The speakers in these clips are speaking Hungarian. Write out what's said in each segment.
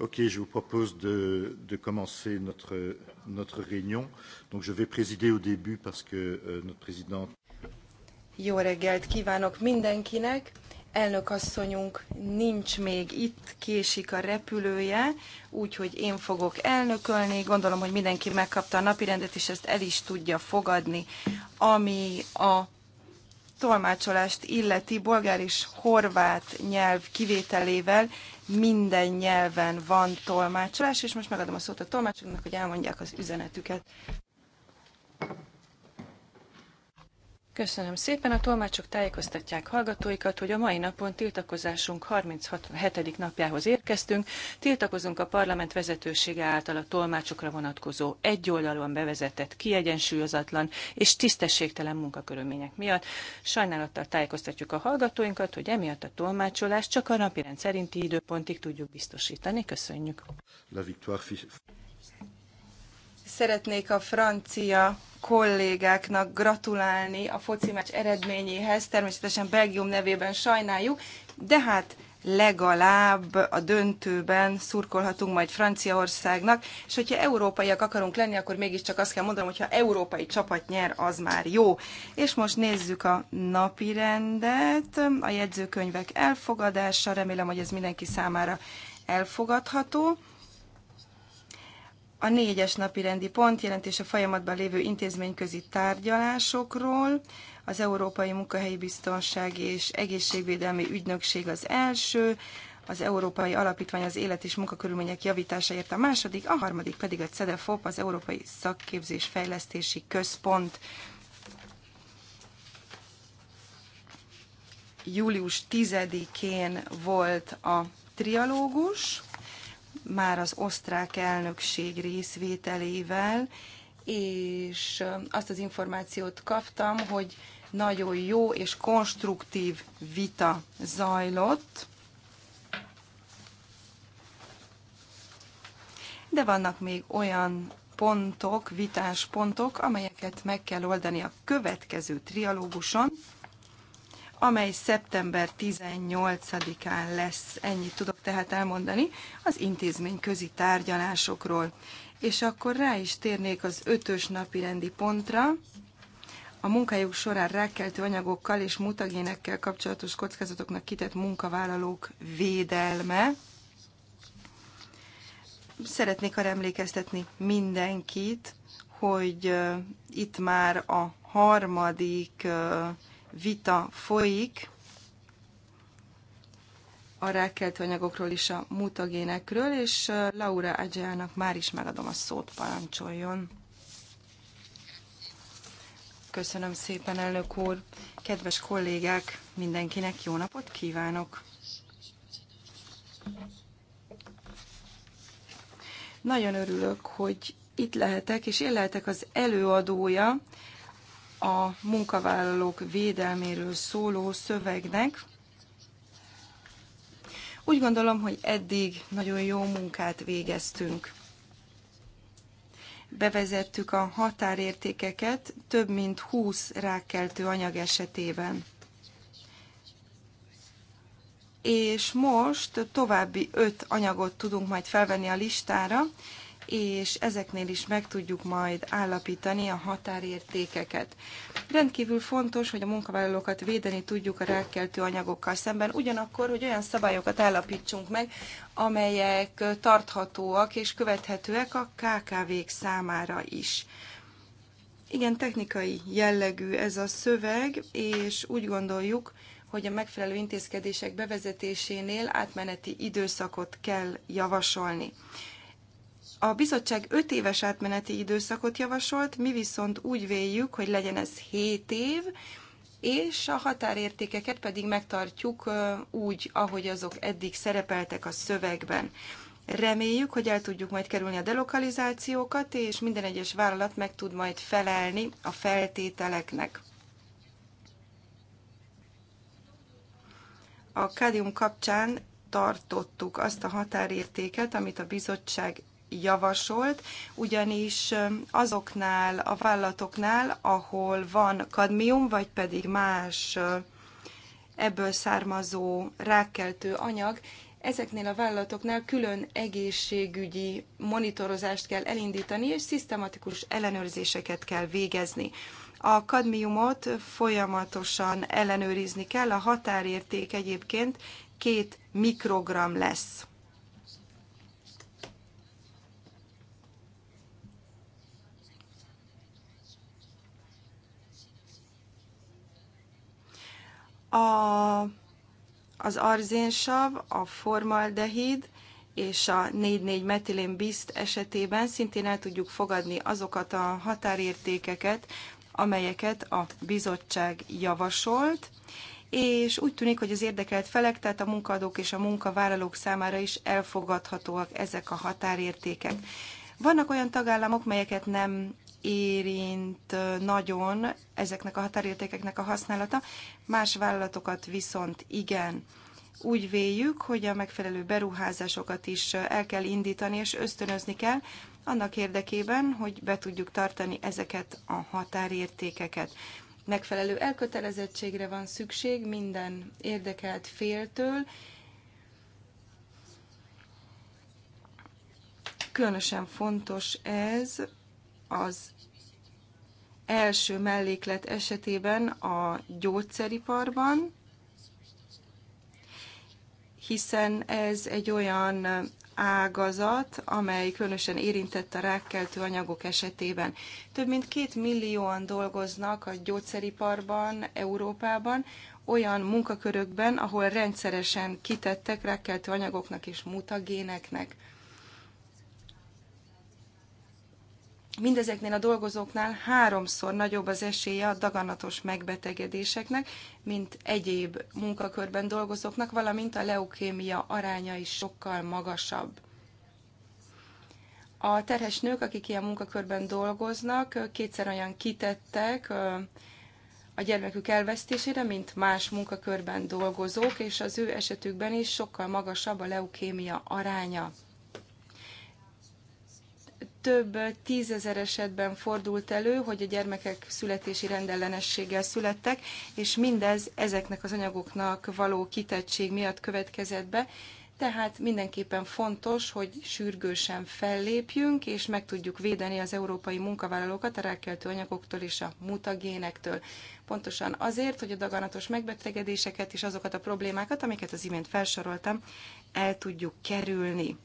Ok, je vous propose de, de commencer notre, notre réunion. Donc je vais présider au début parce que euh, notre présidente. Jó reggelt kívánok mindenkinek! Elnök asszonyunk nincs még itt, késik a repülője, úgyhogy én fogok elnökölni. Gondolom, hogy mindenki megkapta a napirendet, és ezt el is tudja fogadni. Ami a tolmácsolást illeti bolgár és horvát nyelv kivételével minden nyelven van tolmácsolás, és most megadom a szót a tolmácsoknak, hogy elmondják az üzenetüket. Köszönöm szépen. A tolmácsok tájékoztatják hallgatóikat, hogy a mai napon tiltakozásunk 37. napjához érkeztünk. Tiltakozunk a parlament vezetősége által a tolmácsokra vonatkozó egyoldalúan bevezetett, kiegyensúlyozatlan és tisztességtelen munkakörülmények miatt. Sajnálattal tájékoztatjuk a hallgatóinkat, hogy emiatt a tolmácsolást csak a napirend szerinti időpontig tudjuk biztosítani. Köszönjük. Szeretnék a francia kollégáknak gratulálni a foci meccs eredményéhez. Természetesen Belgium nevében sajnáljuk, de hát legalább a döntőben szurkolhatunk majd Franciaországnak, és hogyha európaiak akarunk lenni, akkor mégiscsak azt kell mondanom, hogyha európai csapat nyer, az már jó. És most nézzük a napi rendet, a jegyzőkönyvek elfogadása, remélem, hogy ez mindenki számára elfogadható. A négyes napi rendi pont jelentés a folyamatban lévő intézményközi tárgyalásokról. Az Európai Munkahelyi Biztonság és Egészségvédelmi Ügynökség az első, az Európai Alapítvány az élet és munkakörülmények javításáért a második, a harmadik pedig a CEDEFOP, az Európai Szakképzés Fejlesztési Központ. Július 10-én volt a trialógus már az osztrák elnökség részvételével, és azt az információt kaptam, hogy nagyon jó és konstruktív vita zajlott, de vannak még olyan pontok, vitás pontok, amelyeket meg kell oldani a következő trialóguson, amely szeptember 18-án lesz. Ennyit tudok tehát elmondani az intézmény közi tárgyalásokról. És akkor rá is térnék az ötös napi rendi pontra, a munkájuk során rákeltő anyagokkal és mutagénekkel kapcsolatos kockázatoknak kitett munkavállalók védelme. Szeretnék arra emlékeztetni mindenkit, hogy itt már a harmadik vita folyik a rákkeltő anyagokról és a mutagénekről, és Laura Agyának már is megadom a szót, parancsoljon. Köszönöm szépen, elnök úr. Kedves kollégák, mindenkinek jó napot kívánok. Nagyon örülök, hogy itt lehetek, és én lehetek az előadója a munkavállalók védelméről szóló szövegnek. Úgy gondolom, hogy eddig nagyon jó munkát végeztünk. Bevezettük a határértékeket több mint 20 rákkeltő anyag esetében és most további öt anyagot tudunk majd felvenni a listára, és ezeknél is meg tudjuk majd állapítani a határértékeket. Rendkívül fontos, hogy a munkavállalókat védeni tudjuk a rákkeltő anyagokkal szemben, ugyanakkor, hogy olyan szabályokat állapítsunk meg, amelyek tarthatóak és követhetőek a KKV-k számára is. Igen, technikai jellegű ez a szöveg, és úgy gondoljuk, hogy a megfelelő intézkedések bevezetésénél átmeneti időszakot kell javasolni. A bizottság 5 éves átmeneti időszakot javasolt, mi viszont úgy véljük, hogy legyen ez 7 év, és a határértékeket pedig megtartjuk úgy, ahogy azok eddig szerepeltek a szövegben. Reméljük, hogy el tudjuk majd kerülni a delokalizációkat, és minden egyes vállalat meg tud majd felelni a feltételeknek. A kádium kapcsán tartottuk azt a határértéket, amit a bizottság javasolt, ugyanis azoknál a vállalatoknál, ahol van kadmium, vagy pedig más ebből származó rákkeltő anyag, ezeknél a vállalatoknál külön egészségügyi monitorozást kell elindítani, és szisztematikus ellenőrzéseket kell végezni. A kadmiumot folyamatosan ellenőrizni kell, a határérték egyébként két mikrogram lesz. A, az arzénsav, a formaldehid és a 4-4 metilén biszt esetében szintén el tudjuk fogadni azokat a határértékeket, amelyeket a bizottság javasolt, és úgy tűnik, hogy az érdekelt felek, tehát a munkadók és a munkavállalók számára is elfogadhatóak ezek a határértékek. Vannak olyan tagállamok, melyeket nem érint nagyon ezeknek a határértékeknek a használata, más vállalatokat viszont igen. Úgy véljük, hogy a megfelelő beruházásokat is el kell indítani és ösztönözni kell, annak érdekében, hogy be tudjuk tartani ezeket a határértékeket. Megfelelő elkötelezettségre van szükség minden érdekelt féltől, Különösen fontos ez az első melléklet esetében a gyógyszeriparban, hiszen ez egy olyan ágazat, amely különösen érintett a rákkeltő anyagok esetében. Több mint két millióan dolgoznak a gyógyszeriparban, Európában, olyan munkakörökben, ahol rendszeresen kitettek rákkeltő anyagoknak és mutagéneknek. mindezeknél a dolgozóknál háromszor nagyobb az esélye a daganatos megbetegedéseknek, mint egyéb munkakörben dolgozóknak, valamint a leukémia aránya is sokkal magasabb. A terhes nők, akik ilyen munkakörben dolgoznak, kétszer olyan kitettek a gyermekük elvesztésére, mint más munkakörben dolgozók, és az ő esetükben is sokkal magasabb a leukémia aránya több tízezer esetben fordult elő, hogy a gyermekek születési rendellenességgel születtek, és mindez ezeknek az anyagoknak való kitettség miatt következett be, tehát mindenképpen fontos, hogy sürgősen fellépjünk, és meg tudjuk védeni az európai munkavállalókat a rákkeltő anyagoktól és a mutagénektől. Pontosan azért, hogy a daganatos megbetegedéseket és azokat a problémákat, amiket az imént felsoroltam, el tudjuk kerülni.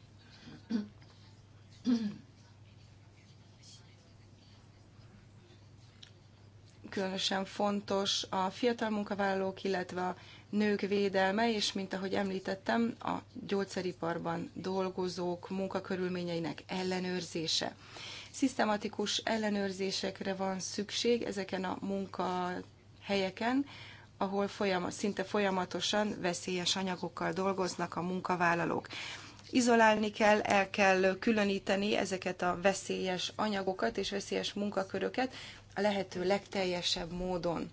különösen fontos a fiatal munkavállalók, illetve a nők védelme, és mint ahogy említettem, a gyógyszeriparban dolgozók munkakörülményeinek ellenőrzése. Szisztematikus ellenőrzésekre van szükség ezeken a munkahelyeken, ahol folyamat, szinte folyamatosan veszélyes anyagokkal dolgoznak a munkavállalók. Izolálni kell, el kell különíteni ezeket a veszélyes anyagokat és veszélyes munkaköröket, a lehető legteljesebb módon.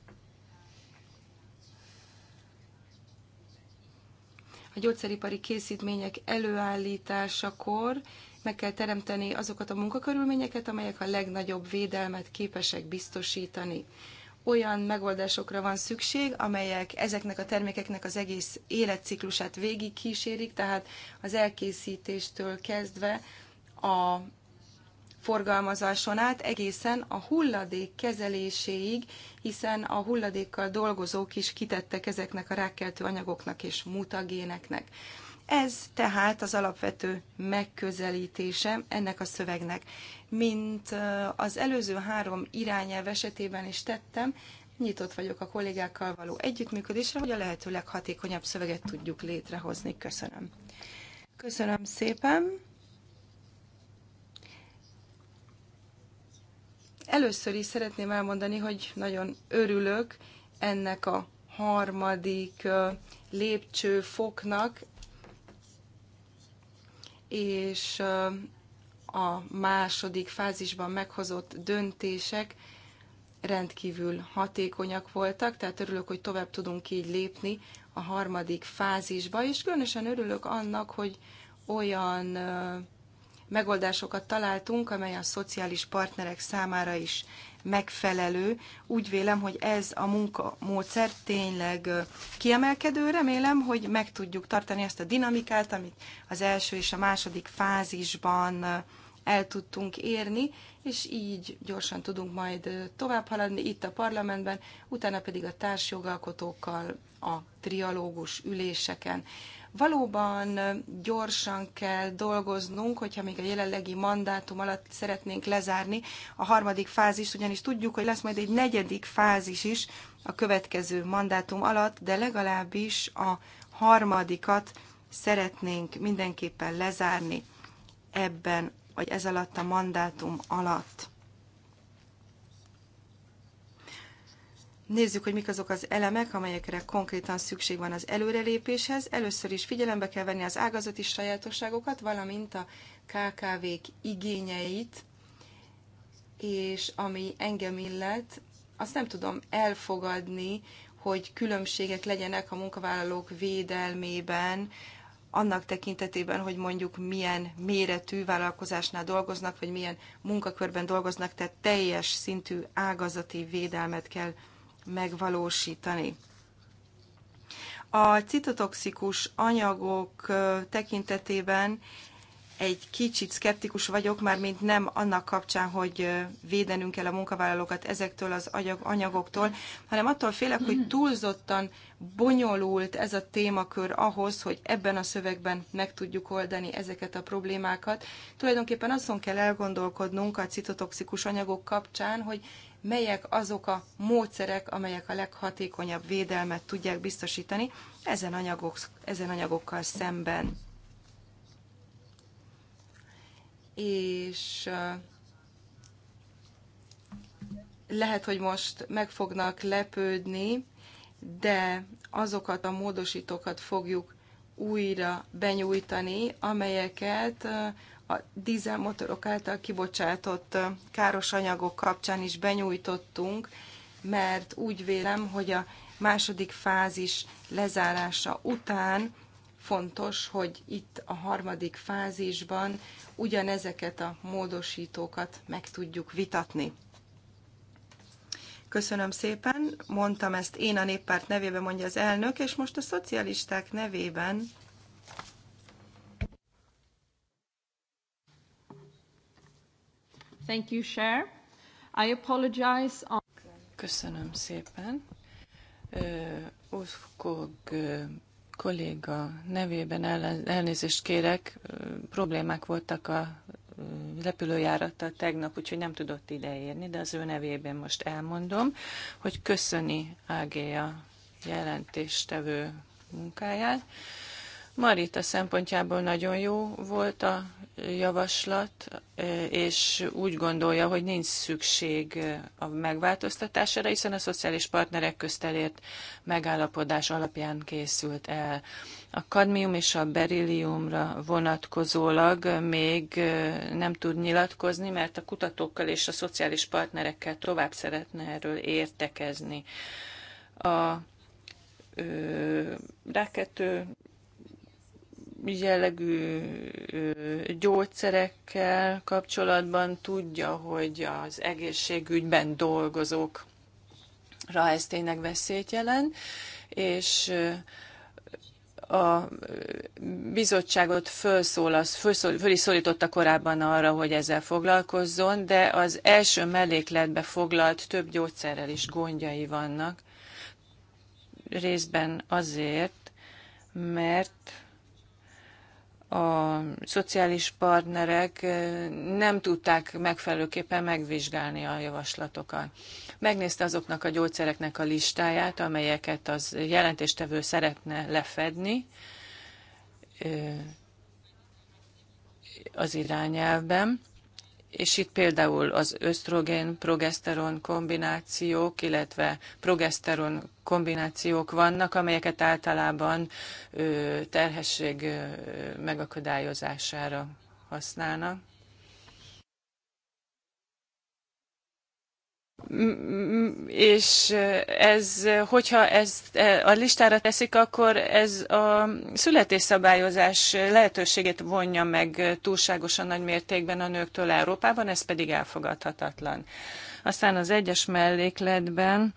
A gyógyszeripari készítmények előállításakor meg kell teremteni azokat a munkakörülményeket, amelyek a legnagyobb védelmet képesek biztosítani. Olyan megoldásokra van szükség, amelyek ezeknek a termékeknek az egész életciklusát végig kísérik, tehát az elkészítéstől kezdve a forgalmazáson át egészen a hulladék kezeléséig, hiszen a hulladékkal dolgozók is kitettek ezeknek a rákkeltő anyagoknak és mutagéneknek. Ez tehát az alapvető megközelítése ennek a szövegnek. Mint az előző három irányelv esetében is tettem, nyitott vagyok a kollégákkal való együttműködésre, hogy a lehető leghatékonyabb szöveget tudjuk létrehozni. Köszönöm. Köszönöm szépen. Először is szeretném elmondani, hogy nagyon örülök ennek a harmadik lépcsőfoknak, és a második fázisban meghozott döntések rendkívül hatékonyak voltak, tehát örülök, hogy tovább tudunk így lépni a harmadik fázisba, és különösen örülök annak, hogy olyan megoldásokat találtunk, amely a szociális partnerek számára is megfelelő. Úgy vélem, hogy ez a munkamódszer tényleg kiemelkedő. Remélem, hogy meg tudjuk tartani ezt a dinamikát, amit az első és a második fázisban el tudtunk érni, és így gyorsan tudunk majd tovább haladni itt a parlamentben, utána pedig a társjogalkotókkal a trialógus üléseken. Valóban gyorsan kell dolgoznunk, hogyha még a jelenlegi mandátum alatt szeretnénk lezárni a harmadik fázis, ugyanis tudjuk, hogy lesz majd egy negyedik fázis is a következő mandátum alatt, de legalábbis a harmadikat szeretnénk mindenképpen lezárni ebben, vagy ez alatt a mandátum alatt. Nézzük, hogy mik azok az elemek, amelyekre konkrétan szükség van az előrelépéshez. Először is figyelembe kell venni az ágazati sajátosságokat, valamint a KKV-k igényeit, és ami engem illet, azt nem tudom elfogadni, hogy különbségek legyenek a munkavállalók védelmében, annak tekintetében, hogy mondjuk milyen méretű vállalkozásnál dolgoznak, vagy milyen munkakörben dolgoznak, tehát teljes szintű ágazati védelmet kell megvalósítani. A citotoxikus anyagok tekintetében egy kicsit szkeptikus vagyok, már mint nem annak kapcsán, hogy védenünk kell a munkavállalókat ezektől az anyagoktól, hanem attól félek, hogy mhm. túlzottan bonyolult ez a témakör ahhoz, hogy ebben a szövegben meg tudjuk oldani ezeket a problémákat. Tulajdonképpen azon kell elgondolkodnunk a citotoxikus anyagok kapcsán, hogy melyek azok a módszerek, amelyek a leghatékonyabb védelmet tudják biztosítani ezen, anyagok, ezen anyagokkal szemben. És lehet, hogy most meg fognak lepődni, de azokat a módosítókat fogjuk újra benyújtani, amelyeket a dízelmotorok által kibocsátott káros anyagok kapcsán is benyújtottunk, mert úgy vélem, hogy a második fázis lezárása után fontos, hogy itt a harmadik fázisban ugyanezeket a módosítókat meg tudjuk vitatni. Köszönöm szépen, mondtam ezt én a néppárt nevében, mondja az elnök, és most a szocialisták nevében Thank you, Cher. I apologize on... Köszönöm szépen. Ufkog kolléga nevében elnézést kérek, problémák voltak a repülőjárata tegnap, úgyhogy nem tudott ideérni, de az ő nevében most elmondom, hogy köszöni Ágéja jelentéstevő munkáját. Marita szempontjából nagyon jó volt a javaslat, e, és úgy gondolja, hogy nincs szükség e, a megváltoztatására, hiszen a szociális partnerek közt elért megállapodás alapján készült el. A kadmium és a berilliumra vonatkozólag még e, nem tud nyilatkozni, mert a kutatókkal és a szociális partnerekkel tovább szeretne erről értekezni. A rákettő jellegű gyógyszerekkel kapcsolatban tudja, hogy az egészségügyben dolgozókra ez tényleg veszélyt jelent, és a bizottságot az felszól, föl is szólította korábban arra, hogy ezzel foglalkozzon, de az első mellékletbe foglalt több gyógyszerrel is gondjai vannak. Részben azért, mert a szociális partnerek nem tudták megfelelőképpen megvizsgálni a javaslatokat. Megnézte azoknak a gyógyszereknek a listáját, amelyeket az jelentéstevő szeretne lefedni az irányelvben, és itt például az ösztrogén-progeszteron kombinációk, illetve progeszteron kombinációk vannak, amelyeket általában terhesség megakadályozására használnak. és ez, hogyha ezt e, a listára teszik, akkor ez a születésszabályozás lehetőségét vonja meg túlságosan nagy mértékben a nőktől Európában, ez pedig elfogadhatatlan. Aztán az egyes mellékletben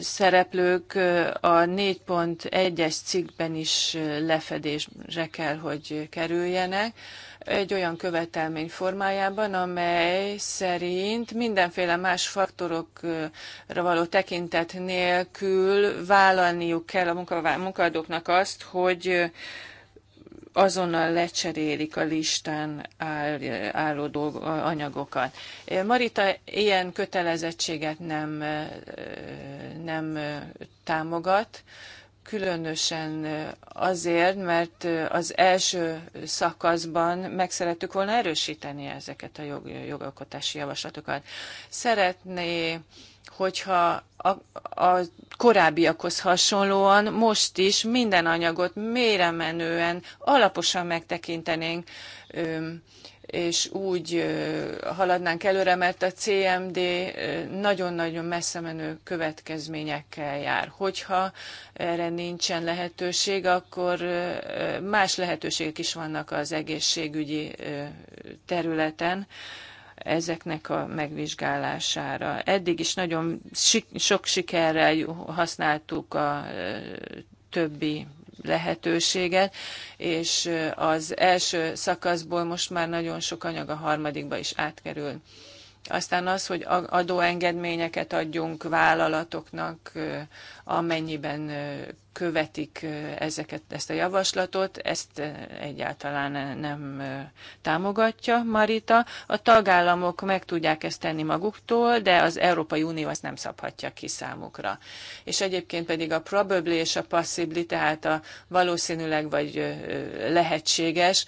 szereplők a 4.1-es cikkben is lefedésre kell, hogy kerüljenek egy olyan követelmény formájában, amely szerint mindenféle más faktorokra való tekintet nélkül vállalniuk kell a munkadóknak azt, hogy azonnal lecserélik a listán áll, álló anyagokat. Marita ilyen kötelezettséget nem, nem támogat, különösen azért, mert az első szakaszban meg szerettük volna erősíteni ezeket a jog, jogalkotási javaslatokat. Szeretné hogyha a, a korábbiakhoz hasonlóan most is minden anyagot méremenően alaposan megtekintenénk, és úgy haladnánk előre, mert a CMD nagyon-nagyon messze menő következményekkel jár. Hogyha erre nincsen lehetőség, akkor más lehetőségek is vannak az egészségügyi területen ezeknek a megvizsgálására. Eddig is nagyon sok sikerrel használtuk a e, többi lehetőséget, és e, az első szakaszból most már nagyon sok anyag a harmadikba is átkerül. Aztán az, hogy adóengedményeket adjunk vállalatoknak, e, amennyiben követik ezeket, ezt a javaslatot, ezt egyáltalán nem támogatja Marita. A tagállamok meg tudják ezt tenni maguktól, de az Európai Unió ezt nem szabhatja ki számukra. És egyébként pedig a probably és a possibly, tehát a valószínűleg vagy lehetséges,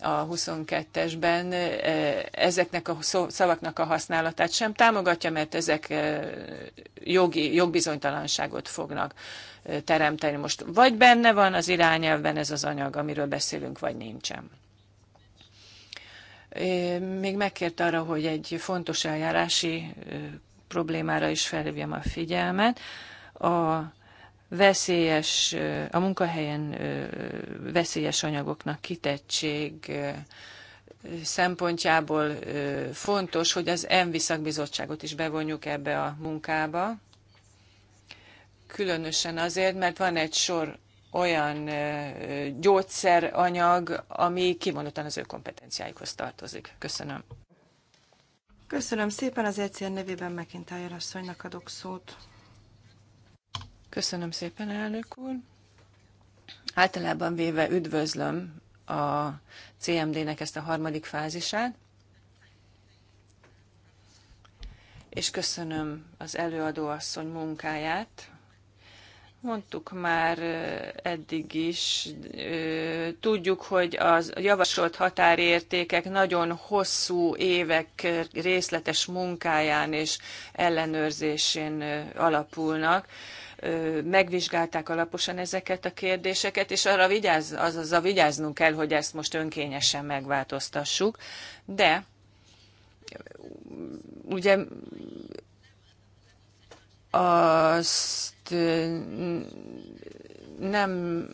a 22-esben ezeknek a szavaknak a használatát sem támogatja, mert ezek jogi, jogbizonytalanságot fognak teremteni. Most vagy benne van az irányelvben ez az anyag, amiről beszélünk, vagy nincsen. Még megkért arra, hogy egy fontos eljárási problémára is felhívjam a figyelmet. A veszélyes, a munkahelyen veszélyes anyagoknak kitettség szempontjából fontos, hogy az ENVI szakbizottságot is bevonjuk ebbe a munkába, különösen azért, mert van egy sor olyan gyógyszeranyag, ami kimondottan az ő kompetenciáikhoz tartozik. Köszönöm. Köszönöm szépen, az ECN nevében McIntyre asszonynak adok szót. Köszönöm szépen, elnök úr. Általában véve üdvözlöm a CMD-nek ezt a harmadik fázisát, és köszönöm az előadóasszony munkáját, Mondtuk már eddig is, tudjuk, hogy az javasolt határértékek nagyon hosszú évek részletes munkáján és ellenőrzésén alapulnak. Megvizsgálták alaposan ezeket a kérdéseket, és arra vigyáz, azaz a vigyáznunk kell, hogy ezt most önkényesen megváltoztassuk, de ugye azt nem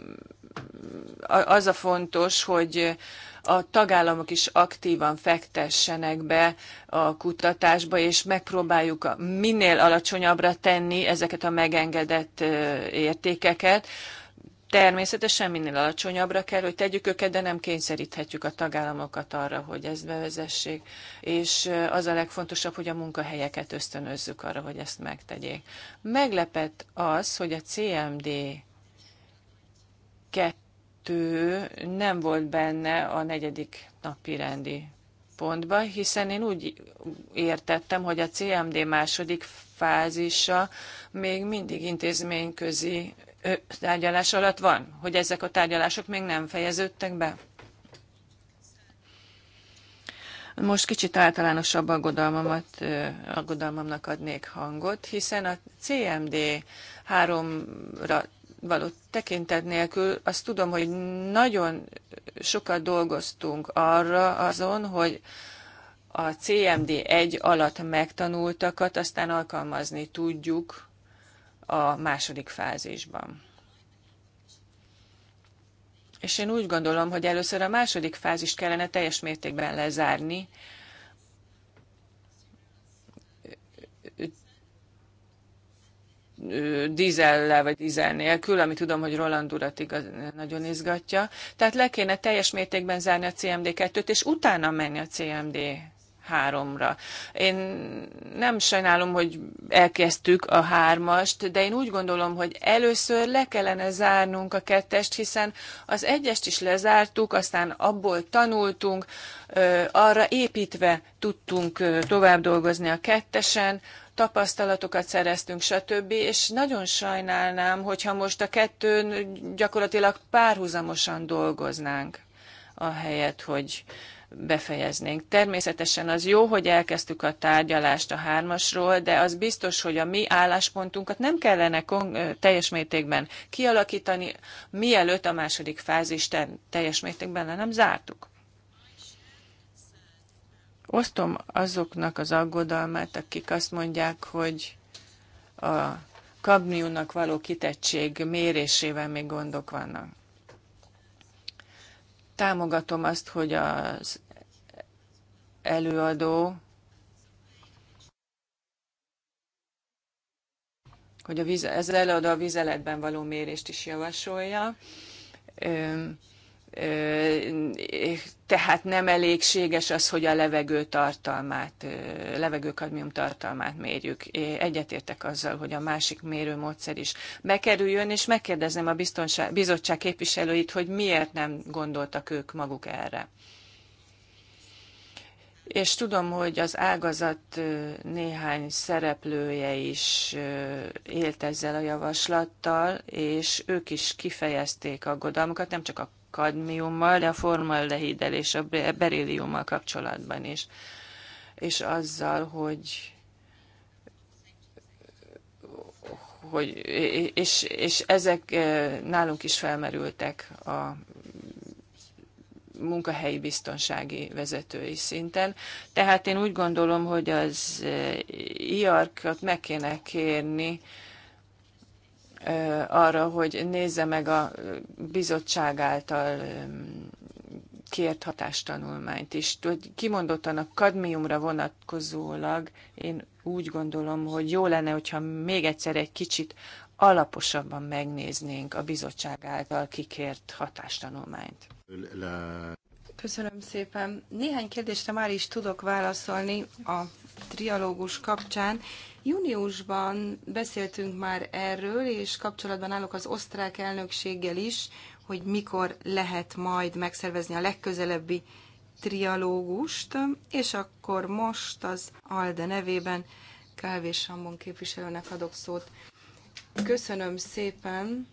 az a fontos, hogy a tagállamok is aktívan fektessenek be a kutatásba, és megpróbáljuk minél alacsonyabbra tenni ezeket a megengedett értékeket, Természetesen minél alacsonyabbra kell, hogy tegyük őket, de nem kényszeríthetjük a tagállamokat arra, hogy ezt bevezessék, és az a legfontosabb, hogy a munkahelyeket ösztönözzük arra, hogy ezt megtegyék. Meglepett az, hogy a CMD 2 nem volt benne a negyedik napi rendi pontba, hiszen én úgy értettem, hogy a CMD második fázisa még mindig intézményközi tárgyalás alatt van, hogy ezek a tárgyalások még nem fejeződtek be? Most kicsit általánosabb aggodalmamat, aggodalmamnak adnék hangot, hiszen a CMD háromra való tekintet nélkül azt tudom, hogy nagyon sokat dolgoztunk arra azon, hogy a CMD 1 alatt megtanultakat aztán alkalmazni tudjuk a második fázisban. És én úgy gondolom, hogy először a második fázist kellene teljes mértékben lezárni, dízellel vagy dízel nélkül, ami tudom, hogy Roland urat igaz, nagyon izgatja. Tehát le kéne teljes mértékben zárni a CMD2-t, és utána menni a CMD háromra. Én nem sajnálom, hogy elkezdtük a hármast, de én úgy gondolom, hogy először le kellene zárnunk a kettest, hiszen az egyest is lezártuk, aztán abból tanultunk, arra építve tudtunk tovább dolgozni a kettesen, tapasztalatokat szereztünk, stb. És nagyon sajnálnám, hogyha most a kettőn gyakorlatilag párhuzamosan dolgoznánk, ahelyett, hogy, befejeznénk. Természetesen az jó, hogy elkezdtük a tárgyalást a hármasról, de az biztos, hogy a mi álláspontunkat nem kellene teljes mértékben kialakítani, mielőtt a második fázis teljes mértékben le nem zártuk. Osztom azoknak az aggodalmát, akik azt mondják, hogy a kadmiumnak való kitettség mérésével még gondok vannak. Támogatom azt, hogy az előadó hogy a víz, ez előadó a vizeletben való mérést is javasolja. Ö, ö, tehát nem elégséges az, hogy a levegő tartalmát, levegőkadmium tartalmát mérjük. Egyetértek azzal, hogy a másik mérőmódszer is bekerüljön, és megkérdezem a biztonság, bizottság képviselőit, hogy miért nem gondoltak ők maguk erre. És tudom, hogy az ágazat néhány szereplője is élt ezzel a javaslattal, és ők is kifejezték aggodalmukat, nem csak a kadmiummal, de a formaldehiddel és a beréliummal kapcsolatban is. És azzal, hogy hogy, és, és ezek eh, nálunk is felmerültek a munkahelyi biztonsági vezetői szinten. Tehát én úgy gondolom, hogy az eh, iarkat meg kéne kérni, arra, hogy nézze meg a bizottság által kért hatástanulmányt is. kimondottan a kadmiumra vonatkozólag én úgy gondolom, hogy jó lenne, hogyha még egyszer egy kicsit alaposabban megnéznénk a bizottság által kikért hatástanulmányt. Köszönöm szépen. Néhány kérdésre már is tudok válaszolni a trialógus kapcsán, Júniusban beszéltünk már erről, és kapcsolatban állok az osztrák elnökséggel is, hogy mikor lehet majd megszervezni a legközelebbi trialógust, és akkor most az ALDE nevében Kávés Sambon képviselőnek adok szót. Köszönöm szépen!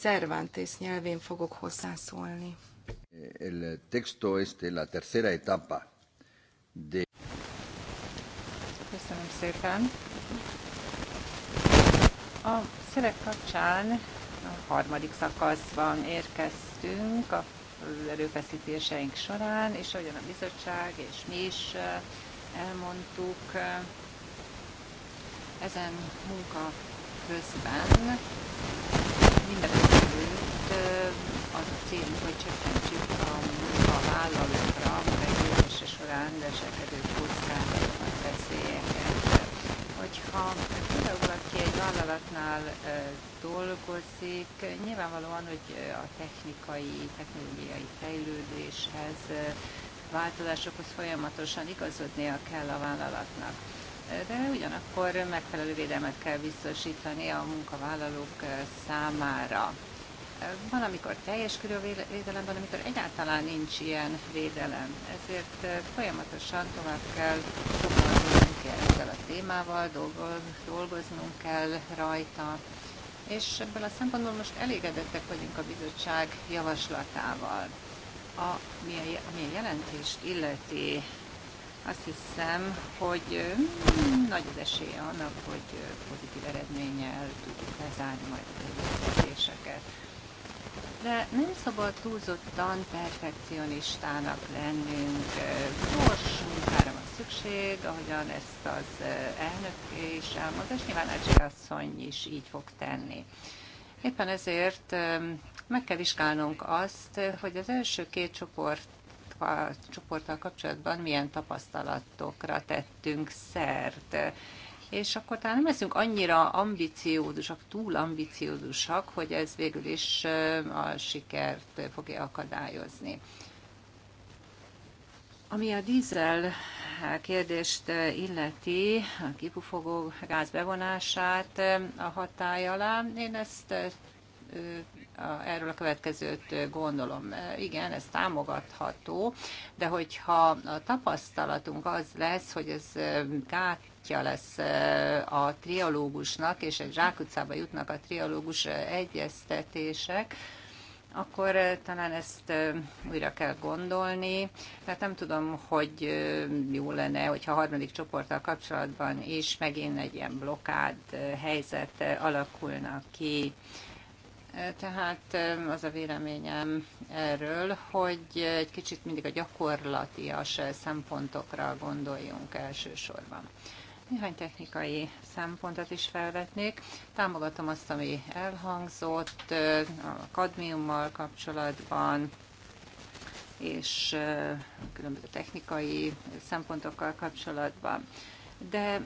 Cervantes nyelvén fogok hozzászólni. El texto este la tercera etapa de Köszönöm szépen. A szöveg kapcsán a harmadik szakaszban érkeztünk a erőfeszítéseink során, és ahogyan a bizottság és mi is elmondtuk, ezen munka közben minden előtt az a célunk, hogy csökkentsük a munkavállalókra, munkaidőzése során leselkedő Ha például valaki egy vállalatnál dolgozik, nyilvánvalóan, hogy a technikai, technológiai fejlődéshez, változásokhoz folyamatosan igazodnia kell a vállalatnak. De ugyanakkor megfelelő védelmet kell biztosítani a munkavállalók számára. Van, amikor teljes körű a védelem, van, amikor egyáltalán nincs ilyen védelem. Ezért folyamatosan tovább kell szomorúan kell ezzel a témával, dolgoznunk kell rajta, és ebből a szempontból most elégedettek vagyunk a bizottság javaslatával. A, mi, a, ami a jelentést illeti, azt hiszem, hogy mm, nagy az esélye annak, hogy pozitív eredménnyel tudjuk lezárni majd az egyeztetéseket. De nem szabad túlzottan perfekcionistának lennünk, gyors munkára szükség, ahogyan ezt az elnök is elmondta, és nyilván Ácsi asszony is így fog tenni. Éppen ezért meg kell vizsgálnunk azt, hogy az első két csoport a csoporttal kapcsolatban milyen tapasztalatokra tettünk szert. És akkor talán nem leszünk annyira ambiciódusak, túl ambiciódusak, hogy ez végül is a sikert fogja akadályozni. Ami a dízel kérdést illeti, a kipufogó gáz bevonását a hatály alá, én ezt erről a következőt gondolom. Igen, ez támogatható, de hogyha a tapasztalatunk az lesz, hogy ez gát lesz a triológusnak, és egy zsákutcába jutnak a triológus egyeztetések, akkor eh, talán ezt eh, újra kell gondolni. Tehát nem tudom, hogy eh, jó lenne, hogyha a harmadik csoporttal kapcsolatban is megint egy ilyen blokád helyzet alakulna ki. Tehát az a véleményem erről, hogy egy kicsit mindig a gyakorlatias szempontokra gondoljunk elsősorban. Néhány technikai szempontot is felvetnék. Támogatom azt, ami elhangzott a kadmiummal kapcsolatban, és különböző technikai szempontokkal kapcsolatban. De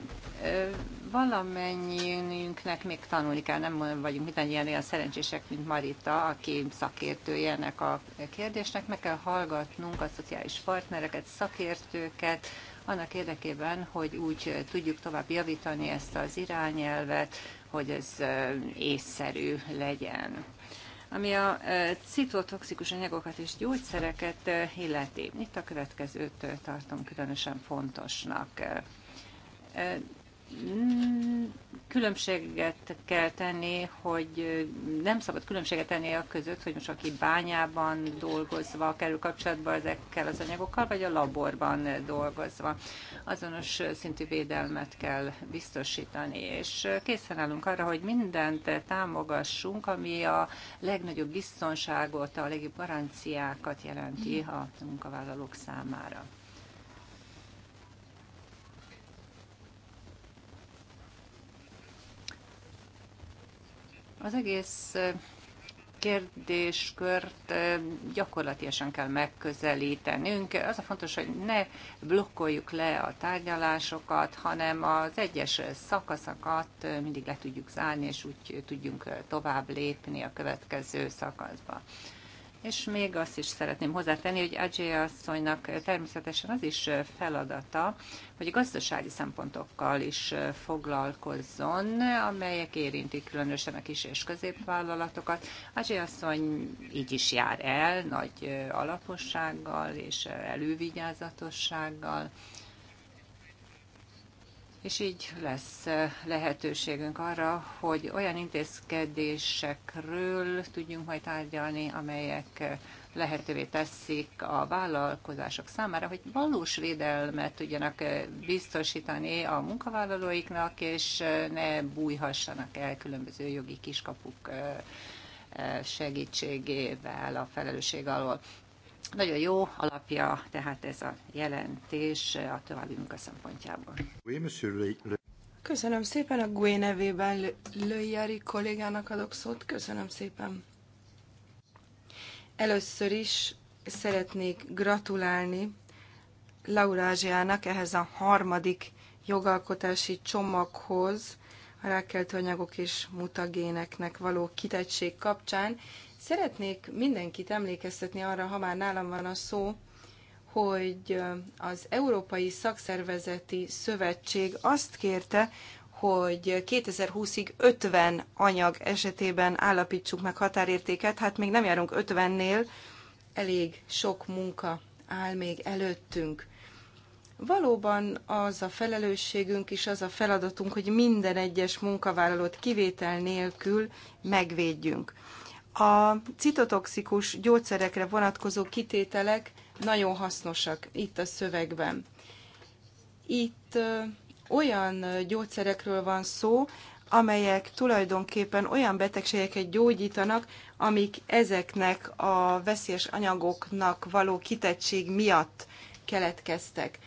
valamennyiünknek még tanulni kell, nem vagyunk mindannyian olyan szerencsések, mint Marita, aki szakértője ennek a kérdésnek. Meg kell hallgatnunk a szociális partnereket, szakértőket, annak érdekében, hogy úgy tudjuk tovább javítani ezt az irányelvet, hogy ez észszerű legyen ami a citotoxikus anyagokat és gyógyszereket illeti. Itt a következőt tartom különösen fontosnak különbséget kell tenni, hogy nem szabad különbséget tenni a között, hogy most aki bányában dolgozva kerül kapcsolatba ezekkel az anyagokkal, vagy a laborban dolgozva. Azonos szintű védelmet kell biztosítani, és készen állunk arra, hogy mindent támogassunk, ami a legnagyobb biztonságot, a legjobb garanciákat jelenti a munkavállalók számára. Az egész kérdéskört gyakorlatilag kell megközelítenünk. Az a fontos, hogy ne blokkoljuk le a tárgyalásokat, hanem az egyes szakaszokat mindig le tudjuk zárni, és úgy tudjunk tovább lépni a következő szakaszba. És még azt is szeretném hozzátenni, hogy Ajay asszonynak természetesen az is feladata, hogy gazdasági szempontokkal is foglalkozzon, amelyek érintik különösen a kis és középvállalatokat. Ajay asszony így is jár el, nagy alapossággal és elővigyázatossággal és így lesz lehetőségünk arra, hogy olyan intézkedésekről tudjunk majd tárgyalni, amelyek lehetővé teszik a vállalkozások számára, hogy valós védelmet tudjanak biztosítani a munkavállalóiknak, és ne bújhassanak el különböző jogi kiskapuk segítségével a felelősség alól. Nagyon jó alapja tehát ez a jelentés a további munka szempontjából. Köszönöm szépen a GUE nevében Löjjári kollégának adok szót. Köszönöm szépen. Először is szeretnék gratulálni Laurázsiának ehhez a harmadik jogalkotási csomaghoz, a rákkeltő anyagok és mutagéneknek való kitettség kapcsán, Szeretnék mindenkit emlékeztetni arra, ha már nálam van a szó, hogy az Európai Szakszervezeti Szövetség azt kérte, hogy 2020-ig 50 anyag esetében állapítsuk meg határértéket, hát még nem járunk 50-nél, elég sok munka áll még előttünk. Valóban az a felelősségünk és az a feladatunk, hogy minden egyes munkavállalót kivétel nélkül megvédjünk. A citotoxikus gyógyszerekre vonatkozó kitételek nagyon hasznosak itt a szövegben. Itt olyan gyógyszerekről van szó, amelyek tulajdonképpen olyan betegségeket gyógyítanak, amik ezeknek a veszélyes anyagoknak való kitettség miatt keletkeztek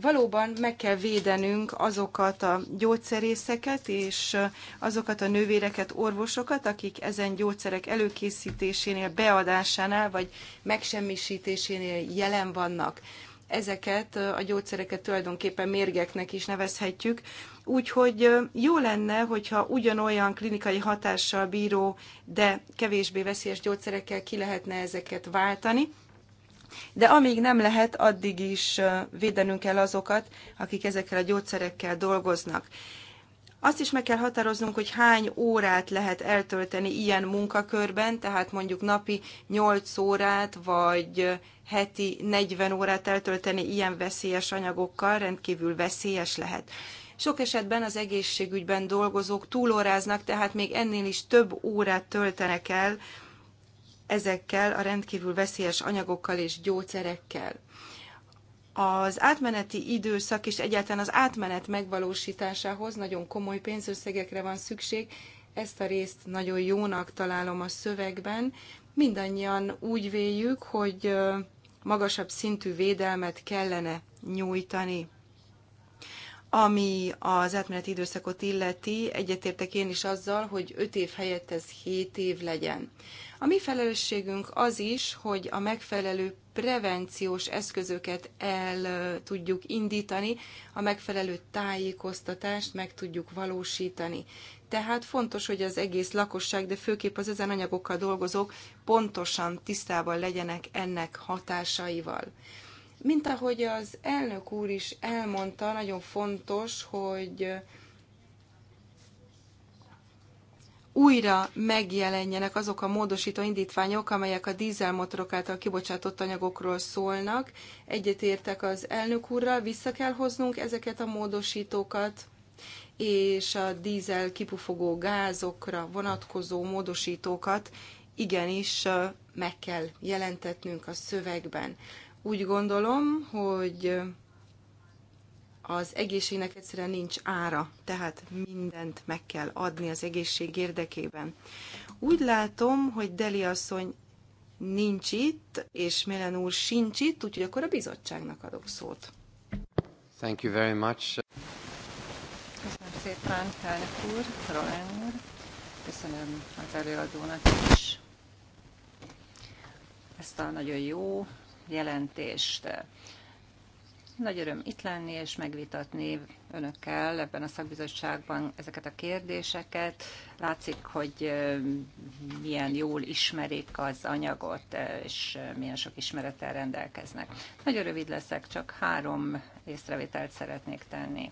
valóban meg kell védenünk azokat a gyógyszerészeket és azokat a nővéreket, orvosokat, akik ezen gyógyszerek előkészítésénél, beadásánál vagy megsemmisítésénél jelen vannak. Ezeket a gyógyszereket tulajdonképpen mérgeknek is nevezhetjük, úgyhogy jó lenne, hogyha ugyanolyan klinikai hatással bíró, de kevésbé veszélyes gyógyszerekkel ki lehetne ezeket váltani, de amíg nem lehet, addig is védenünk kell azokat, akik ezekkel a gyógyszerekkel dolgoznak. Azt is meg kell határoznunk, hogy hány órát lehet eltölteni ilyen munkakörben, tehát mondjuk napi 8 órát, vagy heti 40 órát eltölteni ilyen veszélyes anyagokkal, rendkívül veszélyes lehet. Sok esetben az egészségügyben dolgozók túlóráznak, tehát még ennél is több órát töltenek el ezekkel a rendkívül veszélyes anyagokkal és gyógyszerekkel. Az átmeneti időszak és egyáltalán az átmenet megvalósításához nagyon komoly pénzösszegekre van szükség. Ezt a részt nagyon jónak találom a szövegben. Mindannyian úgy véljük, hogy magasabb szintű védelmet kellene nyújtani. Ami az átmeneti időszakot illeti, egyetértek én is azzal, hogy 5 év helyett ez 7 év legyen. A mi felelősségünk az is, hogy a megfelelő prevenciós eszközöket el tudjuk indítani, a megfelelő tájékoztatást meg tudjuk valósítani. Tehát fontos, hogy az egész lakosság, de főképp az ezen anyagokkal dolgozók pontosan tisztában legyenek ennek hatásaival. Mint ahogy az elnök úr is elmondta, nagyon fontos, hogy újra megjelenjenek azok a módosító indítványok, amelyek a dízelmotorok által kibocsátott anyagokról szólnak. Egyetértek az elnök úrral, vissza kell hoznunk ezeket a módosítókat, és a dízel kipufogó gázokra vonatkozó módosítókat igenis meg kell jelentetnünk a szövegben. Úgy gondolom, hogy az egészségnek egyszerűen nincs ára, tehát mindent meg kell adni az egészség érdekében. Úgy látom, hogy Deli asszony nincs itt, és Melen úr sincs itt, úgyhogy akkor a bizottságnak adok szót. Thank you very much. Köszönöm szépen, elnök úr, Roland úr. Köszönöm az előadónak is ezt a nagyon jó jelentést. Nagy öröm itt lenni és megvitatni önökkel ebben a szakbizottságban ezeket a kérdéseket. Látszik, hogy milyen jól ismerik az anyagot, és milyen sok ismerettel rendelkeznek. Nagyon rövid leszek, csak három észrevételt szeretnék tenni.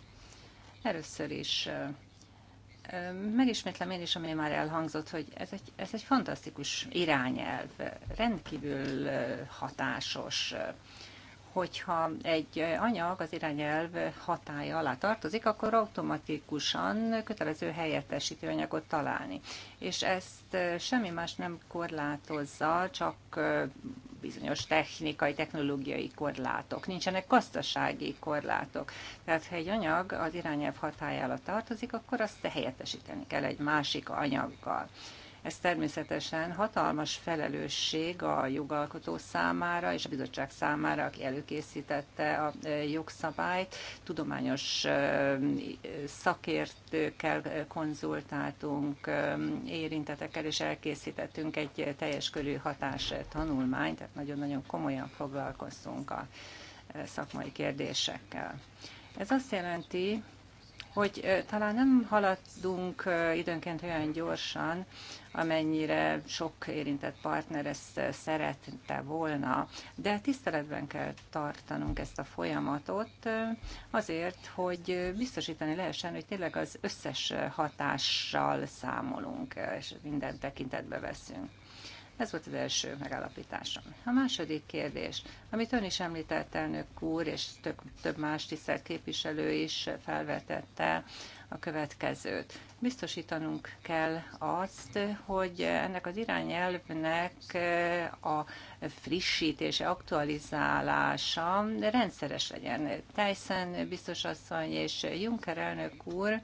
Először is megismétlem én is, ami már elhangzott, hogy ez egy, ez egy fantasztikus irányelv, rendkívül hatásos hogyha egy anyag az irányelv hatája alá tartozik, akkor automatikusan kötelező helyettesítő anyagot találni. És ezt semmi más nem korlátozza, csak bizonyos technikai, technológiai korlátok. Nincsenek gazdasági korlátok. Tehát, ha egy anyag az irányelv hatája tartozik, akkor azt helyettesíteni kell egy másik anyaggal. Ez természetesen hatalmas felelősség a jogalkotó számára és a bizottság számára, aki előkészítette a e, jogszabályt. Tudományos e, szakértőkkel konzultáltunk, e, érintetekkel, és elkészítettünk egy teljes körű hatás tanulmányt, tehát nagyon-nagyon komolyan foglalkoztunk a szakmai kérdésekkel. Ez azt jelenti, hogy talán nem haladunk időnként olyan gyorsan, amennyire sok érintett partner ezt szerette volna, de tiszteletben kell tartanunk ezt a folyamatot azért, hogy biztosítani lehessen, hogy tényleg az összes hatással számolunk, és minden tekintetbe veszünk. Ez volt az első megállapításom. A második kérdés, amit ön is említett, elnök úr, és több, több más tisztelt képviselő is felvetette, a következőt. Biztosítanunk kell azt, hogy ennek az irányelvnek a frissítése, aktualizálása rendszeres legyen. Tyson biztos asszony és Juncker elnök úr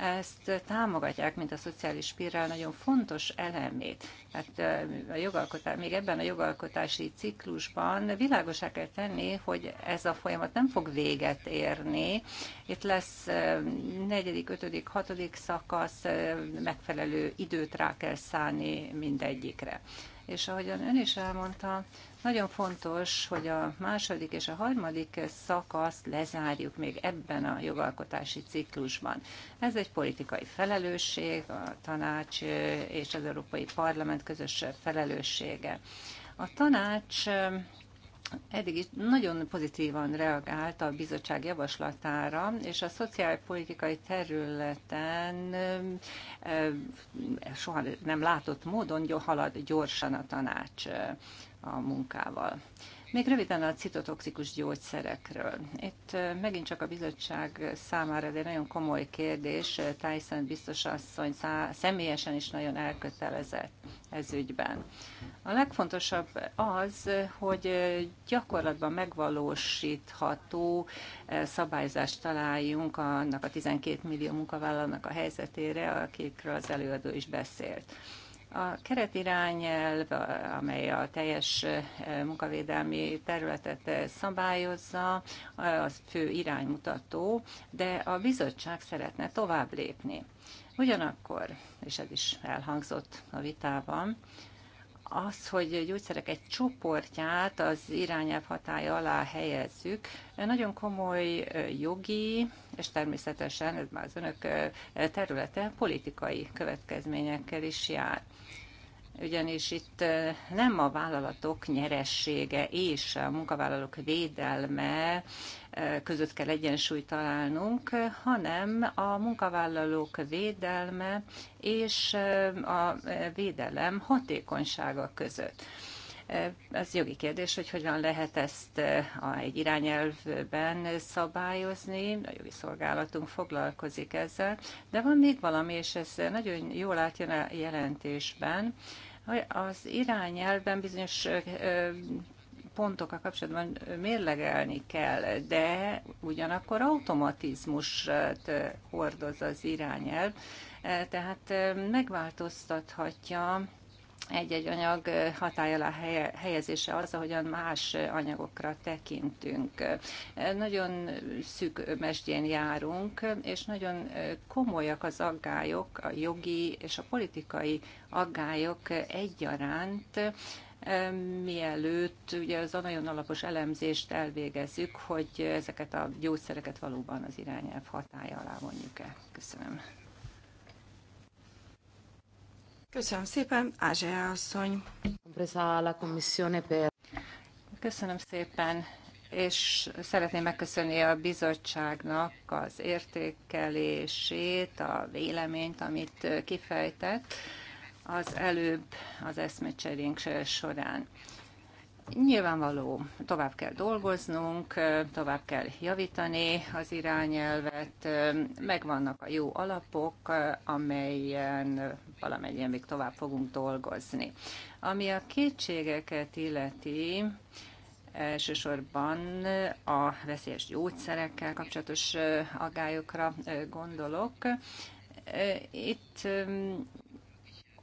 ezt támogatják, mint a szociális spirál nagyon fontos elemét. Hát a jogalkotás, még ebben a jogalkotási ciklusban világosá kell tenni, hogy ez a folyamat nem fog véget érni. Itt lesz negyedik, ötödik, hatodik szakasz, megfelelő időt rá kell szállni mindegyikre. És ahogyan ön is elmondta, nagyon fontos, hogy a második és a harmadik szakaszt lezárjuk még ebben a jogalkotási ciklusban. Ez egy politikai felelősség, a tanács és az Európai Parlament közös felelőssége. A tanács eh, eddig is nagyon pozitívan reagált a bizottság javaslatára, és a szociálpolitikai területen eh, soha nem látott módon halad gyorsan a tanács a munkával. Még röviden a citotoxikus gyógyszerekről. Itt megint csak a bizottság számára ez egy nagyon komoly kérdés. Tyson biztos asszony személyesen is nagyon elkötelezett ez ügyben. A legfontosabb az, hogy gyakorlatban megvalósítható szabályzást találjunk annak a 12 millió munkavállalónak a helyzetére, akikről az előadó is beszélt. A keretirányelv, amely a teljes munkavédelmi területet szabályozza, az fő iránymutató, de a bizottság szeretne tovább lépni. Ugyanakkor, és ez is elhangzott a vitában, az, hogy gyógyszerek egy csoportját az irányelv hatája alá helyezzük, nagyon komoly jogi, és természetesen ez már az önök területe politikai következményekkel is jár ugyanis itt nem a vállalatok nyeressége és a munkavállalók védelme között kell egyensúlyt találnunk, hanem a munkavállalók védelme és a védelem hatékonysága között. Ez jogi kérdés, hogy hogyan lehet ezt egy irányelvben szabályozni. A jogi szolgálatunk foglalkozik ezzel, de van még valami, és ez nagyon jól átjön a jelentésben, az irányelvben bizonyos pontokkal kapcsolatban mérlegelni kell, de ugyanakkor automatizmust hordoz az irányelv, tehát megváltoztathatja egy-egy anyag hatály alá helyezése az, ahogyan más anyagokra tekintünk. Nagyon szűk mesdjén járunk, és nagyon komolyak az aggályok, a jogi és a politikai aggályok egyaránt mielőtt ugye az a nagyon alapos elemzést elvégezzük, hogy ezeket a gyógyszereket valóban az irányelv hatája alá vonjuk-e. Köszönöm. Köszönöm szépen, Ázsia asszony. Köszönöm szépen, és szeretném megköszönni a bizottságnak az értékelését, a véleményt, amit kifejtett az előbb az eszmecserénk során. Nyilvánvaló, tovább kell dolgoznunk, tovább kell javítani az irányelvet, megvannak a jó alapok, amelyen valamennyien még tovább fogunk dolgozni. Ami a kétségeket illeti, elsősorban a veszélyes gyógyszerekkel kapcsolatos agályokra gondolok. Itt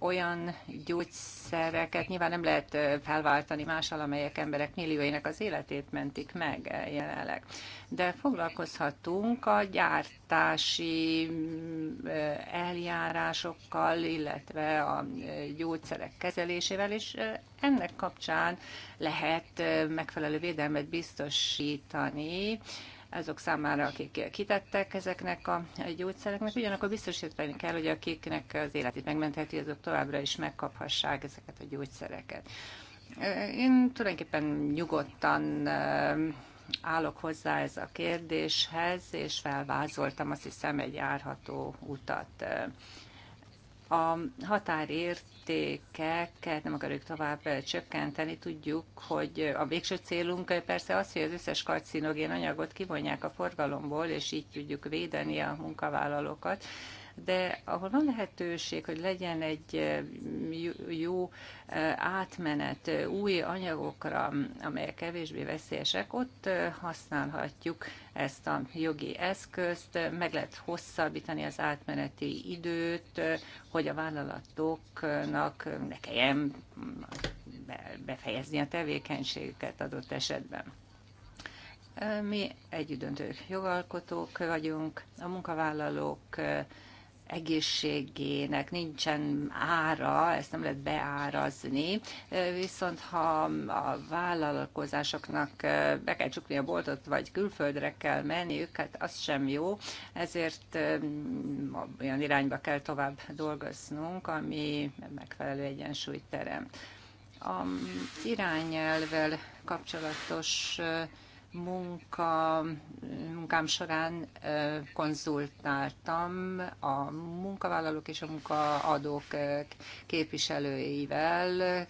olyan gyógyszereket nyilván nem lehet felváltani mással, amelyek emberek millióinak az életét mentik meg jelenleg. De foglalkozhatunk a gyártási mm, eljárásokkal, illetve a gyógyszerek kezelésével, és ennek kapcsán lehet megfelelő védelmet biztosítani, azok számára, akik kitettek ezeknek a gyógyszereknek, ugyanakkor biztosítani kell, hogy akiknek az életét megmentheti, azok továbbra is megkaphassák ezeket a gyógyszereket. Én tulajdonképpen nyugodtan eh, állok hozzá ez a kérdéshez, és felvázoltam azt hiszem egy járható utat a határértékeket nem akarjuk tovább csökkenteni. Tudjuk, hogy a végső célunk persze az, hogy az összes karcinogén anyagot kivonják a forgalomból, és így tudjuk védeni a munkavállalókat de ahol van lehetőség, hogy legyen egy jó átmenet új anyagokra, amelyek kevésbé veszélyesek, ott használhatjuk ezt a jogi eszközt, meg lehet hosszabbítani az átmeneti időt, hogy a vállalatoknak ne kelljen befejezni a tevékenységüket adott esetben. Mi együttdöntő jogalkotók vagyunk, a munkavállalók egészségének nincsen ára, ezt nem lehet beárazni, viszont ha a vállalkozásoknak be kell csukni a boltot, vagy külföldre kell menniük, hát az sem jó, ezért olyan irányba kell tovább dolgoznunk, ami megfelelő egyensúlyt teremt. Az irányelvel kapcsolatos munka, munkám során konzultáltam a munkavállalók és a munkaadók képviselőivel,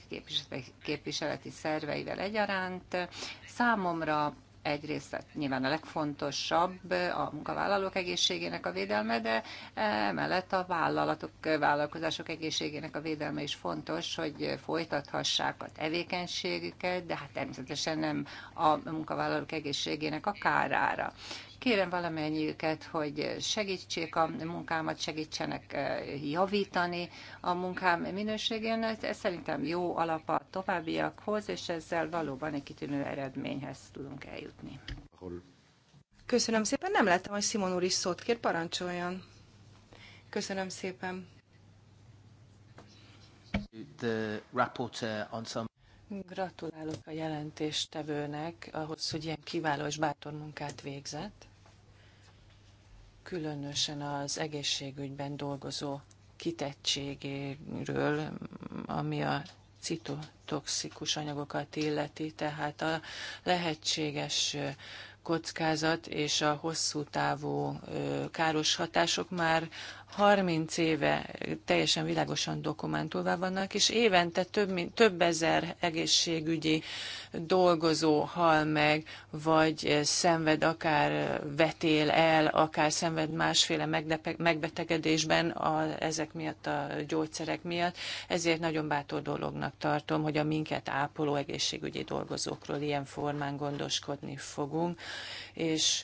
képviseleti szerveivel egyaránt. Számomra egyrészt hát nyilván a legfontosabb a munkavállalók egészségének a védelme, de e, emellett a vállalatok, vállalkozások egészségének a védelme is fontos, hogy folytathassák a tevékenységüket, de hát természetesen nem a munkavállalók egészségének a kárára. Kérem valamennyiüket, hogy segítsék a munkámat, segítsenek eh, javítani a munkám minőségén. Ez szerintem jó alap a továbbiakhoz, és ezzel valóban egy kitűnő eredményhez tudunk eljutni. Köszönöm szépen. Nem láttam, hogy Simon úr is szót kér, parancsoljon. Köszönöm szépen. The rapporteur on some Gratulálok a jelentéstevőnek ahhoz, hogy ilyen kiváló és bátor munkát végzett különösen az egészségügyben dolgozó kitettségéről, ami a citotoxikus anyagokat illeti, tehát a lehetséges kockázat és a hosszú távú káros hatások már 30 éve teljesen világosan dokumentálva vannak, és évente több, mint, több ezer egészségügyi dolgozó hal meg, vagy szenved akár vetél el, akár szenved másféle megbetegedésben a, ezek miatt a gyógyszerek miatt. Ezért nagyon bátor dolognak tartom, hogy a minket ápoló egészségügyi dolgozókról ilyen formán gondoskodni fogunk, és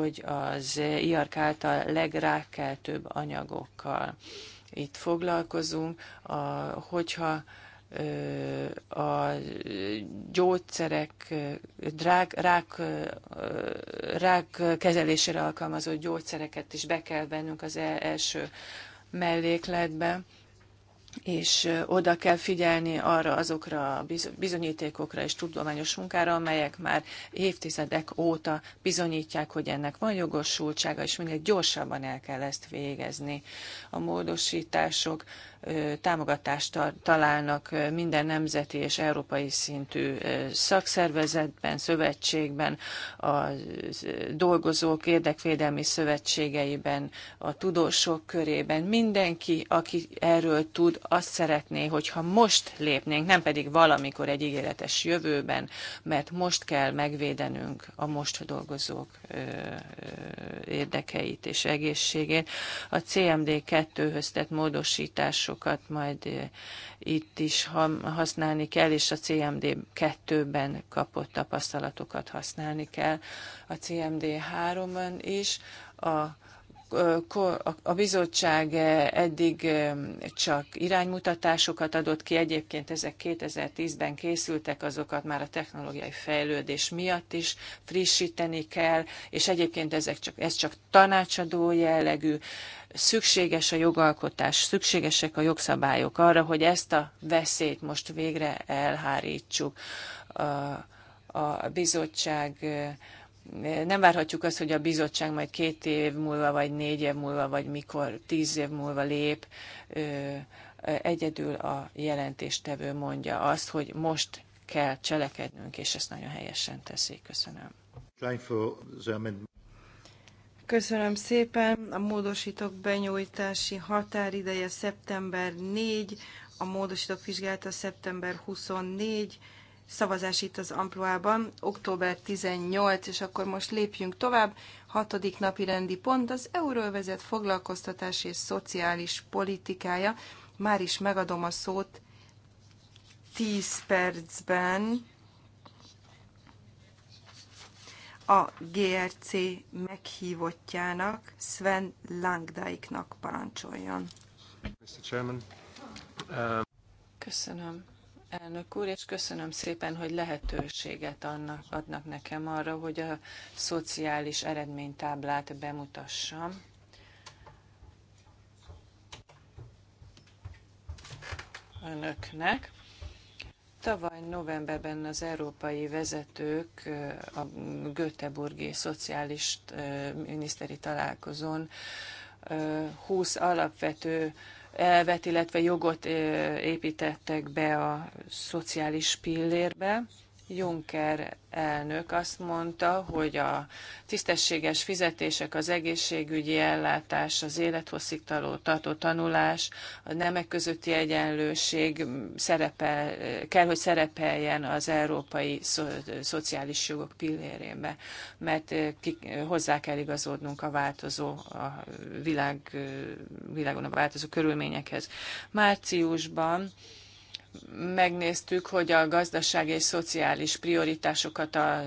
hogy az IARC által legrákkeltőbb anyagokkal itt foglalkozunk, a, hogyha a gyógyszerek, drág, rák, rák kezelésére alkalmazott gyógyszereket is be kell vennünk az e-, első mellékletbe és oda kell figyelni arra azokra a bizonyítékokra és tudományos munkára, amelyek már évtizedek óta bizonyítják, hogy ennek van jogosultsága, és minél gyorsabban el kell ezt végezni. A módosítások támogatást találnak minden nemzeti és európai szintű szakszervezetben, szövetségben, a dolgozók érdekvédelmi szövetségeiben, a tudósok körében. Mindenki, aki erről tud, azt szeretné, hogyha most lépnénk, nem pedig valamikor egy ígéretes jövőben, mert most kell megvédenünk a most dolgozók érdekeit és egészségét. A CMD 2-höz tett módosítások forrásokat majd itt is használni kell, és a CMD2-ben kapott tapasztalatokat használni kell a CMD3-ban is. A a bizottság eddig csak iránymutatásokat adott ki, egyébként ezek 2010-ben készültek, azokat már a technológiai fejlődés miatt is frissíteni kell, és egyébként ezek csak, ez csak tanácsadó jellegű, szükséges a jogalkotás, szükségesek a jogszabályok arra, hogy ezt a veszélyt most végre elhárítsuk. A, a bizottság nem várhatjuk azt, hogy a bizottság majd két év múlva, vagy négy év múlva, vagy mikor tíz év múlva lép, egyedül a jelentéstevő mondja azt, hogy most kell cselekednünk, és ezt nagyon helyesen teszi. Köszönöm. Köszönöm szépen. A módosítók benyújtási határideje szeptember 4, a módosítók vizsgálata szeptember 24, szavazás itt az Amploában, október 18, és akkor most lépjünk tovább. Hatodik napi rendi pont az Euróvezet foglalkoztatás és szociális politikája. Már is megadom a szót 10 percben a GRC meghívottjának, Sven Langdaiknak parancsoljon. Uh, Köszönöm elnök úr, és köszönöm szépen, hogy lehetőséget annak, adnak nekem arra, hogy a szociális eredménytáblát bemutassam. Önöknek. Tavaly novemberben az európai vezetők a Göteborgi Szociális Miniszteri Találkozón 20 alapvető elvet, illetve jogot építettek be a szociális pillérbe. Juncker elnök azt mondta, hogy a tisztességes fizetések, az egészségügyi ellátás, az élethosszígtaló tartó tanulás, a nemek közötti egyenlőség szerepel, kell, hogy szerepeljen az európai szo szociális jogok pillérébe, mert eh, ki, hozzá kell igazodnunk a változó, a világ, eh, világon a változó körülményekhez. Márciusban megnéztük, hogy a gazdasági és szociális prioritásokat a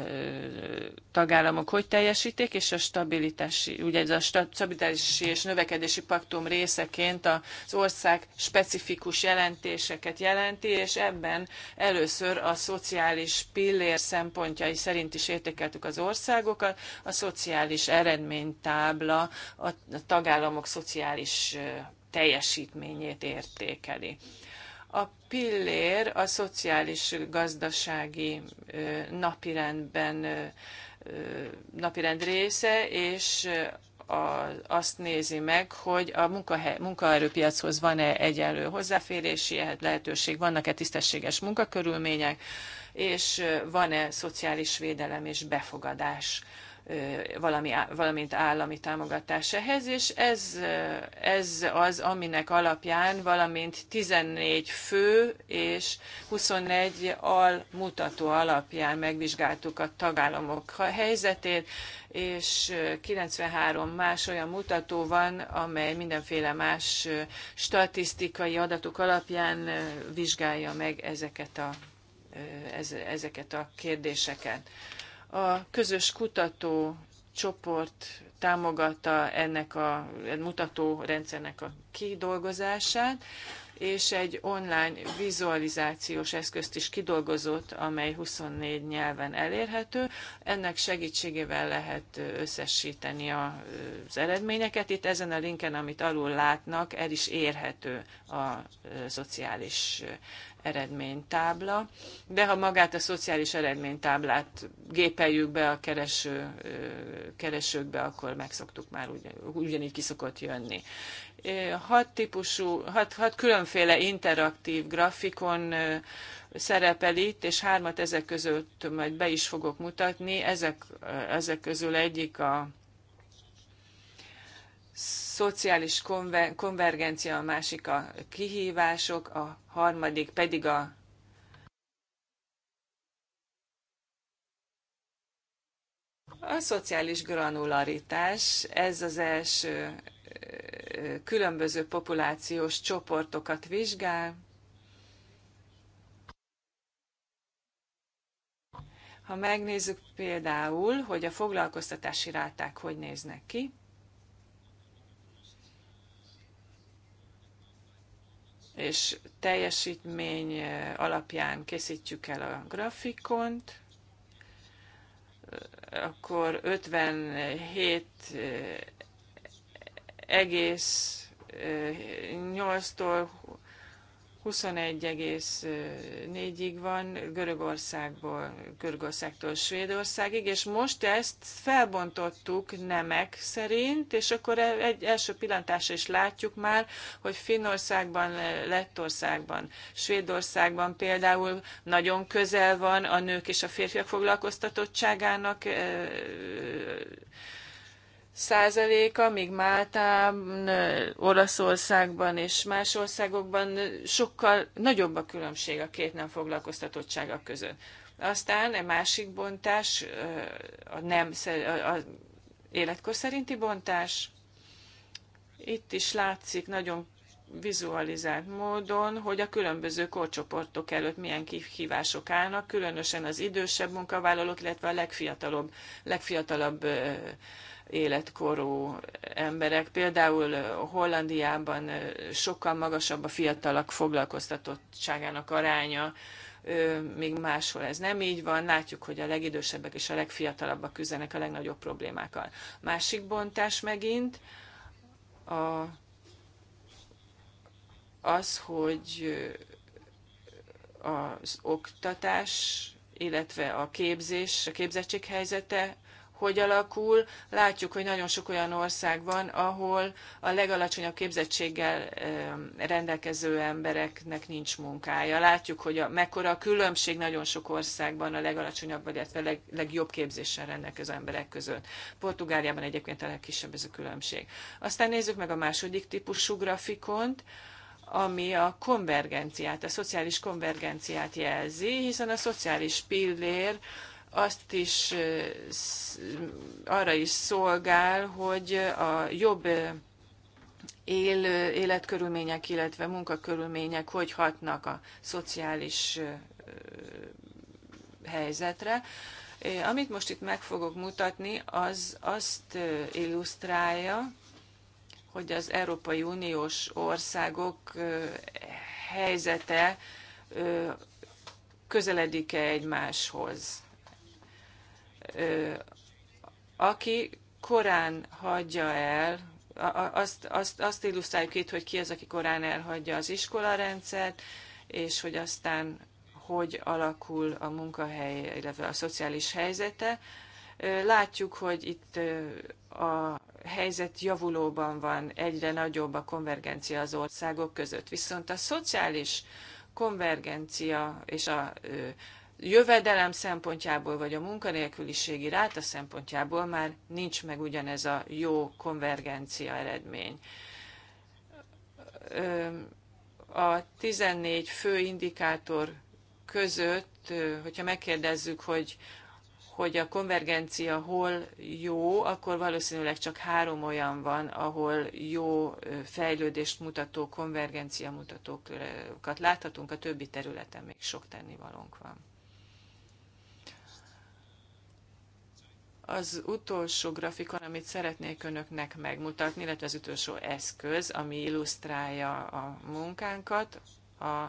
tagállamok hogy teljesítik, és a stabilitási, ugye ez a stabilitási és növekedési paktum részeként az ország specifikus jelentéseket jelenti, és ebben először a szociális pillér szempontjai szerint is értékeltük az országokat, a szociális eredménytábla a tagállamok szociális teljesítményét értékeli. A pillér a szociális gazdasági napirendben napirend része, és a, azt nézi meg, hogy a munkahely, munkaerőpiachoz van-e egyenlő hozzáférési lehetőség, vannak-e tisztességes munkakörülmények, és van-e szociális védelem és befogadás valami, valamint állami támogatás ehhez, és ez, ez az, aminek alapján valamint 14 fő és 21 al mutató alapján megvizsgáltuk a tagállamok helyzetét, és 93 más olyan mutató van, amely mindenféle más statisztikai adatok alapján vizsgálja meg ezeket a, ezeket a kérdéseket. A közös kutató csoport támogatta ennek a mutatórendszernek a kidolgozását, és egy online vizualizációs eszközt is kidolgozott, amely 24 nyelven elérhető. Ennek segítségével lehet összesíteni az eredményeket. Itt ezen a linken, amit alul látnak, el is érhető a szociális eredménytábla, de ha magát a szociális eredménytáblát gépeljük be a kereső, keresőkbe, akkor megszoktuk már ugyan, ugyanígy kiszokott jönni. Hat típusú, hat, hat különféle interaktív grafikon szerepel itt, és hármat ezek között majd be is fogok mutatni. Ezek, ezek közül egyik a szociális konver- konvergencia, a másik a kihívások, a harmadik pedig a A szociális granularitás, ez az első különböző populációs csoportokat vizsgál. Ha megnézzük például, hogy a foglalkoztatási ráták hogy néznek ki, és teljesítmény eh, alapján készítjük el a grafikont, eh, akkor 57 eh, egész 8-tól 21,4-ig van Görögországból, Görögországtól Svédországig, és most ezt felbontottuk nemek szerint, és akkor e- egy első pillantásra is látjuk már, hogy Finnországban, Lettországban, Svédországban például nagyon közel van a nők és a férfiak foglalkoztatottságának e- százaléka, még Máltán, Olaszországban és más országokban sokkal nagyobb a különbség a két nem foglalkoztatottsága között. Aztán egy másik bontás, a nem a, a életkor szerinti bontás, itt is látszik nagyon vizualizált módon, hogy a különböző korcsoportok előtt milyen kihívások állnak, különösen az idősebb munkavállalók, illetve a legfiatalabb, legfiatalabb életkorú emberek. Például Hollandiában sokkal magasabb a fiatalak foglalkoztatottságának aránya, még máshol ez nem így van. Látjuk, hogy a legidősebbek és a legfiatalabbak küzdenek a legnagyobb problémákkal. Másik bontás megint a, az, hogy az oktatás, illetve a képzés, a képzettség helyzete hogy alakul. Látjuk, hogy nagyon sok olyan ország van, ahol a legalacsonyabb képzettséggel rendelkező embereknek nincs munkája. Látjuk, hogy a, mekkora a különbség nagyon sok országban a legalacsonyabb, vagy illetve leg, legjobb képzéssel rendelkező emberek között. Portugáliában egyébként a legkisebb ez a különbség. Aztán nézzük meg a második típusú grafikont, ami a konvergenciát, a szociális konvergenciát jelzi, hiszen a szociális pillér azt is arra is szolgál, hogy a jobb él, életkörülmények, illetve munkakörülmények hogy hatnak a szociális helyzetre. Amit most itt meg fogok mutatni, az azt illusztrálja, hogy az Európai Uniós országok helyzete közeledik-e egymáshoz aki korán hagyja el, azt, azt, azt illusztráljuk itt, hogy ki az, aki korán elhagyja az iskolarendszert, és hogy aztán hogy alakul a munkahely, illetve a szociális helyzete. Látjuk, hogy itt a helyzet javulóban van, egyre nagyobb a konvergencia az országok között. Viszont a szociális konvergencia és a jövedelem szempontjából, vagy a munkanélküliségi ráta szempontjából már nincs meg ugyanez a jó konvergencia eredmény. A 14 fő indikátor között, hogyha megkérdezzük, hogy hogy a konvergencia hol jó, akkor valószínűleg csak három olyan van, ahol jó fejlődést mutató, konvergencia mutatókat láthatunk, a többi területen még sok tennivalónk van. Az utolsó grafikon, amit szeretnék önöknek megmutatni, illetve az utolsó eszköz, ami illusztrálja a munkánkat, a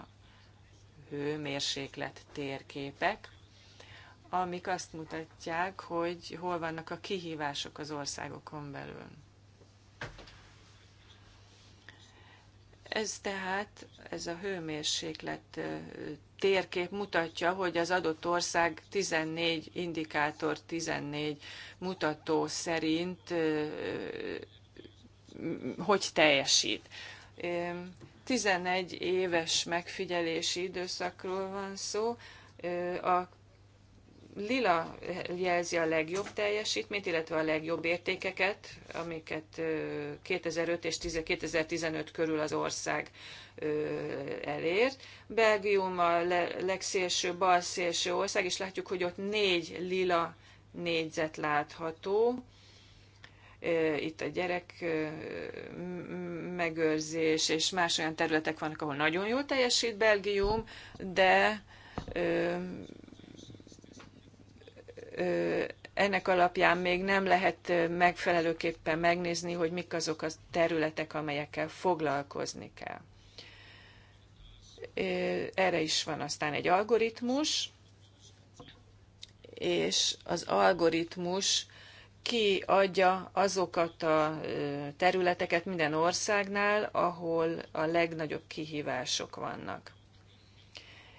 hőmérséklet térképek, amik azt mutatják, hogy hol vannak a kihívások az országokon belül. Ez tehát, ez a hőmérséklet térkép mutatja, hogy az adott ország 14 indikátor, 14 mutató szerint hogy teljesít. 11 éves megfigyelési időszakról van szó, a lila jelzi a legjobb teljesítményt, illetve a legjobb értékeket, amiket 2005 és 2015 körül az ország elért. Belgium a legszélső, szélső ország, és látjuk, hogy ott négy lila négyzet látható. Itt a gyerek megőrzés, és más olyan területek vannak, ahol nagyon jól teljesít Belgium, de ennek alapján még nem lehet megfelelőképpen megnézni, hogy mik azok a területek, amelyekkel foglalkozni kell. Erre is van aztán egy algoritmus, és az algoritmus kiadja azokat a területeket minden országnál, ahol a legnagyobb kihívások vannak.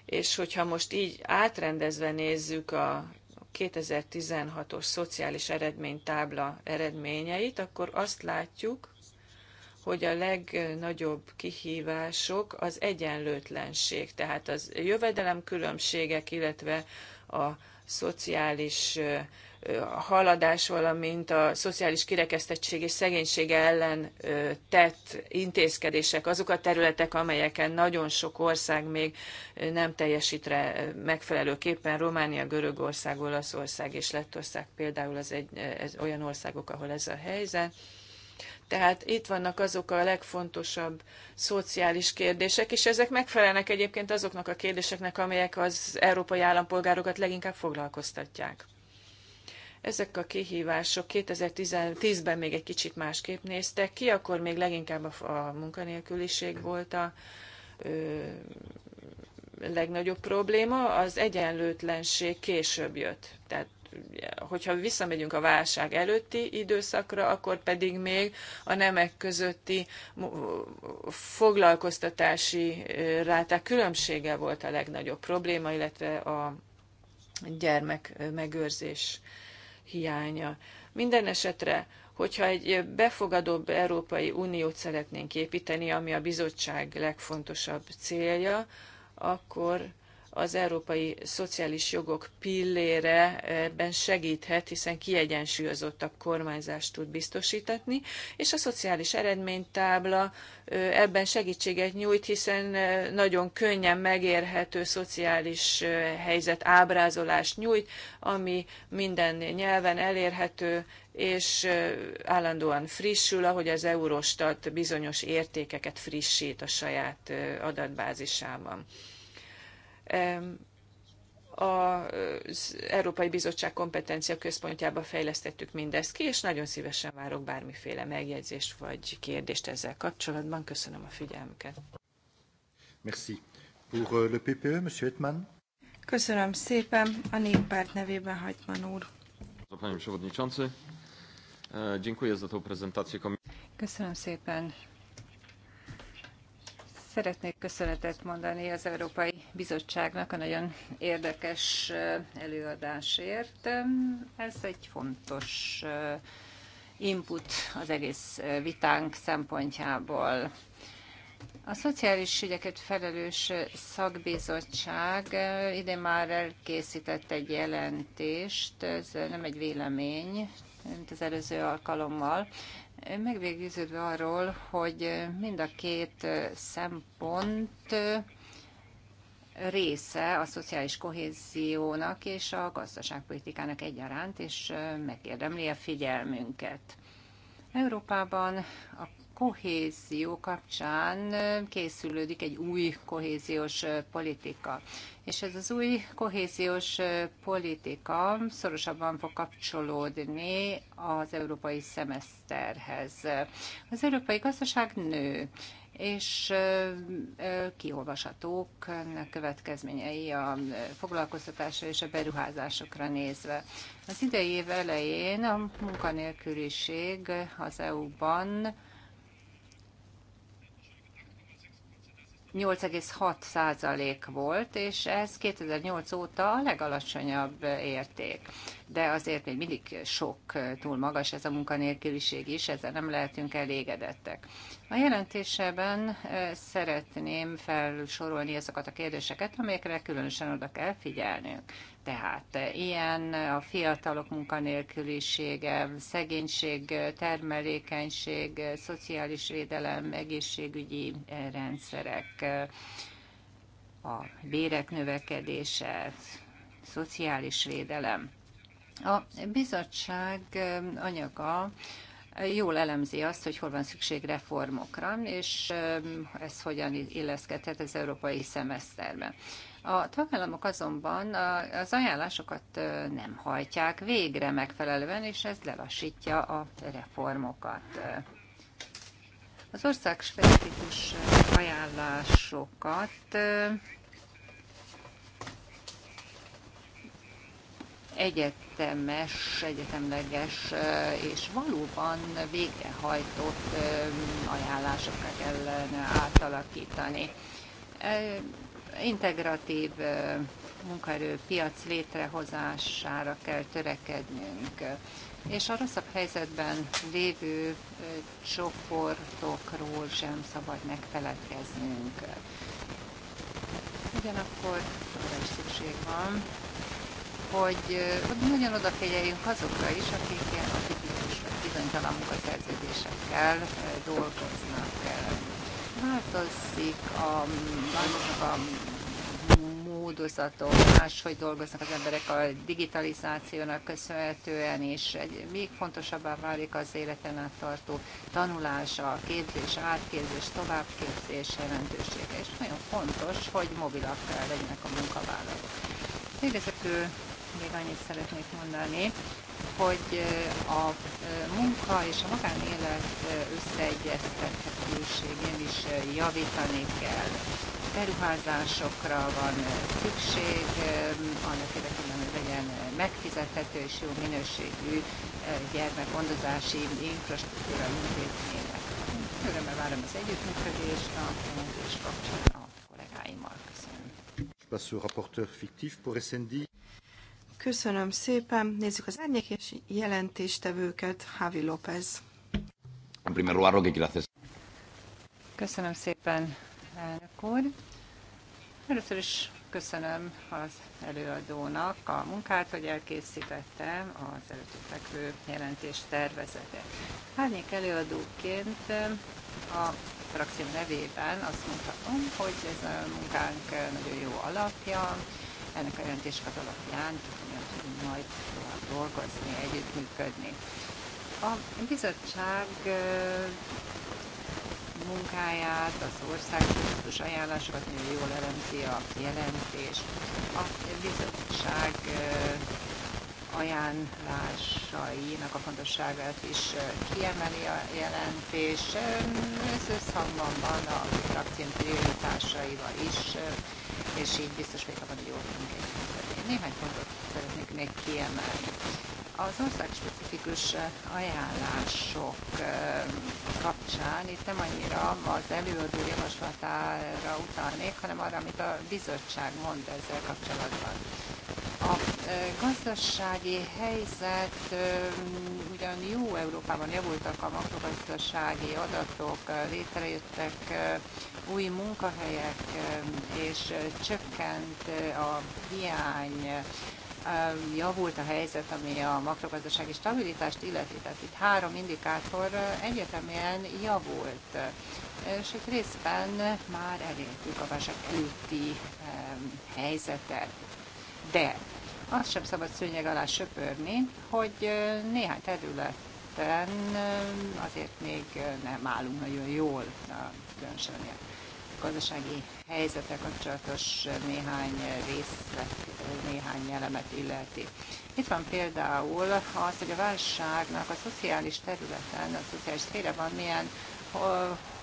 És hogyha most így átrendezve nézzük a 2016-os szociális eredménytábla eredményeit, akkor azt látjuk, hogy a legnagyobb kihívások az egyenlőtlenség, tehát az jövedelem különbségek, illetve a szociális haladás, valamint a szociális kirekesztettség és szegénység ellen tett intézkedések azok a területek, amelyeken nagyon sok ország még nem teljesítre megfelelőképpen. Románia, Görögország, Olaszország és Lettország például az egy, ez olyan országok, ahol ez a helyzet. Tehát itt vannak azok a legfontosabb szociális kérdések, és ezek megfelelnek egyébként azoknak a kérdéseknek, amelyek az európai állampolgárokat leginkább foglalkoztatják. Ezek a kihívások 2010-ben még egy kicsit másképp néztek ki, akkor még leginkább a, a munkanélküliség volt a ö, legnagyobb probléma, az egyenlőtlenség később jött. Tehát hogyha visszamegyünk a válság előtti időszakra, akkor pedig még a nemek közötti foglalkoztatási ráták különbsége volt a legnagyobb probléma, illetve a gyermek megőrzés hiánya. Minden esetre, hogyha egy befogadóbb Európai Uniót szeretnénk építeni, ami a bizottság legfontosabb célja, akkor az európai szociális jogok pillére ebben segíthet, hiszen kiegyensúlyozottabb kormányzást tud biztosítani, és a szociális eredménytábla ebben segítséget nyújt, hiszen nagyon könnyen megérhető szociális helyzet ábrázolást nyújt, ami minden nyelven elérhető, és állandóan frissül, ahogy az Eurostat bizonyos értékeket frissít a saját adatbázisában az Európai Bizottság kompetencia központjába fejlesztettük mindezt ki, és nagyon szívesen várok bármiféle megjegyzést vagy kérdést ezzel kapcsolatban. Köszönöm a figyelmüket. Merci. Pour euh, le PPE, Monsieur Hetman. Köszönöm szépen. A néppárt nevében Hagyman úr. E, Köszönöm szépen, Szeretnék köszönetet mondani az Európai Bizottságnak a nagyon érdekes eh, előadásért. Ez egy fontos eh, input az egész eh, vitánk szempontjából. A Szociális Ügyeket Felelős Szakbizottság ide már elkészített egy jelentést, ez nem egy vélemény, mint az előző alkalommal, megvégződve arról, hogy mind a két szempont része a szociális kohéziónak és a gazdaságpolitikának egyaránt, és megérdemli a figyelmünket. Európában a kohézió kapcsán készülődik egy új kohéziós politika. És ez az új kohéziós politika szorosabban fog kapcsolódni az európai szemeszterhez. Az európai gazdaság nő, és kiolvashatók következményei a foglalkoztatásra és a beruházásokra nézve. Az idei év elején a munkanélküliség az EU-ban 8,6 százalék volt, és ez 2008 óta a legalacsonyabb érték. De azért még mindig sok, túl magas ez a munkanélküliség is, ezzel nem lehetünk elégedettek. A jelentésében szeretném felsorolni azokat a kérdéseket, amelyekre különösen oda kell figyelnünk. Tehát ilyen a fiatalok munkanélkülisége, szegénység, termelékenység, szociális védelem, egészségügyi rendszerek, a bérek növekedése, szociális védelem. A bizottság anyaga jól elemzi azt, hogy hol van szükség reformokra, és ez hogyan illeszkedhet az európai szemeszterbe. A tagállamok azonban az ajánlásokat nem hajtják végre megfelelően, és ez lelassítja a reformokat. Az ország specifikus ajánlásokat egyetemes, egyetemleges és valóban végrehajtott ajánlásokra kellene átalakítani. Integratív munkaerőpiac létrehozására kell törekednünk és a rosszabb helyzetben lévő csoportokról sem szabad megfeledkeznünk. Ugyanakkor arra is szükség van, hogy, hogy nagyon odafigyeljünk azokra is, akik ilyen atipikus vagy bizonytalan munkaszerződésekkel dolgoznak. Változik a, változnak a módozatok, máshogy dolgoznak az emberek a digitalizációnak köszönhetően, és egy, még fontosabbá válik az életen át tartó tanulás, a képzés, átképzés, továbbképzés jelentősége, és nagyon fontos, hogy mobilak legyenek a munkavállalók. Végezetül még annyit szeretnék mondani, hogy a munka és a magánélet összeegyeztethetőségén is javítani kell. Beruházásokra van szükség, annak érdekében, hogy legyen megfizethető és jó minőségű gyermekgondozási infrastruktúra intézmények. Örömmel várom az együttműködést a jelentés kapcsán a kollégáimmal. Köszönöm. Köszönöm szépen. Nézzük az árnyék jelentéstevőket. Javi López. Köszönöm szépen, elnök úr. Először is köszönöm az előadónak a munkát, hogy elkészítette az előttük fekvő jelentés tervezetet. Árnyék előadóként a frakció nevében azt mondhatom, hogy ez a munkánk nagyon jó alapja, ennek a jelentéskat alapján tudunk majd tovább dolgozni, együttműködni. A bizottság munkáját, az országos ajánlásokat nagyon jól elemzi a jelentés. A bizottság ajánlásainak a fontosságát is kiemeli a jelentés. Ez összhangban van a frakcióm prioritásaival is, és így biztos vagyok abban, hogy jól fogunk együttműködni. Néhány pontot szeretnék kiemelni. Az országspecifikus eh, ajánlások eh, kapcsán itt nem annyira az előadó javaslatára utalnék, hanem arra, amit a bizottság mond ezzel kapcsolatban. A eh, gazdasági helyzet ugyan jó Európában javultak a makrogazdasági adatok, létrejöttek új munkahelyek, és csökkent a hiány, javult a helyzet, ami a makrogazdasági stabilitást illeti. Tehát itt három indikátor egyetemben javult, és itt részben már elértük a válság előtti helyzetet. De azt sem szabad szőnyeg alá söpörni, hogy néhány területen azért még nem állunk nagyon jól, különösen a gazdasági helyzete kapcsolatos néhány részlet, néhány elemet illeti. Itt van például az, hogy a válságnak a szociális területen, a szociális van milyen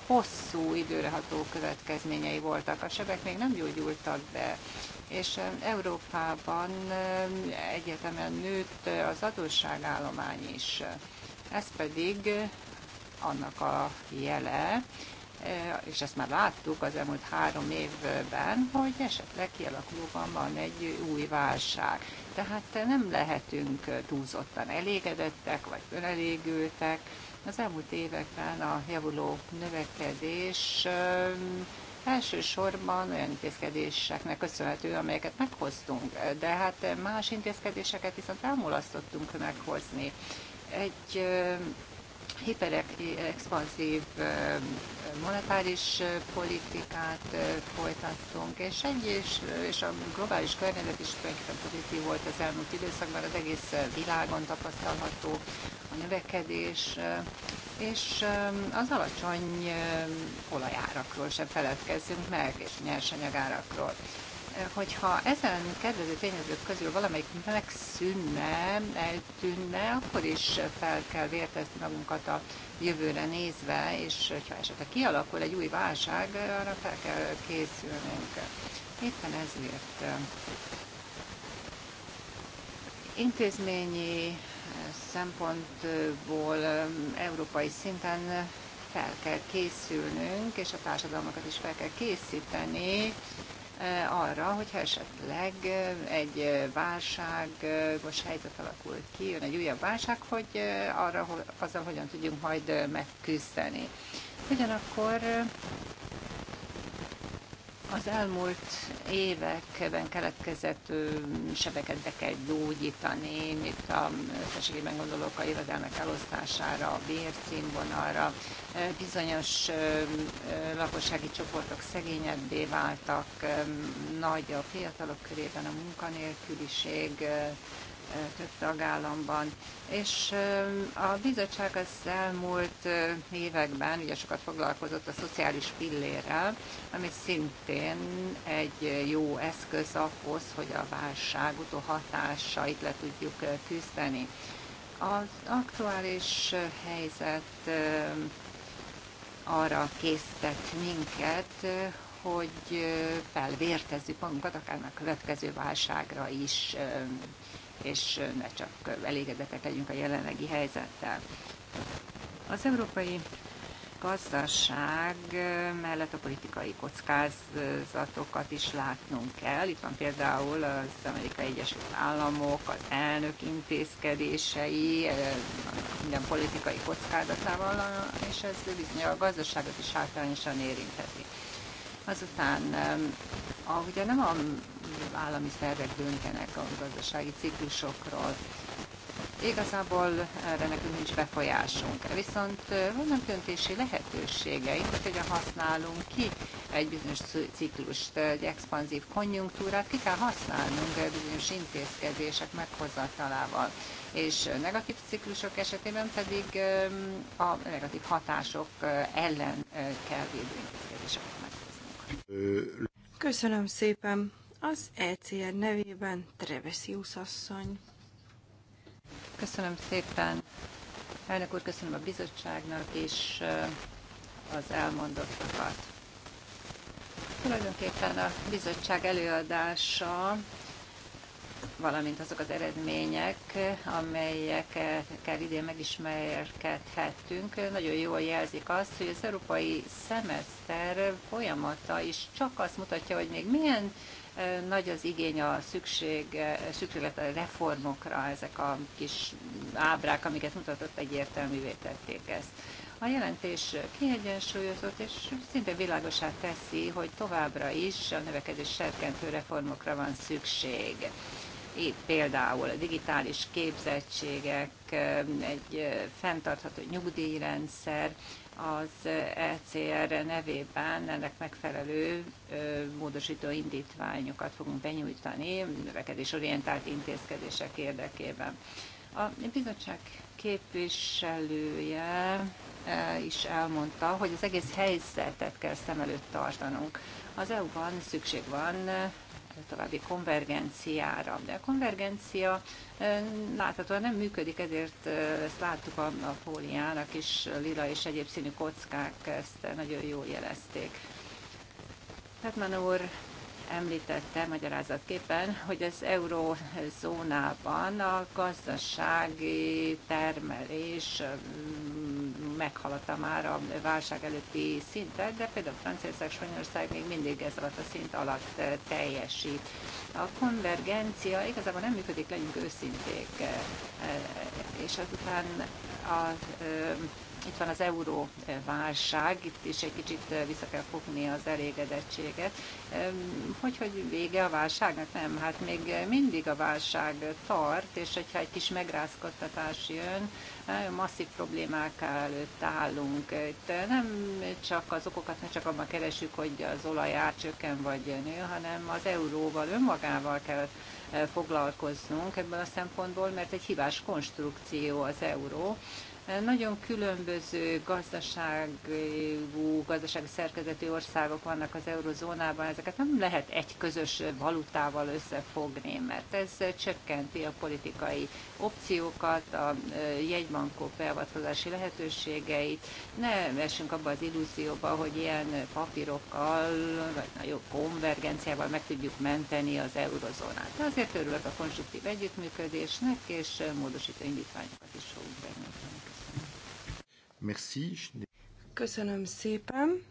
hosszú időre ható következményei voltak. A sebek még nem gyógyultak be, és Európában egyetemen nőtt az adósságállomány is. Ez pedig annak a jele, E, és ezt már láttuk az elmúlt három évben, hogy esetleg kialakulóban van egy új válság. Tehát nem lehetünk túlzottan elégedettek, vagy önelégültek. Az elmúlt években a javuló növekedés elsősorban olyan intézkedéseknek köszönhető, amelyeket meghoztunk, de hát más intézkedéseket viszont elmulasztottunk meghozni. Egy hiperexpanzív monetáris politikát folytattunk, és egy és, és a globális környezet is tulajdonképpen pozitív volt az elmúlt időszakban, az egész világon tapasztalható a növekedés, és az alacsony olajárakról sem feledkezzünk meg, és nyersanyagárakról hogyha ezen kedvező tényezők közül valamelyik megszűnne, eltűnne, akkor is fel kell vértezni magunkat a jövőre nézve, és ha esetleg kialakul egy új válság, arra fel kell készülnünk. Éppen ezért intézményi szempontból európai szinten fel kell készülnünk, és a társadalmakat is fel kell készíteni E, arra, hogyha esetleg e, egy e, válság, most helyzet alakul ki, jön egy újabb válság, hogy arra, azzal hogyan tudjunk majd megküzdeni. Ugyanakkor az elmúlt években keletkezett sebeket be kell gyógyítani, itt a összességében gondolok a jövedelmek elosztására, a bérszínvonalra. Bizonyos lakossági csoportok szegényebbé váltak, nagy a fiatalok körében a munkanélküliség, több tagállamban. És a bizottság az elmúlt években ugye sokat foglalkozott a szociális pillérrel, ami szintén egy jó eszköz ahhoz, hogy a válság utóhatásait le tudjuk küzdeni. Az aktuális helyzet arra késztet minket, hogy felvértezzük magunkat akár a következő válságra is és ne csak elégedetek legyünk a jelenlegi helyzettel. Az európai gazdaság mellett a politikai kockázatokat is látnunk kell. Itt van például az Amerikai Egyesült Államok, az elnök intézkedései, minden politikai kockázatával, és ez bizony a gazdaságot is hátrányosan érintheti. Azután, ugye nem a állami szervek döntenek a gazdasági ciklusokról, Igazából erre nekünk nincs befolyásunk, viszont vannak döntési lehetőségeink, hogy hogyan használunk ki egy bizonyos ciklust, egy expanzív konjunktúrát, ki kell használnunk bizonyos intézkedések meghozatalával. És negatív ciklusok esetében pedig a negatív hatások ellen kell védő intézkedéseket Köszönöm szépen. Az ECR nevében Trevesius asszony. Köszönöm szépen. Elnök úr, köszönöm a bizottságnak és az elmondottakat. Tulajdonképpen a bizottság előadása valamint azok az eredmények, amelyekkel idén megismerkedhettünk, nagyon jól jelzik azt, hogy az európai szemeszter folyamata is csak azt mutatja, hogy még milyen nagy az igény a szükség, szükséglet a reformokra, ezek a kis ábrák, amiket mutatott, egyértelművé tették ezt. A jelentés kiegyensúlyozott, és szinte világosát teszi, hogy továbbra is a növekedés serkentő reformokra van szükség például a digitális képzettségek, egy fenntartható nyugdíjrendszer, az ECR nevében ennek megfelelő módosító indítványokat fogunk benyújtani növekedésorientált intézkedések érdekében. A bizottság képviselője is elmondta, hogy az egész helyzetet kell szem előtt tartanunk. Az EU-ban szükség van további konvergenciára. De a konvergencia láthatóan nem működik, ezért ezt láttuk a, a fólián, a kis lila és egyéb színű kockák ezt nagyon jól jelezték. Hetman úr említette magyarázatképpen, hogy az eurózónában a gazdasági termelés meghaladta már a válság előtti szintet, de például Franciaország, Spanyolország még mindig ez alatt a szint alatt eh, teljesít. A konvergencia igazából nem működik, legyünk őszinték, eh, eh, és azután a itt van az euró eh, válság, itt is egy kicsit eh, vissza kell fogni az elégedettséget. Hogy, hogy vége a válságnak? Nem, hát még eh, mindig a válság tart, és hogyha egy kis megrázkodtatás jön, masszív problémák előtt állunk. Itt nem csak az okokat, nem csak abban keresünk, hogy az olaj csökken vagy nő, hanem az euróval önmagával kell foglalkoznunk ebből a szempontból, mert egy hibás konstrukció az euró, nagyon különböző gazdaságú, gazdasági szerkezetű országok vannak az eurozónában, ezeket nem lehet egy közös valutával összefogni, mert ez csökkenti a politikai opciókat, a jegybankok beavatkozási lehetőségeit. Ne essünk abba az illúzióba, hogy ilyen papírokkal, vagy nagyobb konvergenciával meg tudjuk menteni az eurozónát. De azért örülök a konstruktív együttműködésnek, és módosító indítványokat is fogunk tenni. Merci. Köszönöm szépen.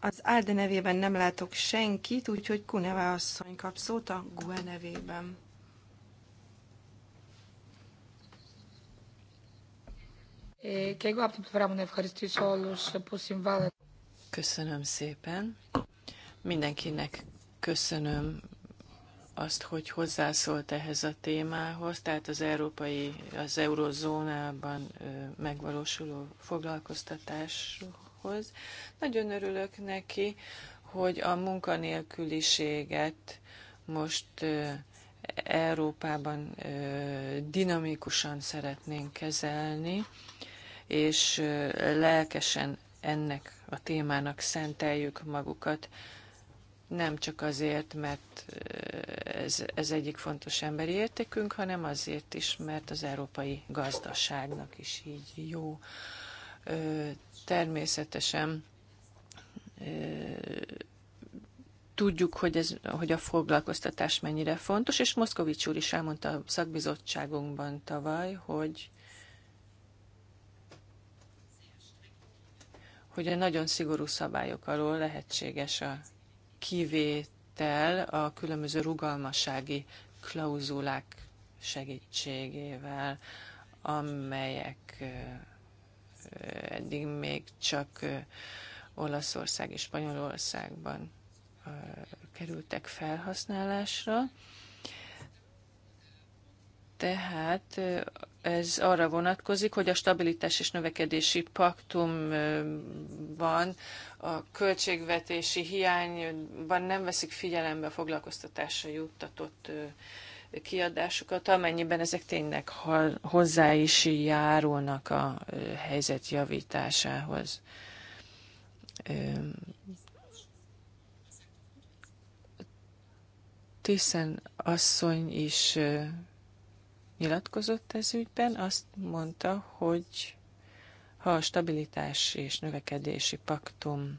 Az Alde nevében nem látok senkit, úgyhogy Kuneva asszony kap szót a GUE nevében. Köszönöm szépen. Mindenkinek köszönöm azt, hogy hozzászólt ehhez a témához, tehát az európai, az eurozónában megvalósuló foglalkoztatáshoz. Nagyon örülök neki, hogy a munkanélküliséget most Európában dinamikusan szeretnénk kezelni, és lelkesen ennek a témának szenteljük magukat nem csak azért, mert ez, ez egyik fontos emberi értékünk, hanem azért is, mert az európai gazdaságnak is így jó. Természetesen tudjuk, hogy, ez, hogy a foglalkoztatás mennyire fontos, és Moszkovics úr is elmondta a szakbizottságunkban tavaly, hogy hogy a nagyon szigorú szabályok alól lehetséges a kivétel a különböző rugalmassági klauzulák segítségével, amelyek eddig még csak Olaszország és Spanyolországban kerültek felhasználásra. Tehát ez arra vonatkozik, hogy a stabilitás és növekedési paktumban a költségvetési hiányban nem veszik figyelembe a foglalkoztatásra juttatott kiadásokat, amennyiben ezek tényleg hozzá is járulnak a helyzet javításához. Tiszen asszony is nyilatkozott ez ügyben, azt mondta, hogy ha a stabilitás és növekedési paktum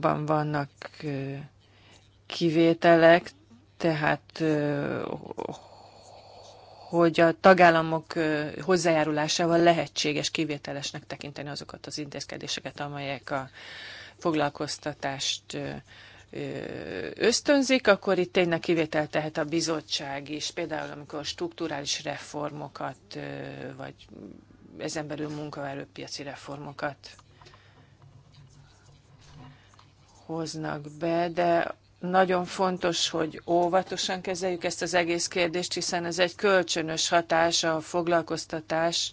van, vannak kivételek, tehát hogy a tagállamok hozzájárulásával lehetséges kivételesnek tekinteni azokat az intézkedéseket, amelyek a foglalkoztatást ösztönzik, akkor itt tényleg kivételt tehet a bizottság is, például amikor strukturális reformokat, vagy ezen belül munkaerőpiaci reformokat hoznak be, de nagyon fontos, hogy óvatosan kezeljük ezt az egész kérdést, hiszen ez egy kölcsönös hatás a foglalkoztatás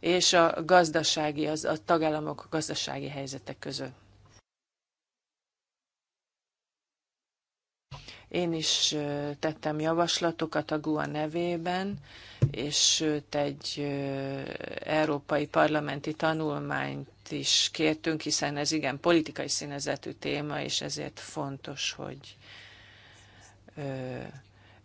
és a gazdasági, az, a tagállamok gazdasági helyzetek között. Én is tettem javaslatokat a GUA nevében, és sőt egy európai parlamenti tanulmányt is kértünk, hiszen ez igen politikai színezetű téma, és ezért fontos, hogy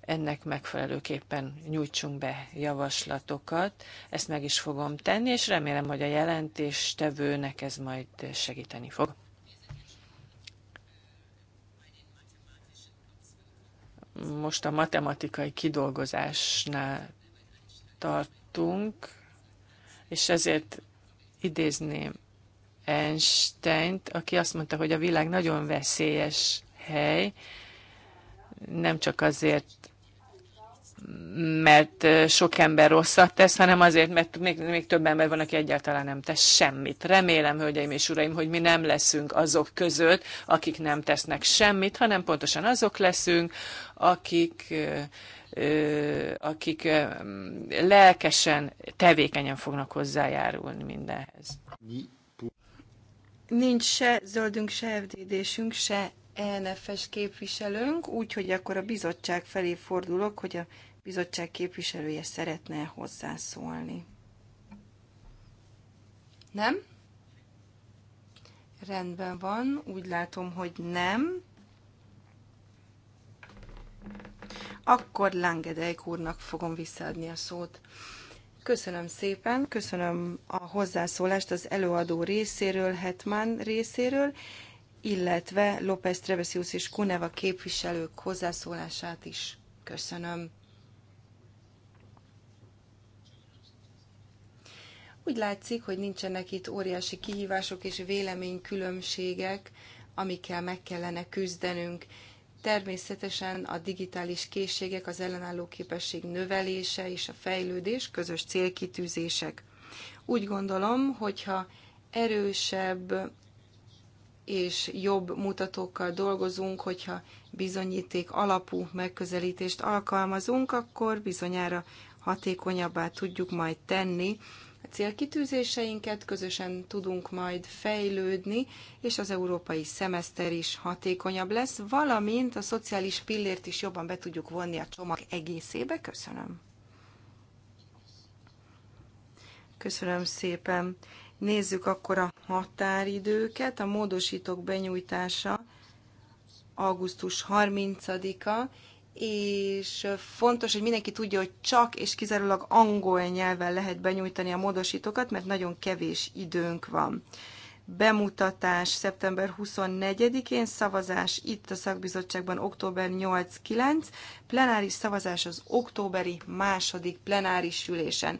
ennek megfelelőképpen nyújtsunk be javaslatokat. Ezt meg is fogom tenni, és remélem, hogy a jelentéstevőnek ez majd segíteni fog. most a matematikai kidolgozásnál tartunk, és ezért idézném einstein aki azt mondta, hogy a világ nagyon veszélyes hely, nem csak azért, mert sok ember rosszat tesz, hanem azért, mert még, még több ember van, aki egyáltalán nem tesz semmit. Remélem, hölgyeim és uraim, hogy mi nem leszünk azok között, akik nem tesznek semmit, hanem pontosan azok leszünk, akik, akik lelkesen, tevékenyen fognak hozzájárulni mindenhez. Nincs se zöldünk, se fdd se ENF-es képviselőnk, úgyhogy akkor a bizottság felé fordulok, hogy a bizottság képviselője szeretne hozzászólni. Nem? Rendben van, úgy látom, hogy nem. Akkor Langedeik úrnak fogom visszaadni a szót. Köszönöm szépen, köszönöm a hozzászólást az előadó részéről, Hetman részéről, illetve López Trevesius és Kuneva képviselők hozzászólását is köszönöm. Úgy látszik, hogy nincsenek itt óriási kihívások és véleménykülönbségek, amikkel meg kellene küzdenünk. Természetesen a digitális készségek, az ellenálló képesség növelése és a fejlődés közös célkitűzések. Úgy gondolom, hogyha erősebb és jobb mutatókkal dolgozunk, hogyha bizonyíték alapú megközelítést alkalmazunk, akkor bizonyára hatékonyabbá tudjuk majd tenni a célkitűzéseinket, közösen tudunk majd fejlődni, és az európai szemeszter is hatékonyabb lesz, valamint a szociális pillért is jobban be tudjuk vonni a csomag egészébe. Köszönöm. Köszönöm szépen. Nézzük akkor a határidőket. A módosítók benyújtása augusztus 30-a, és fontos, hogy mindenki tudja, hogy csak és kizárólag angol nyelven lehet benyújtani a módosítókat, mert nagyon kevés időnk van. Bemutatás szeptember 24-én, szavazás itt a szakbizottságban október 8-9, plenáris szavazás az októberi második plenáris ülésen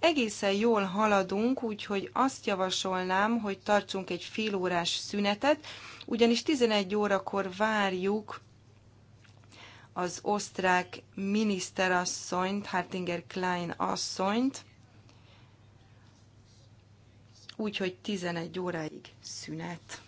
egészen jól haladunk, úgyhogy azt javasolnám, hogy tartsunk egy fél órás szünetet, ugyanis 11 órakor várjuk az osztrák miniszterasszonyt, Hartinger Klein asszonyt, úgyhogy 11 óráig szünet.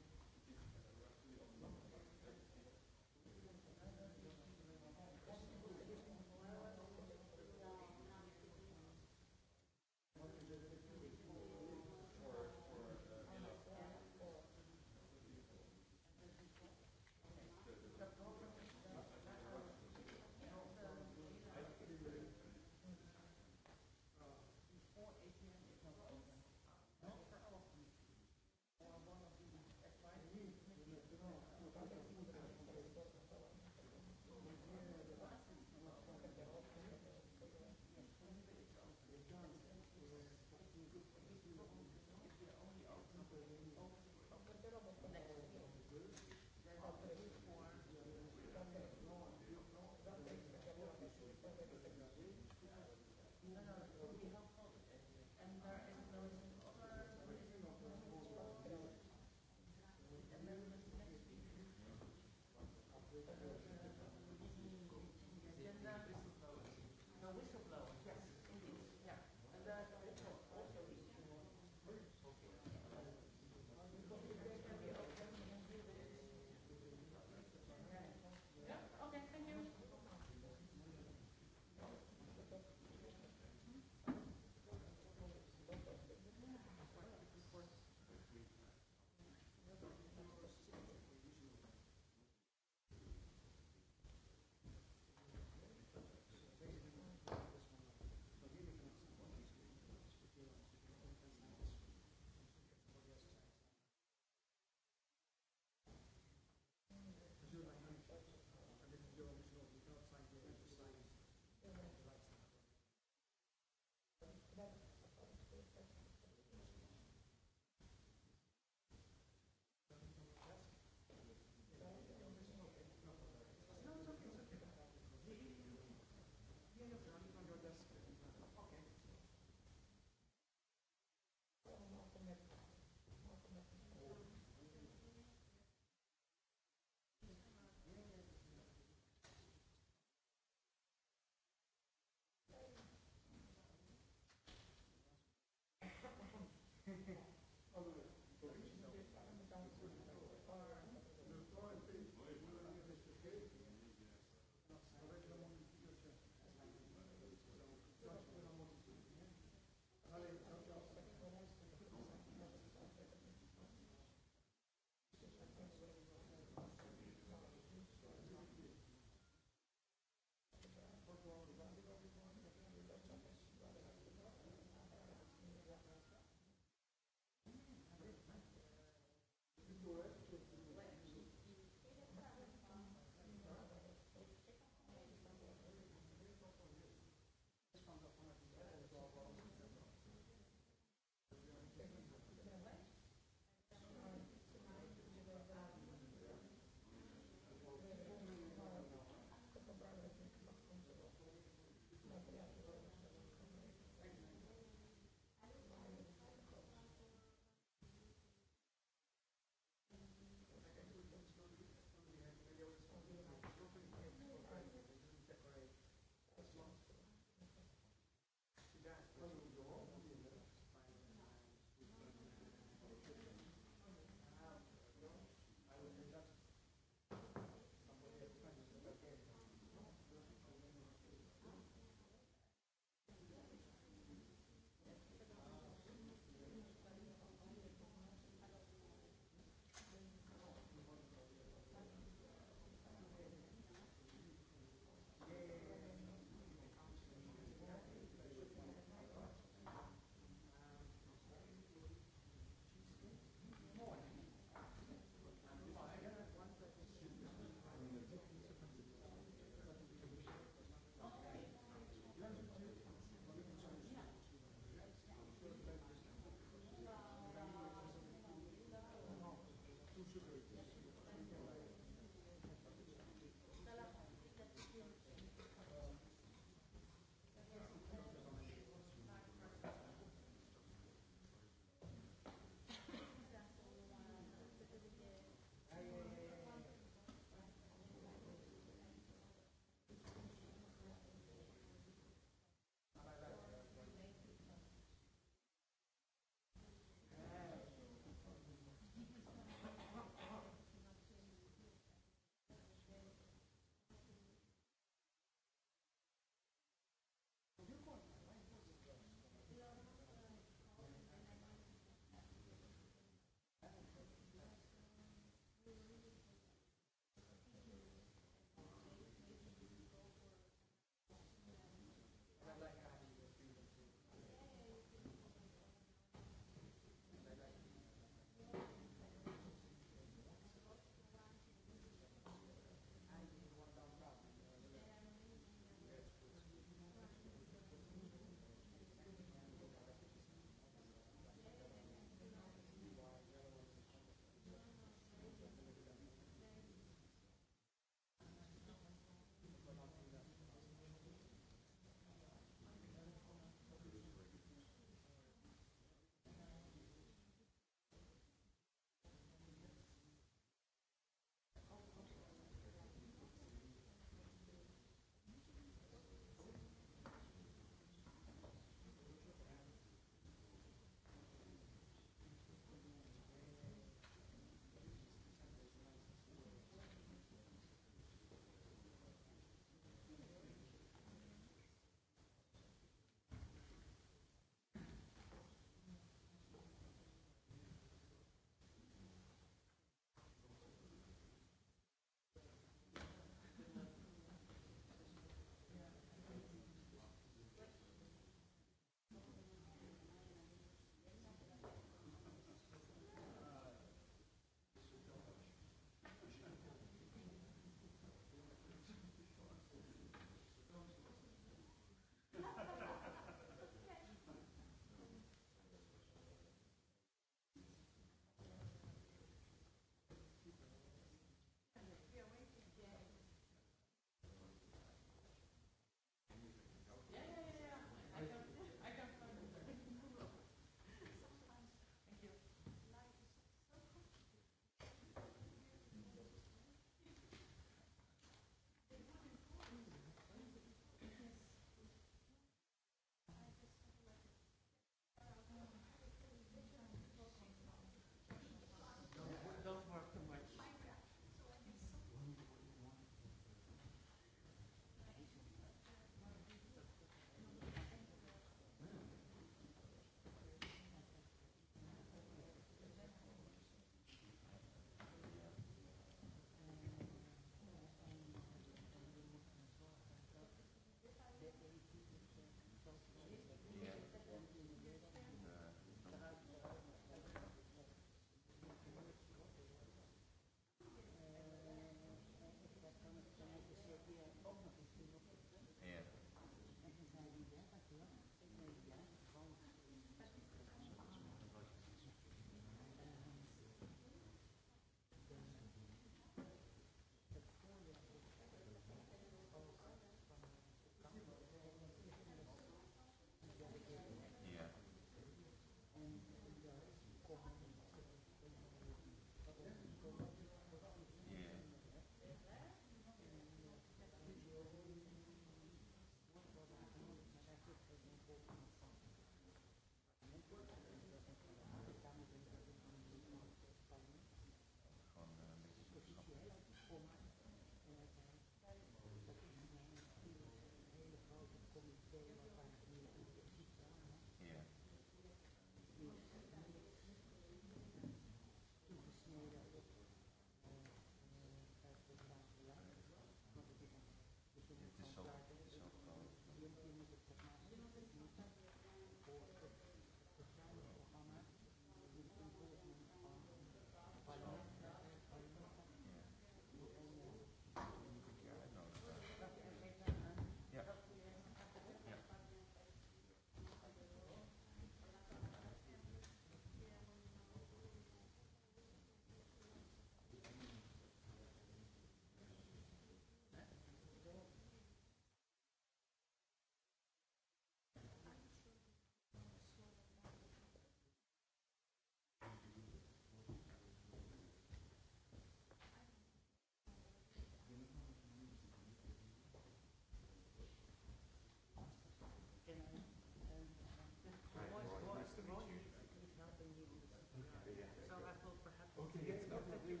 Okay.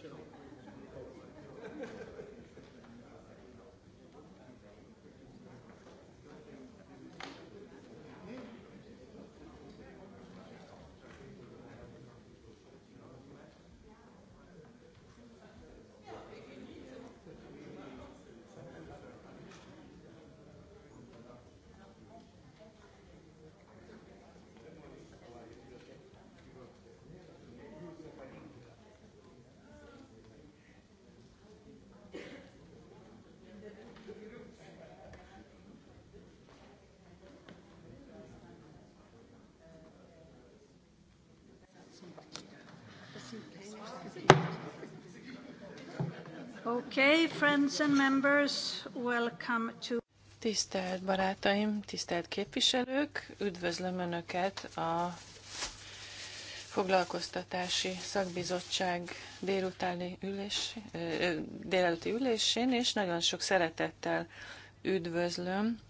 csinálunk. Okay, friends and members, welcome to... Tisztelt barátaim, tisztelt képviselők, üdvözlöm Önöket a foglalkoztatási szakbizottság délutáni ülés, délelőtti ülésén, és nagyon sok szeretettel üdvözlöm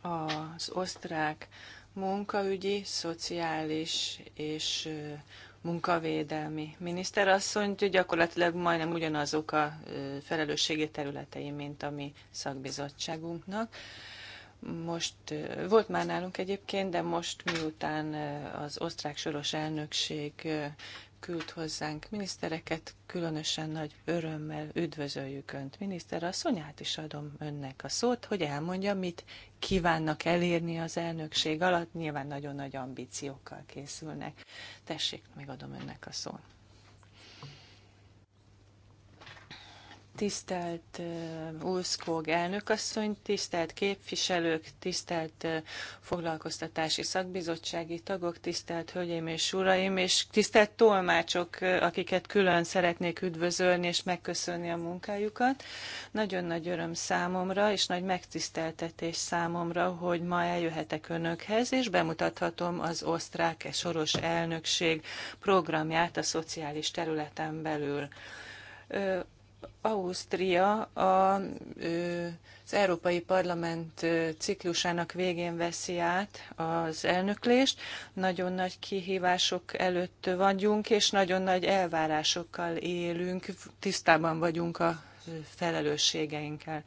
az osztrák munkaügyi, szociális és munkavédelmi miniszterasszonyt, gyakorlatilag majdnem ugyanazok a felelősségi területei, mint a mi szakbizottságunknak. Most volt már nálunk egyébként, de most miután az osztrák soros elnökség küld hozzánk minisztereket, különösen nagy örömmel üdvözöljük Önt. Miniszter asszony, át is adom Önnek a szót, hogy elmondja, mit kívánnak elérni az elnökség alatt. Nyilván nagyon nagy ambíciókkal készülnek. Tessék, megadom Önnek a szót. Tisztelt Ulszkog elnökasszony, tisztelt képviselők, tisztelt foglalkoztatási szakbizottsági tagok, tisztelt hölgyeim és uraim, és tisztelt tolmácsok, akiket külön szeretnék üdvözölni és megköszönni a munkájukat. Nagyon nagy öröm számomra, és nagy megtiszteltetés számomra, hogy ma eljöhetek önökhez, és bemutathatom az osztrák soros elnökség programját a szociális területen belül Ausztria a, az Európai Parlament ciklusának végén veszi át az elnöklést. Nagyon nagy kihívások előtt vagyunk, és nagyon nagy elvárásokkal élünk, tisztában vagyunk a felelősségeinkkel.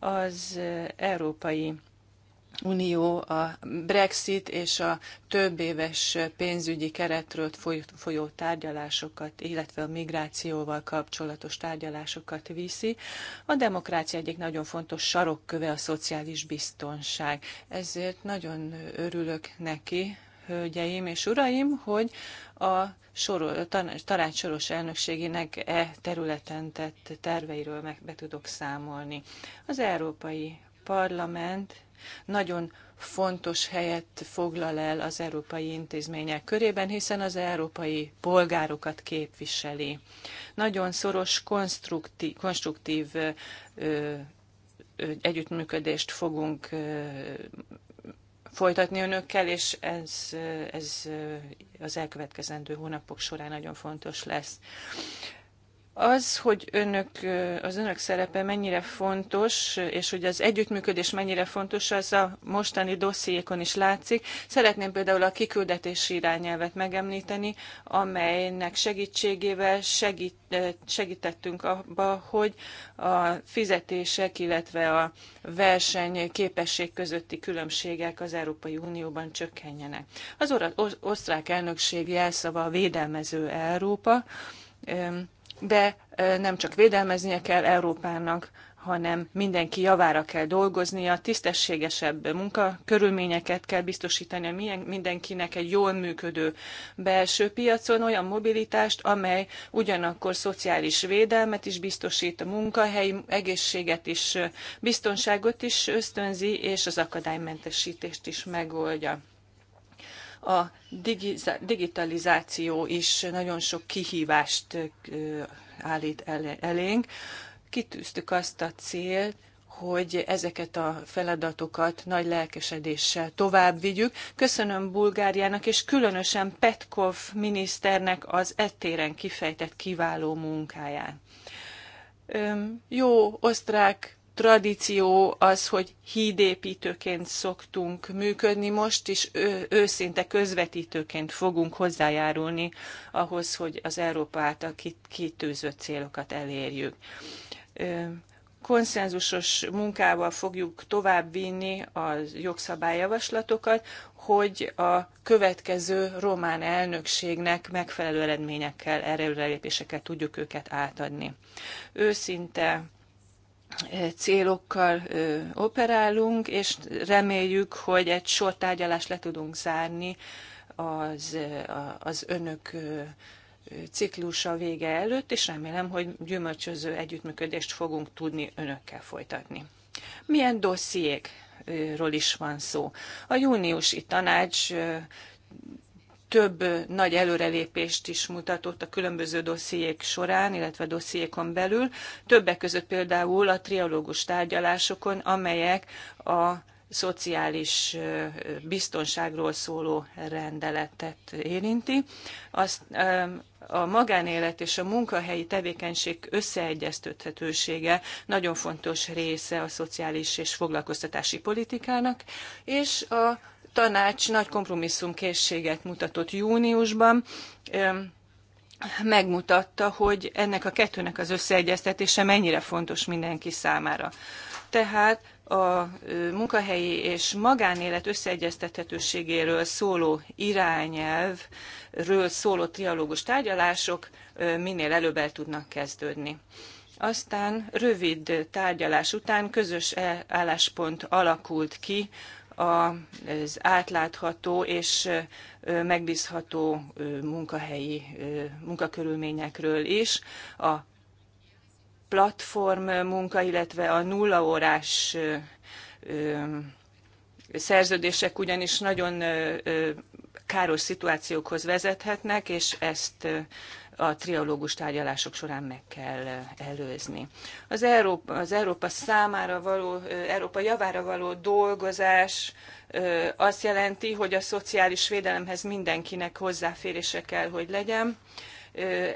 Az Európai Unió a Brexit és a több éves pénzügyi keretről folyó tárgyalásokat, illetve a migrációval kapcsolatos tárgyalásokat viszi. A demokrácia egyik nagyon fontos sarokköve a szociális biztonság. Ezért nagyon örülök neki, hölgyeim és uraim, hogy a sorol, tanács soros elnökségének e területen tett terveiről meg be tudok számolni. Az Európai Parlament nagyon fontos helyet foglal el az európai intézmények körében, hiszen az európai polgárokat képviseli. Nagyon szoros, konstruktív, konstruktív ö, ö, együttműködést fogunk ö, folytatni önökkel, és ez, ez az elkövetkezendő hónapok során nagyon fontos lesz. Az, hogy önök, az önök szerepe mennyire fontos, és hogy az együttműködés mennyire fontos, az a mostani dossziékon is látszik. Szeretném például a kiküldetési irányelvet megemlíteni, amelynek segítségével segít, segítettünk abba, hogy a fizetések, illetve a verseny képesség közötti különbségek az Európai Unióban csökkenjenek. Az osztrák elnökség jelszava a védelmező Európa de nem csak védelmeznie kell Európának, hanem mindenki javára kell dolgoznia, tisztességesebb munkakörülményeket kell biztosítani mindenkinek egy jól működő belső piacon, olyan mobilitást, amely ugyanakkor szociális védelmet is biztosít, a munkahelyi egészséget is, biztonságot is ösztönzi, és az akadálymentesítést is megoldja a digitalizáció is nagyon sok kihívást állít elénk. Kitűztük azt a célt, hogy ezeket a feladatokat nagy lelkesedéssel tovább vigyük. Köszönöm Bulgáriának és különösen Petkov miniszternek az ettéren kifejtett kiváló munkáját. Jó osztrák tradíció az, hogy hídépítőként szoktunk működni most, és őszinte közvetítőként fogunk hozzájárulni ahhoz, hogy az Európa által kitűzött célokat elérjük. Konszenzusos munkával fogjuk továbbvinni a jogszabályjavaslatokat, hogy a következő román elnökségnek megfelelő eredményekkel, erőrelépésekkel tudjuk őket átadni. Őszinte célokkal operálunk, és reméljük, hogy egy sor tárgyalást le tudunk zárni az, az önök ciklusa vége előtt, és remélem, hogy gyümölcsöző együttműködést fogunk tudni önökkel folytatni. Milyen dossziékról is van szó? A júniusi tanács több nagy előrelépést is mutatott a különböző dossziék során, illetve dossziékon belül, többek között például a trialógus tárgyalásokon, amelyek a szociális biztonságról szóló rendeletet érinti. Azt, a magánélet és a munkahelyi tevékenység összeegyeztethetősége nagyon fontos része a szociális és foglalkoztatási politikának, és a tanács nagy kompromisszumkészséget mutatott júniusban, megmutatta, hogy ennek a kettőnek az összeegyeztetése mennyire fontos mindenki számára. Tehát a munkahelyi és magánélet összeegyeztethetőségéről szóló irányelvről szóló trialógus tárgyalások minél előbb el tudnak kezdődni. Aztán rövid tárgyalás után közös e- álláspont alakult ki az átlátható és megbízható munkahelyi munkakörülményekről is. A platform munka, illetve a nullaórás szerződések ugyanis nagyon káros szituációkhoz vezethetnek, és ezt a triológus tárgyalások során meg kell eh, előzni. Az Európa, az Európa számára való, eh, Európa javára való dolgozás eh, azt jelenti, hogy a szociális védelemhez mindenkinek hozzáférése kell, hogy legyen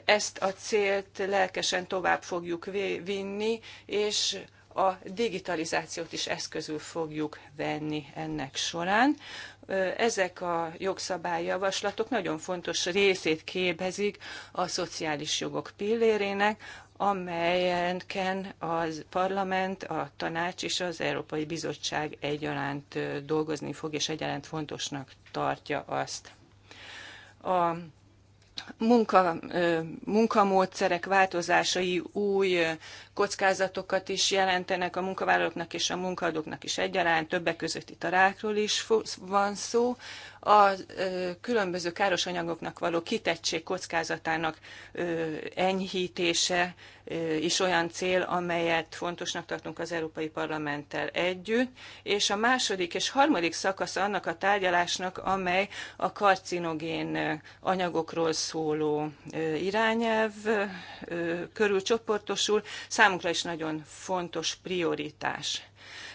ezt a célt lelkesen tovább fogjuk vinni, és a digitalizációt is eszközül fogjuk venni ennek során ezek a jogszabályjavaslatok nagyon fontos részét képezik a szociális jogok pillérének, amelyenken a parlament, a tanács és az Európai Bizottság egyaránt dolgozni fog, és egyaránt fontosnak tartja azt. A munka, munkamódszerek változásai új kockázatokat is jelentenek a munkavállalóknak és a munkaadóknak is egyaránt, többek között itt a rákról is van szó a különböző káros anyagoknak való kitettség kockázatának enyhítése is olyan cél, amelyet fontosnak tartunk az Európai Parlamenttel együtt, és a második és harmadik szakasz annak a tárgyalásnak, amely a karcinogén anyagokról szóló irányelv körül csoportosul, számunkra is nagyon fontos prioritás.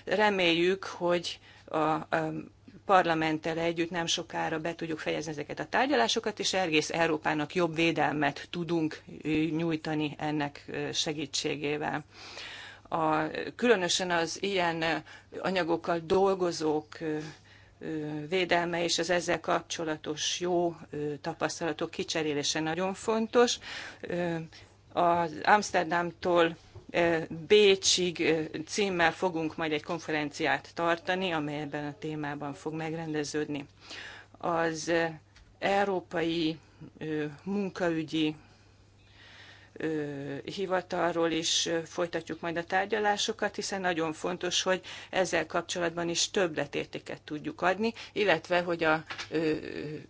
Reméljük, hogy a, a parlamenttel együtt nem sokára be tudjuk fejezni ezeket a tárgyalásokat, és egész Európának jobb védelmet tudunk nyújtani ennek segítségével. A, különösen az ilyen anyagokkal dolgozók védelme és az ezzel kapcsolatos jó tapasztalatok kicserélése nagyon fontos. Az Amsterdamtól Bécsig címmel fogunk majd egy konferenciát tartani, amely ebben a témában fog megrendeződni. Az Európai Munkaügyi hivatalról is folytatjuk majd a tárgyalásokat, hiszen nagyon fontos, hogy ezzel kapcsolatban is többletértéket tudjuk adni, illetve hogy a,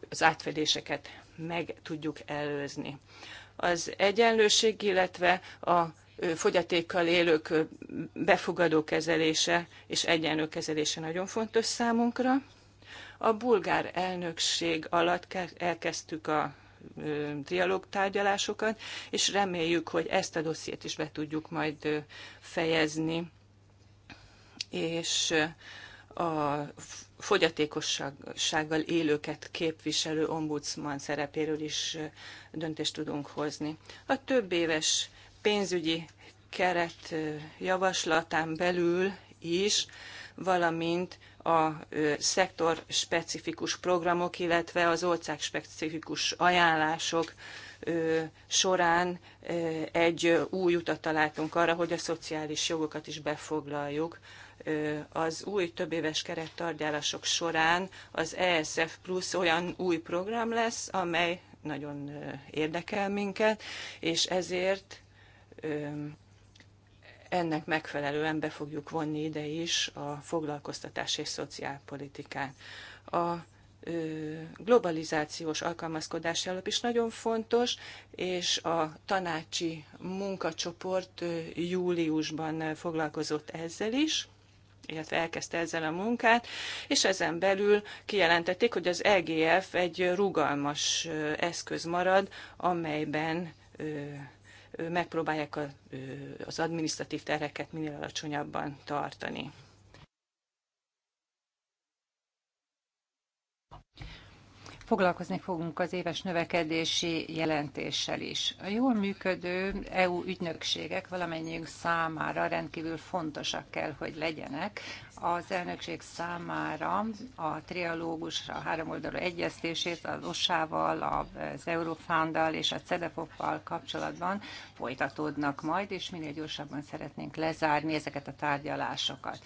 az átfedéseket meg tudjuk előzni. Az egyenlőség, illetve a fogyatékkal élők befogadó kezelése és egyenlő kezelése nagyon fontos számunkra. A bulgár elnökség alatt elkezdtük a trialóg és reméljük, hogy ezt a dossziét is be tudjuk majd fejezni, és a fogyatékossággal élőket képviselő ombudsman szerepéről is döntést tudunk hozni. A több éves pénzügyi keret javaslatán belül is, valamint a szektor specifikus programok, illetve az ország specifikus ajánlások során egy új utat találtunk arra, hogy a szociális jogokat is befoglaljuk. Az új többéves kerettárgyalások során az ESF Plus olyan új program lesz, amely nagyon érdekel minket, és ezért ennek megfelelően be fogjuk vonni ide is a foglalkoztatás és szociálpolitikán. A globalizációs alkalmazkodási alap is nagyon fontos, és a tanácsi munkacsoport júliusban foglalkozott ezzel is illetve elkezdte ezzel a munkát, és ezen belül kijelentették, hogy az EGF egy rugalmas eszköz marad, amelyben megpróbálják az adminisztratív terheket minél alacsonyabban tartani. foglalkozni fogunk az éves növekedési jelentéssel is. A jól működő EU ügynökségek valamennyiünk számára rendkívül fontosak kell, hogy legyenek. Az elnökség számára a trialógus, a háromoldalú egyeztését az OSÁ-val, az Eurofound-dal és a CEDEFOP-val kapcsolatban folytatódnak majd, és minél gyorsabban szeretnénk lezárni ezeket a tárgyalásokat.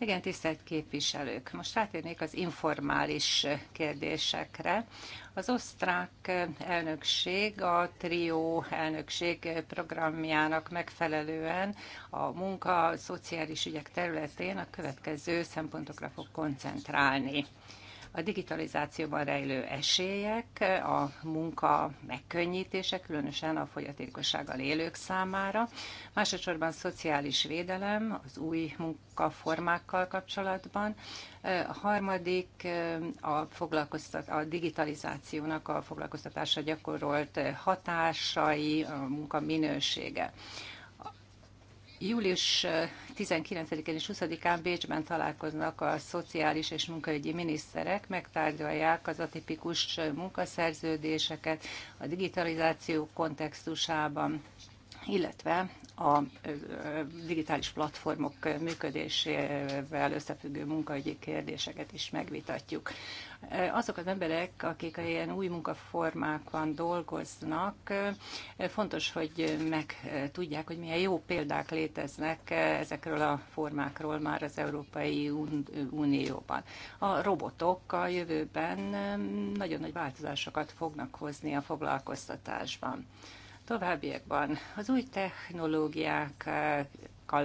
Igen, tisztelt képviselők! Most rátérnék az informális kérdésekre. Az osztrák elnökség a TRIO elnökség programjának megfelelően a munka, a szociális ügyek területén a következő szempontokra fog koncentrálni a digitalizációban rejlő esélyek, a munka megkönnyítése, különösen a fogyatékossággal élők számára, másodszorban szociális védelem az új munkaformákkal kapcsolatban, a harmadik a, foglalkoztat, a digitalizációnak a foglalkoztatásra gyakorolt hatásai, a munka minősége. Július 19-én és 20-án Bécsben találkoznak a szociális és munkaügyi miniszterek, megtárgyalják az atipikus munkaszerződéseket a digitalizáció kontextusában illetve a digitális platformok működésével összefüggő munkaügyi kérdéseket is megvitatjuk. Azok az emberek, akik ilyen új munkaformákban dolgoznak, fontos, hogy meg tudják, hogy milyen jó példák léteznek ezekről a formákról már az Európai Unióban. A robotok a jövőben nagyon nagy változásokat fognak hozni a foglalkoztatásban továbbiakban az új technológiák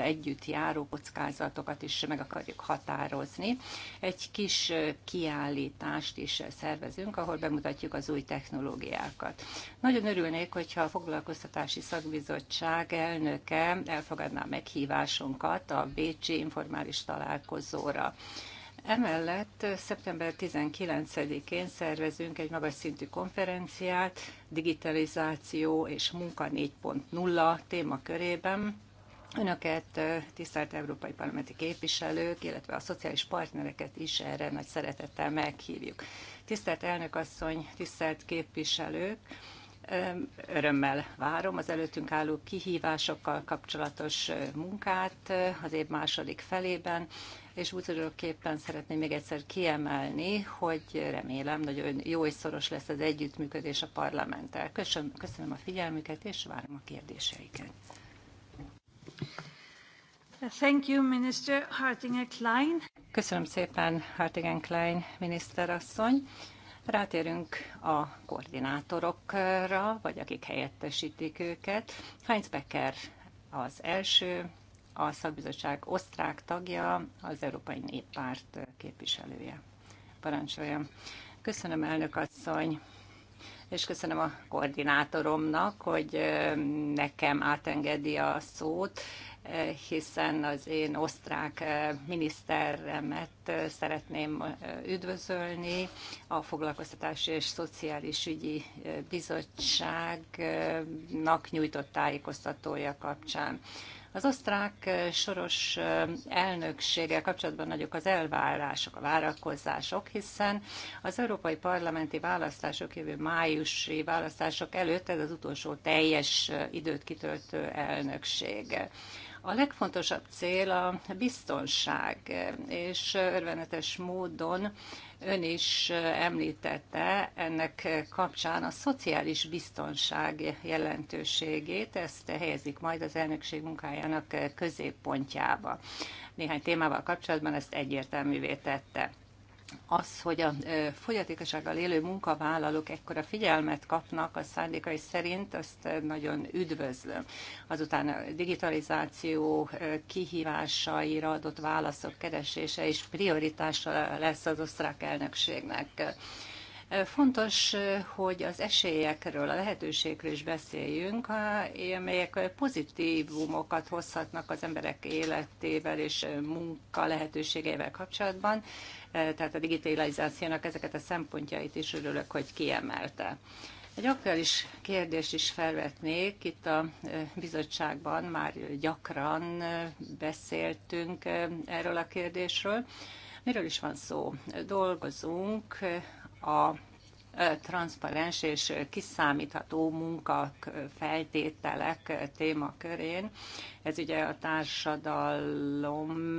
együtt járó kockázatokat is meg akarjuk határozni. Egy kis kiállítást is szervezünk, ahol bemutatjuk az új technológiákat. Nagyon örülnék, hogyha a Foglalkoztatási Szakbizottság elnöke elfogadná meghívásunkat a Bécsi informális találkozóra. Emellett szeptember 19-én szervezünk egy magas szintű konferenciát digitalizáció és munka 4.0 témakörében. Önöket, tisztelt európai parlamenti képviselők, illetve a szociális partnereket is erre nagy szeretettel meghívjuk. Tisztelt elnök asszony, tisztelt képviselők! Örömmel várom az előttünk álló kihívásokkal kapcsolatos munkát az év második felében, és tulajdonképpen szeretném még egyszer kiemelni, hogy remélem nagyon jó és szoros lesz az együttműködés a parlamenttel. Köszönöm, köszönöm a figyelmüket, és várom a kérdéseiket. Thank you, Minister Hartinger Klein. Köszönöm szépen, Hartinger Klein miniszterasszony. asszony. Rátérünk a koordinátorokra, vagy akik helyettesítik őket. Heinz Becker az első, a szakbizottság osztrák tagja, az Európai Néppárt képviselője. Parancsoljam. Köszönöm, elnök asszony és köszönöm a koordinátoromnak, hogy nekem átengedi a szót hiszen az én osztrák eh, miniszteremet eh, szeretném eh, üdvözölni. A Foglalkoztatási és Szociális Ügyi Bizottságnak nyújtott tájékoztatója kapcsán. Az osztrák soros elnökséggel kapcsolatban nagyok az elvárások, a várakozások, hiszen az európai parlamenti választások, jövő májusi választások előtt ez az utolsó teljes időt kitöltő elnökség. A legfontosabb cél a biztonság, és örvenetes módon ön is említette ennek kapcsán a szociális biztonság jelentőségét, ezt helyezik majd az elnökség munkájának középpontjába. Néhány témával kapcsolatban ezt egyértelművé tette az, hogy a fogyatékossággal élő munkavállalók ekkora figyelmet kapnak a szándékai szerint, azt nagyon üdvözlöm. Azután a digitalizáció kihívásaira adott válaszok keresése és prioritása lesz az osztrák elnökségnek. Fontos, hogy az esélyekről, a lehetőségről is beszéljünk, amelyek pozitívumokat hozhatnak az emberek életével és munka lehetőségeivel kapcsolatban, e, tehát a digitalizációnak ezeket a szempontjait is örülök, hogy kiemelte. Egy aktuális kérdést is felvetnék. Itt a e, bizottságban már gyakran e, beszéltünk erről a kérdésről. Miről is van szó? Dolgozunk a transzparens és kiszámítható feltételek témakörén. Ez ugye a társadalom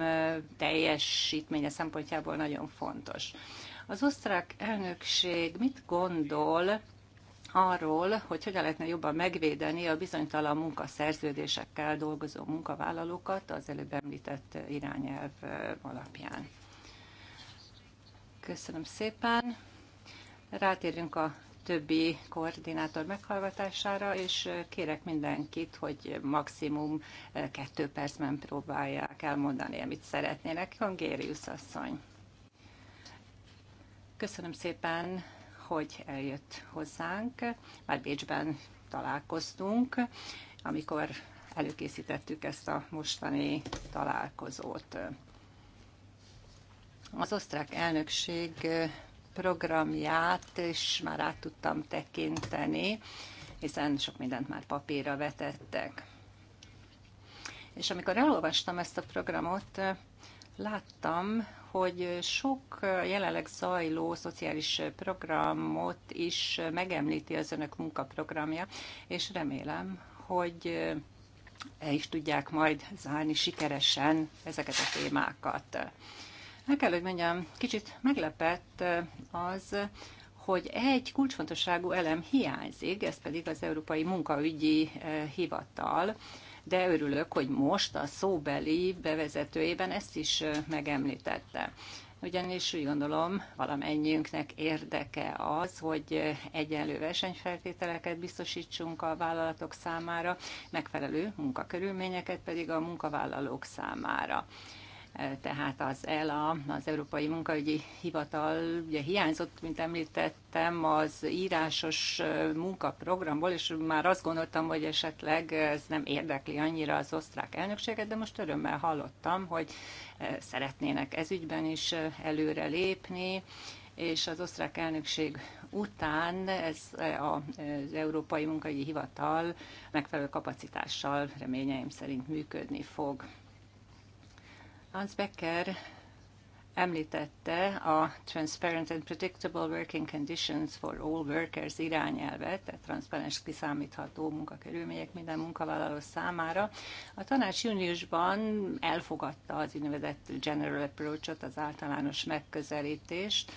teljesítménye szempontjából nagyon fontos. Az osztrák elnökség mit gondol arról, hogy hogyan lehetne jobban megvédeni a bizonytalan munkaszerződésekkel dolgozó munkavállalókat az előbb említett irányelv alapján. Köszönöm szépen! Rátérünk a többi koordinátor meghallgatására, és kérek mindenkit, hogy maximum eh, kettő percben próbálják elmondani, amit szeretnének. Hangérius asszony. Köszönöm szépen, hogy eljött hozzánk. Már Bécsben találkoztunk, amikor előkészítettük ezt a mostani találkozót. Az osztrák elnökség eh, programját is már át tudtam tekinteni, hiszen sok mindent már papírra vetettek. És amikor elolvastam ezt a programot, láttam, hogy sok jelenleg zajló szociális programot is megemlíti az önök munkaprogramja, és remélem, hogy el is tudják majd zárni sikeresen ezeket a témákat. Meg kell, hogy mondjam, kicsit meglepett az, hogy egy kulcsfontosságú elem hiányzik, ez pedig az Európai Munkaügyi Hivatal, de örülök, hogy most a szóbeli bevezetőjében ezt is megemlítette ugyanis úgy gondolom valamennyiünknek érdeke az, hogy egyenlő versenyfeltételeket biztosítsunk a vállalatok számára, megfelelő munkakörülményeket pedig a munkavállalók számára. Eh, tehát az ELA, az Európai Munkaügyi Hivatal, ugye hiányzott, mint említettem, az írásos eh, munkaprogramból, és már azt gondoltam, hogy esetleg ez nem érdekli annyira az osztrák elnökséget, de most örömmel hallottam, hogy eh, szeretnének ez ügyben is előre lépni, és az osztrák elnökség után ez az Európai Munkaügyi Hivatal megfelelő kapacitással reményeim szerint működni fog. Hans Becker említette a Transparent and Predictable Working Conditions for All Workers irányelvet, tehát transzparens kiszámítható munkakörülmények minden munkavállaló számára. A tanács júniusban elfogadta az úgynevezett General Approach-ot, az általános megközelítést,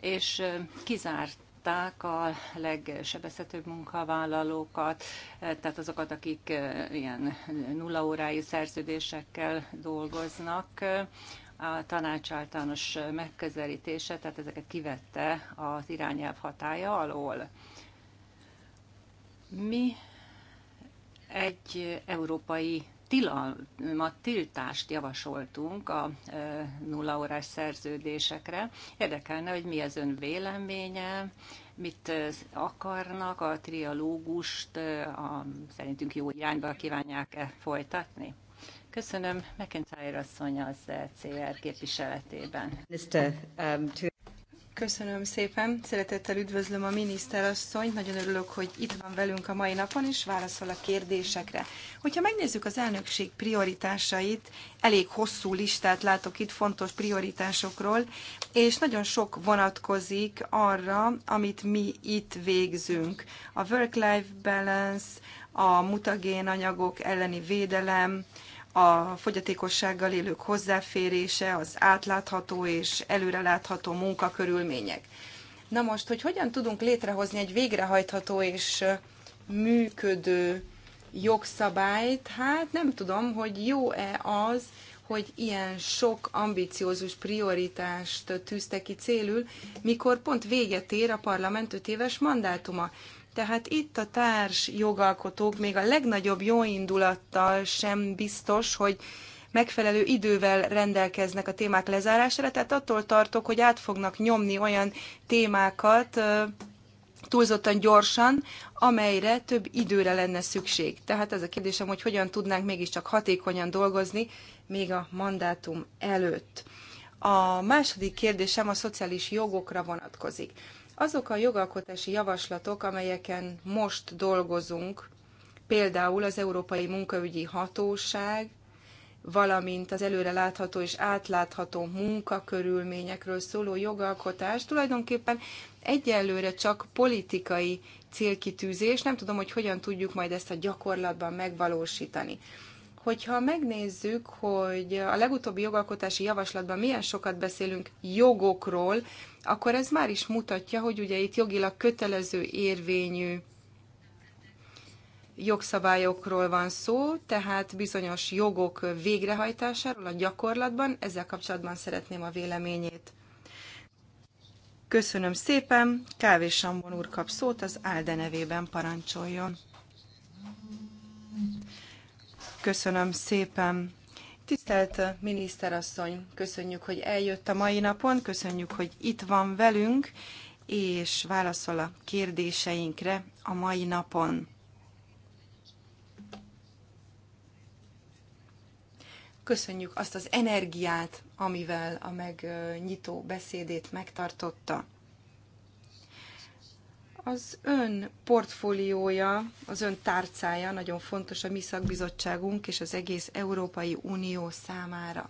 és kizárt megtámadták a legsebezhetőbb munkavállalókat, eh, tehát azokat, akik eh, ilyen nulla órái szerződésekkel dolgoznak. A tanács általános megközelítése, tehát ezeket kivette az irányelv hatája alól. Mi egy európai tilalmat, tiltást javasoltunk a nulla órás szerződésekre. Érdekelne, hogy mi az ön véleménye, mit akarnak a trialógust, a, szerintünk jó irányba kívánják-e folytatni? Köszönöm McIntyre asszony az e CR képviseletében. Um, Köszönöm szépen, szeretettel üdvözlöm a miniszterasszonyt, nagyon örülök, hogy itt van velünk a mai napon, és válaszol a kérdésekre. Hogyha megnézzük az elnökség prioritásait, elég hosszú listát látok itt fontos prioritásokról, és nagyon sok vonatkozik arra, amit mi itt végzünk. A work-life balance, a mutagén anyagok elleni védelem, a fogyatékossággal élők hozzáférése, az átlátható és előrelátható munkakörülmények. Na most, hogy hogyan tudunk létrehozni egy végrehajtható és működő jogszabályt, hát nem tudom, hogy jó-e az, hogy ilyen sok ambiciózus prioritást tűzte ki célül, mikor pont véget ér a parlament 5 éves mandátuma. Tehát itt a társ jogalkotók még a legnagyobb jóindulattal sem biztos, hogy megfelelő idővel rendelkeznek a témák lezárására, tehát attól tartok, hogy át fognak nyomni olyan témákat túlzottan gyorsan, amelyre több időre lenne szükség. Tehát ez a kérdésem, hogy hogyan tudnánk mégiscsak hatékonyan dolgozni még a mandátum előtt. A második kérdésem a szociális jogokra vonatkozik. Azok a jogalkotási javaslatok, amelyeken most dolgozunk, például az Európai Munkaügyi Hatóság, valamint az előre látható és átlátható munkakörülményekről szóló jogalkotás tulajdonképpen egyelőre csak politikai célkitűzés, nem tudom, hogy hogyan tudjuk majd ezt a gyakorlatban megvalósítani hogyha megnézzük, hogy a legutóbbi jogalkotási javaslatban milyen sokat beszélünk jogokról, akkor ez már is mutatja, hogy ugye itt jogilag kötelező érvényű jogszabályokról van szó, tehát bizonyos jogok végrehajtásáról a gyakorlatban. Ezzel kapcsolatban szeretném a véleményét. Köszönöm szépen, Kávés Sambon úr kap szót, az Álde nevében parancsoljon. Köszönöm szépen. Tisztelt miniszterasszony, köszönjük, hogy eljött a mai napon, köszönjük, hogy itt van velünk, és válaszol a kérdéseinkre a mai napon. Köszönjük azt az energiát, amivel a megnyitó beszédét megtartotta. Az ön portfóliója, az ön tárcája nagyon fontos a mi szakbizottságunk és az egész Európai Unió számára.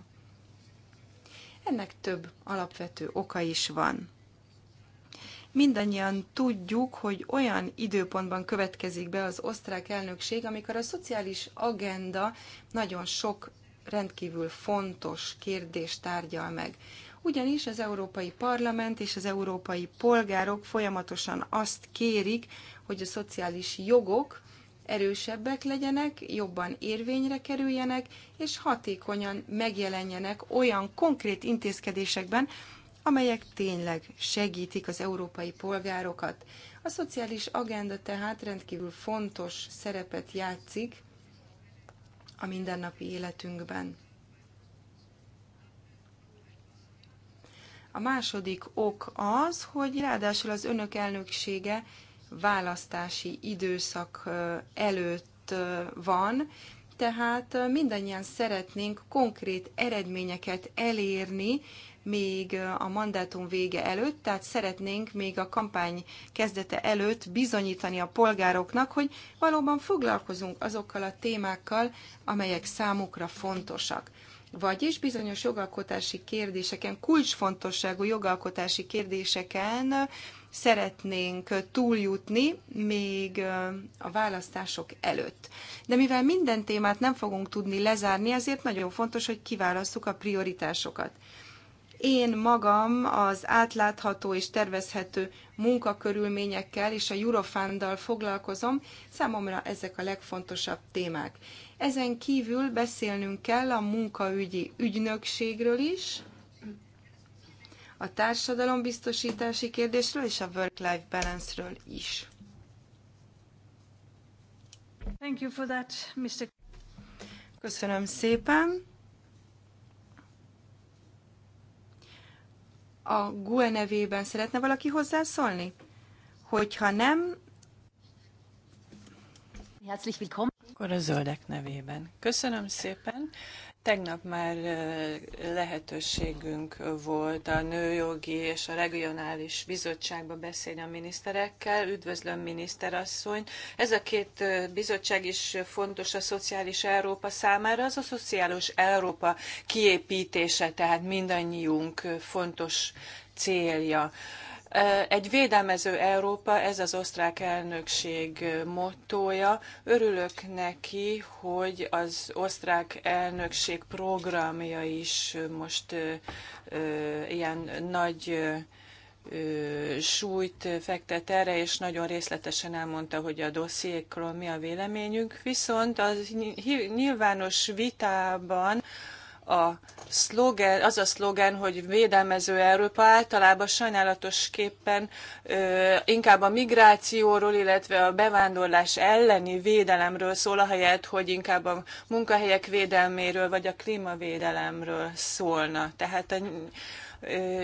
Ennek több alapvető oka is van. Mindannyian tudjuk, hogy olyan időpontban következik be az osztrák elnökség, amikor a szociális agenda nagyon sok rendkívül fontos kérdést tárgyal meg ugyanis az Európai Parlament és az európai polgárok folyamatosan azt kérik, hogy a szociális jogok erősebbek legyenek, jobban érvényre kerüljenek, és hatékonyan megjelenjenek olyan konkrét intézkedésekben, amelyek tényleg segítik az európai polgárokat. A szociális agenda tehát rendkívül fontos szerepet játszik a mindennapi életünkben. A második ok az, hogy ráadásul az önök elnöksége választási időszak előtt van, tehát mindannyian szeretnénk konkrét eredményeket elérni, még a mandátum vége előtt, tehát szeretnénk még a kampány kezdete előtt bizonyítani a polgároknak, hogy valóban foglalkozunk azokkal a témákkal, amelyek számukra fontosak. Vagyis bizonyos jogalkotási kérdéseken, kulcsfontosságú jogalkotási kérdéseken szeretnénk túljutni még a választások előtt. De mivel minden témát nem fogunk tudni lezárni, ezért nagyon fontos, hogy kiválasszuk a prioritásokat. Én magam az átlátható és tervezhető munkakörülményekkel és a Eurofunddal foglalkozom, számomra ezek a legfontosabb témák. Ezen kívül beszélnünk kell a munkaügyi ügynökségről is, a társadalombiztosítási kérdésről és a work-life balance-ről is. Thank you for that, Mr. Köszönöm szépen. a GUE nevében szeretne valaki hozzászólni? Hogyha nem... Herzlich willkommen. Akkor a zöldek nevében. Köszönöm szépen. Tegnap már lehetőségünk volt a Nőjogi és a Regionális Bizottságba beszélni a miniszterekkel. Üdvözlöm, miniszterasszony! Ez a két bizottság is fontos a szociális Európa számára. Az a szociális Európa kiépítése, tehát mindannyiunk fontos célja. Egy védelmező Európa, ez az osztrák elnökség mottója. Örülök neki, hogy az osztrák elnökség programja is most ilyen nagy súlyt fektet erre, és nagyon részletesen elmondta, hogy a dossziékról mi a véleményünk. Viszont az nyilvános vitában a szlogen, az a szlogen, hogy védelmező Európa általában sajnálatosképpen ö, inkább a migrációról, illetve a bevándorlás elleni védelemről szól, ahelyett, hogy inkább a munkahelyek védelméről vagy a klímavédelemről szólna. Tehát a,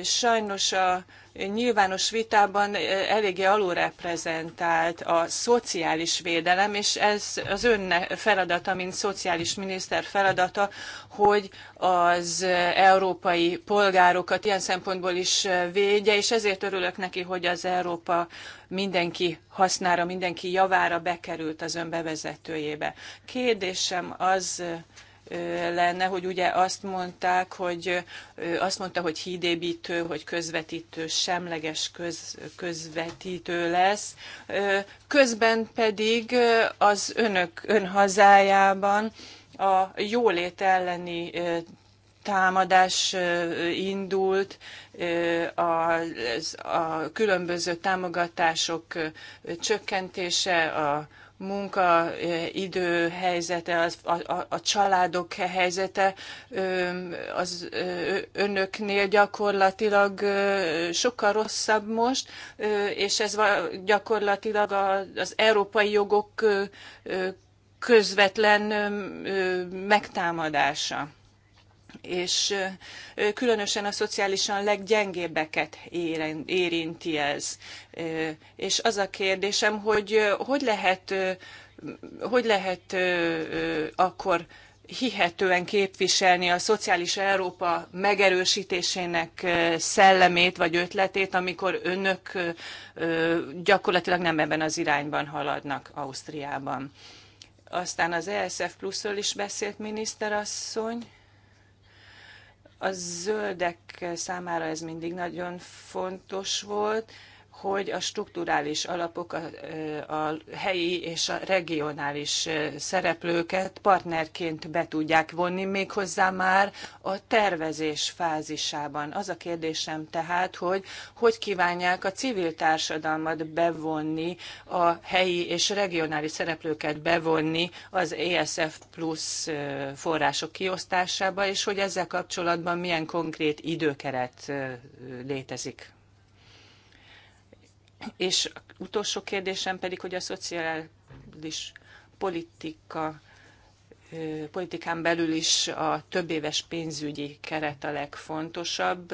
sajnos a nyilvános vitában eléggé alulreprezentált a szociális védelem, és ez az ön feladata, mint szociális miniszter feladata, hogy az európai polgárokat ilyen szempontból is védje, és ezért örülök neki, hogy az Európa mindenki hasznára, mindenki javára bekerült az ön bevezetőjébe. Kérdésem az, lenne, hogy ugye azt mondták, hogy azt mondta, hogy hídébítő, hogy közvetítő, semleges köz, közvetítő lesz. Közben pedig az önök ön hazájában a jólét elleni támadás indult, a, a különböző támogatások csökkentése, a, munkaidő helyzete, az, a, a, a családok helyzete az önöknél gyakorlatilag sokkal rosszabb most, és ez gyakorlatilag az európai jogok közvetlen megtámadása és különösen a szociálisan leggyengébbeket érinti ez. És az a kérdésem, hogy hogy lehet, hogy lehet akkor hihetően képviselni a szociális Európa megerősítésének szellemét vagy ötletét, amikor önök gyakorlatilag nem ebben az irányban haladnak Ausztriában. Aztán az ESF pluszról is beszélt miniszterasszony a zöldek számára ez mindig nagyon fontos volt, hogy a strukturális alapok a, a helyi és a regionális szereplőket partnerként be tudják vonni méghozzá már a tervezés fázisában. Az a kérdésem tehát, hogy hogy kívánják a civil társadalmat bevonni, a helyi és regionális szereplőket bevonni az ESF plusz források kiosztásába, és hogy ezzel kapcsolatban milyen konkrét időkeret létezik és utolsó kérdésem pedig, hogy a szociális politika politikán belül is a többéves pénzügyi keret a legfontosabb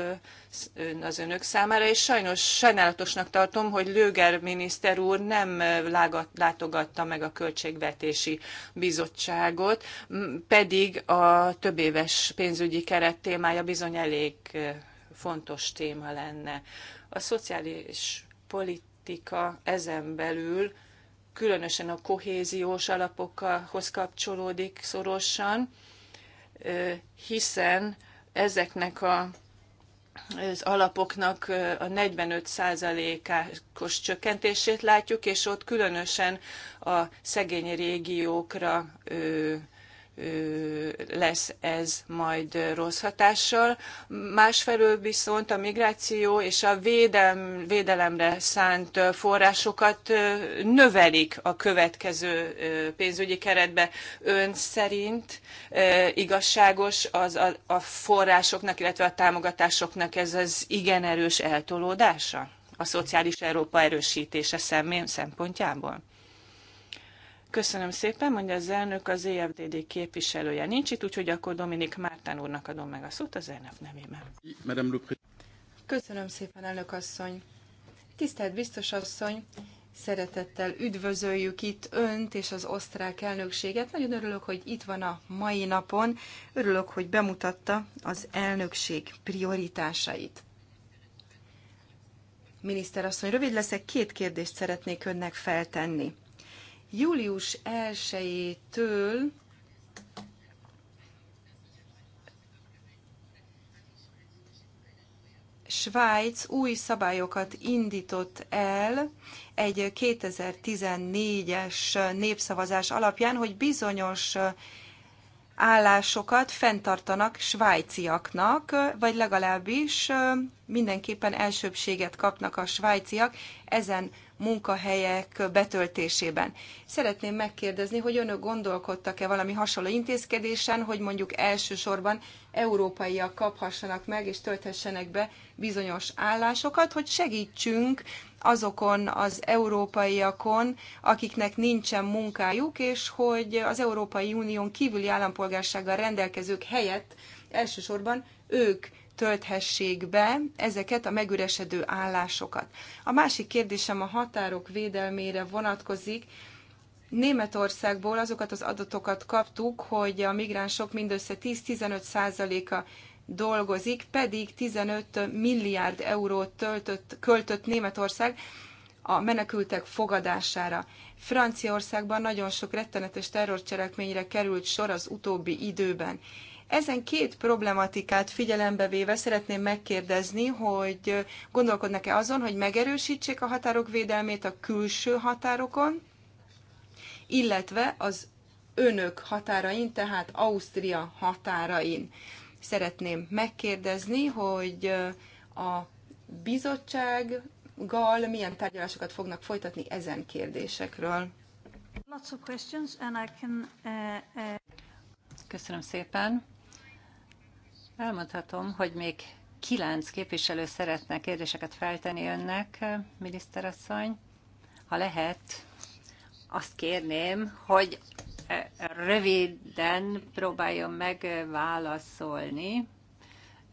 az önök számára, és sajnos sajnálatosnak tartom, hogy Lőger miniszter úr nem látogatta meg a Költségvetési Bizottságot, pedig a többéves pénzügyi keret témája bizony elég fontos téma lenne. A szociális politika ezen belül különösen a kohéziós alapokhoz kapcsolódik szorosan, hiszen ezeknek a, az alapoknak a 45%-os csökkentését látjuk, és ott különösen a szegény régiókra lesz ez majd rossz hatással. Másfelől viszont a migráció és a védelemre szánt forrásokat növelik a következő pénzügyi keretbe. Ön szerint igazságos az a, a forrásoknak, illetve a támogatásoknak ez az igen erős eltolódása? A szociális Európa erősítése szempontjából? Köszönöm szépen, mondja az elnök, az EFDD képviselője nincs itt, úgyhogy akkor Dominik Mártán úrnak adom meg a szót az elnök nevében. Köszönöm szépen, elnök asszony. Tisztelt biztos asszony, Szeretettel üdvözöljük itt Önt és az osztrák elnökséget. Nagyon örülök, hogy itt van a mai napon. Örülök, hogy bemutatta az elnökség prioritásait. Miniszter asszony, rövid leszek, két kérdést szeretnék Önnek feltenni. Július 1-től Svájc új szabályokat indított el egy 2014-es népszavazás alapján, hogy bizonyos állásokat fenntartanak svájciaknak, vagy legalábbis mindenképpen elsőbséget kapnak a svájciak ezen munkahelyek betöltésében. Szeretném megkérdezni, hogy önök gondolkodtak-e valami hasonló intézkedésen, hogy mondjuk elsősorban európaiak kaphassanak meg és tölthessenek be bizonyos állásokat, hogy segítsünk azokon az európaiakon, akiknek nincsen munkájuk, és hogy az Európai Unión kívüli állampolgársággal rendelkezők helyett elsősorban ők tölthessék be ezeket a megüresedő állásokat. A másik kérdésem a határok védelmére vonatkozik. Németországból azokat az adatokat kaptuk, hogy a migránsok mindössze 10-15 százaléka dolgozik, pedig 15 milliárd eurót töltött, költött Németország a menekültek fogadására. Franciaországban nagyon sok rettenetes terrorcselekményre került sor az utóbbi időben. Ezen két problematikát figyelembe véve szeretném megkérdezni, hogy gondolkodnak-e azon, hogy megerősítsék a határok védelmét a külső határokon, illetve az önök határain, tehát Ausztria határain. Szeretném megkérdezni, hogy a bizottsággal milyen tárgyalásokat fognak folytatni ezen kérdésekről. Uh, uh, Köszönöm szépen. Elmondhatom, hogy még kilenc képviselő szeretne kérdéseket feltenni önnek, miniszterasszony. Ha lehet, azt kérném, hogy röviden próbáljon megválaszolni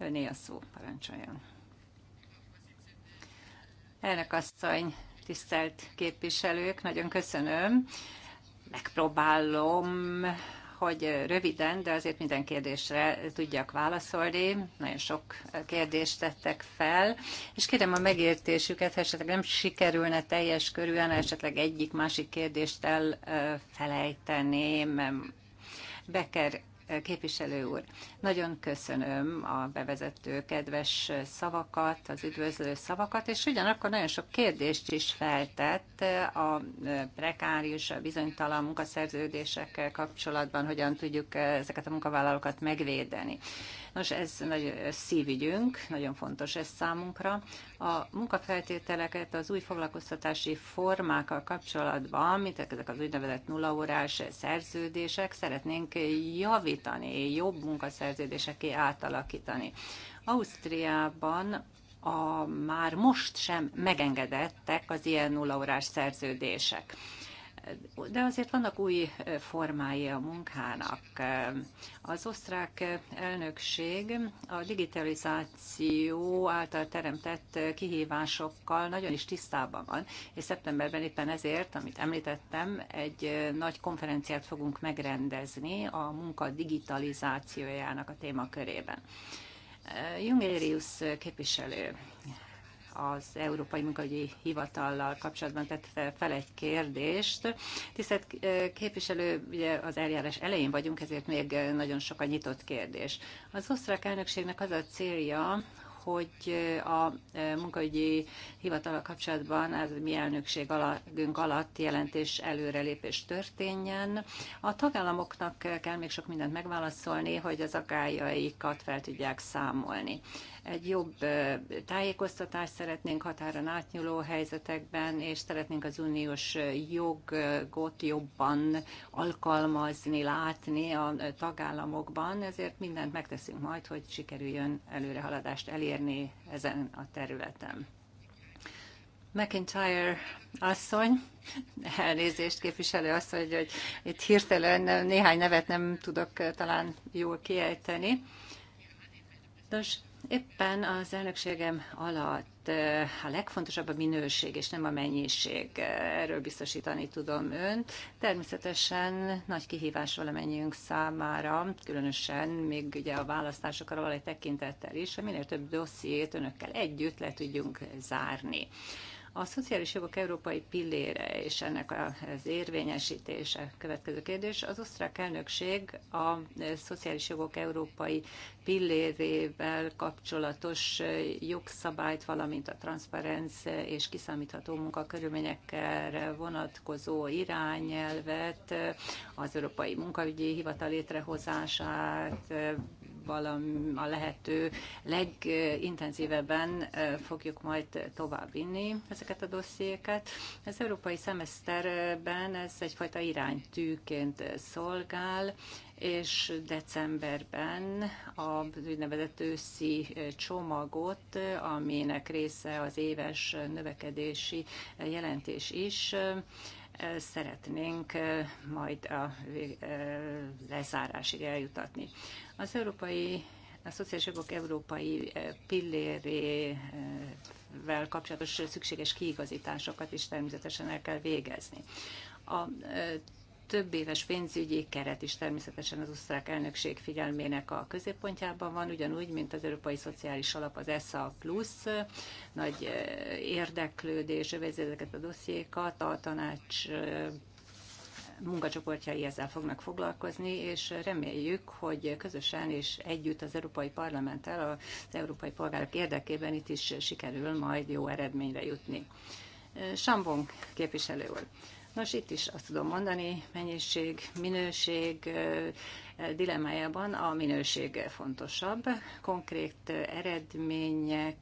Öné a szó, parancsoljon. Elnök asszony, tisztelt képviselők, nagyon köszönöm. Megpróbálom hogy röviden, de azért minden kérdésre tudjak válaszolni. Nagyon sok kérdést tettek fel, és kérem a megértésüket, ha esetleg nem sikerülne teljes körülön, esetleg egyik-másik kérdést elfelejteném. Becker képviselő úr. Nagyon köszönöm a bevezető kedves szavakat, az üdvözlő szavakat, és ugyanakkor nagyon sok kérdést is feltett a prekárius, bizonytalan munkaszerződésekkel kapcsolatban, hogyan tudjuk ezeket a munkavállalókat megvédeni. Nos, ez nagy szívügyünk, nagyon fontos ez számunkra. A munkafeltételeket az új foglalkoztatási formákkal kapcsolatban, mint ezek az úgynevezett nullaórás szerződések, szeretnénk javítani, jobb munkaszerződéseké átalakítani. Ausztriában a már most sem megengedettek az ilyen nullaórás szerződések. De azért vannak új formái a munkának. Az osztrák elnökség a digitalizáció által teremtett kihívásokkal nagyon is tisztában van, és szeptemberben éppen ezért, amit említettem, egy nagy konferenciát fogunk megrendezni a munka digitalizációjának a témakörében. Jungerius képviselő az Európai Munkahogyi Hivatallal kapcsolatban tett fel egy kérdést. Tisztelt képviselő, ugye az eljárás elején vagyunk, ezért még nagyon sok a nyitott kérdés. Az osztrák elnökségnek az a célja, hogy a munkaügyi hivatal kapcsolatban az mi elnökség alatt jelentés előrelépés történjen. A tagállamoknak kell még sok mindent megválaszolni, hogy az agályaikat fel tudják számolni egy jobb tájékoztatást szeretnénk határon átnyúló helyzetekben, és szeretnénk az uniós jogot jobban alkalmazni, látni a tagállamokban, ezért mindent megteszünk majd, hogy sikerüljön előrehaladást elérni ezen a területen. McIntyre asszony, elnézést képviselő asszony, hogy, hogy itt hirtelen néhány nevet nem tudok talán jól kiejteni. Nos, Éppen az elnökségem alatt eh, a legfontosabb a minőség, és nem a mennyiség. Erről biztosítani tudom önt. Természetesen nagy kihívás valamennyiünk számára, különösen még ugye a választásokra való tekintettel is, hogy minél több dossziét önökkel együtt le tudjunk zárni. A szociális jogok európai pillére és ennek az érvényesítése következő kérdés. Az osztrák elnökség a szociális jogok európai pillérével kapcsolatos jogszabályt, valamint a transzparenc és kiszámítható munkakörülményekre vonatkozó irányelvet, az Európai Munkaügyi Hivatal létrehozását, valam, a lehető legintenzívebben fogjuk majd továbbvinni ezeket a dossziéket. Az európai szemeszterben ez egyfajta iránytűként szolgál, és decemberben a úgynevezett őszi csomagot, aminek része az éves növekedési jelentés is, szeretnénk majd a lezárásig eljutatni. Az európai a szociális jogok európai pillérével kapcsolatos szükséges kiigazításokat is természetesen el kell végezni. A több éves pénzügyi keret is természetesen az osztrák elnökség figyelmének a középpontjában van, ugyanúgy, mint az Európai Szociális Alap, az ESA Plus. Nagy eh, érdeklődés övezi ezeket a dossziékat, a tanács eh, munkacsoportjai ezzel fognak foglalkozni, és reméljük, hogy közösen és együtt az Európai Parlamenttel az európai polgárok érdekében itt is sikerül majd jó eredményre jutni. Eh, Sambon képviselő úr. Nos, itt is azt tudom mondani, mennyiség, minőség dilemmájában a minőség fontosabb. Konkrét eredmények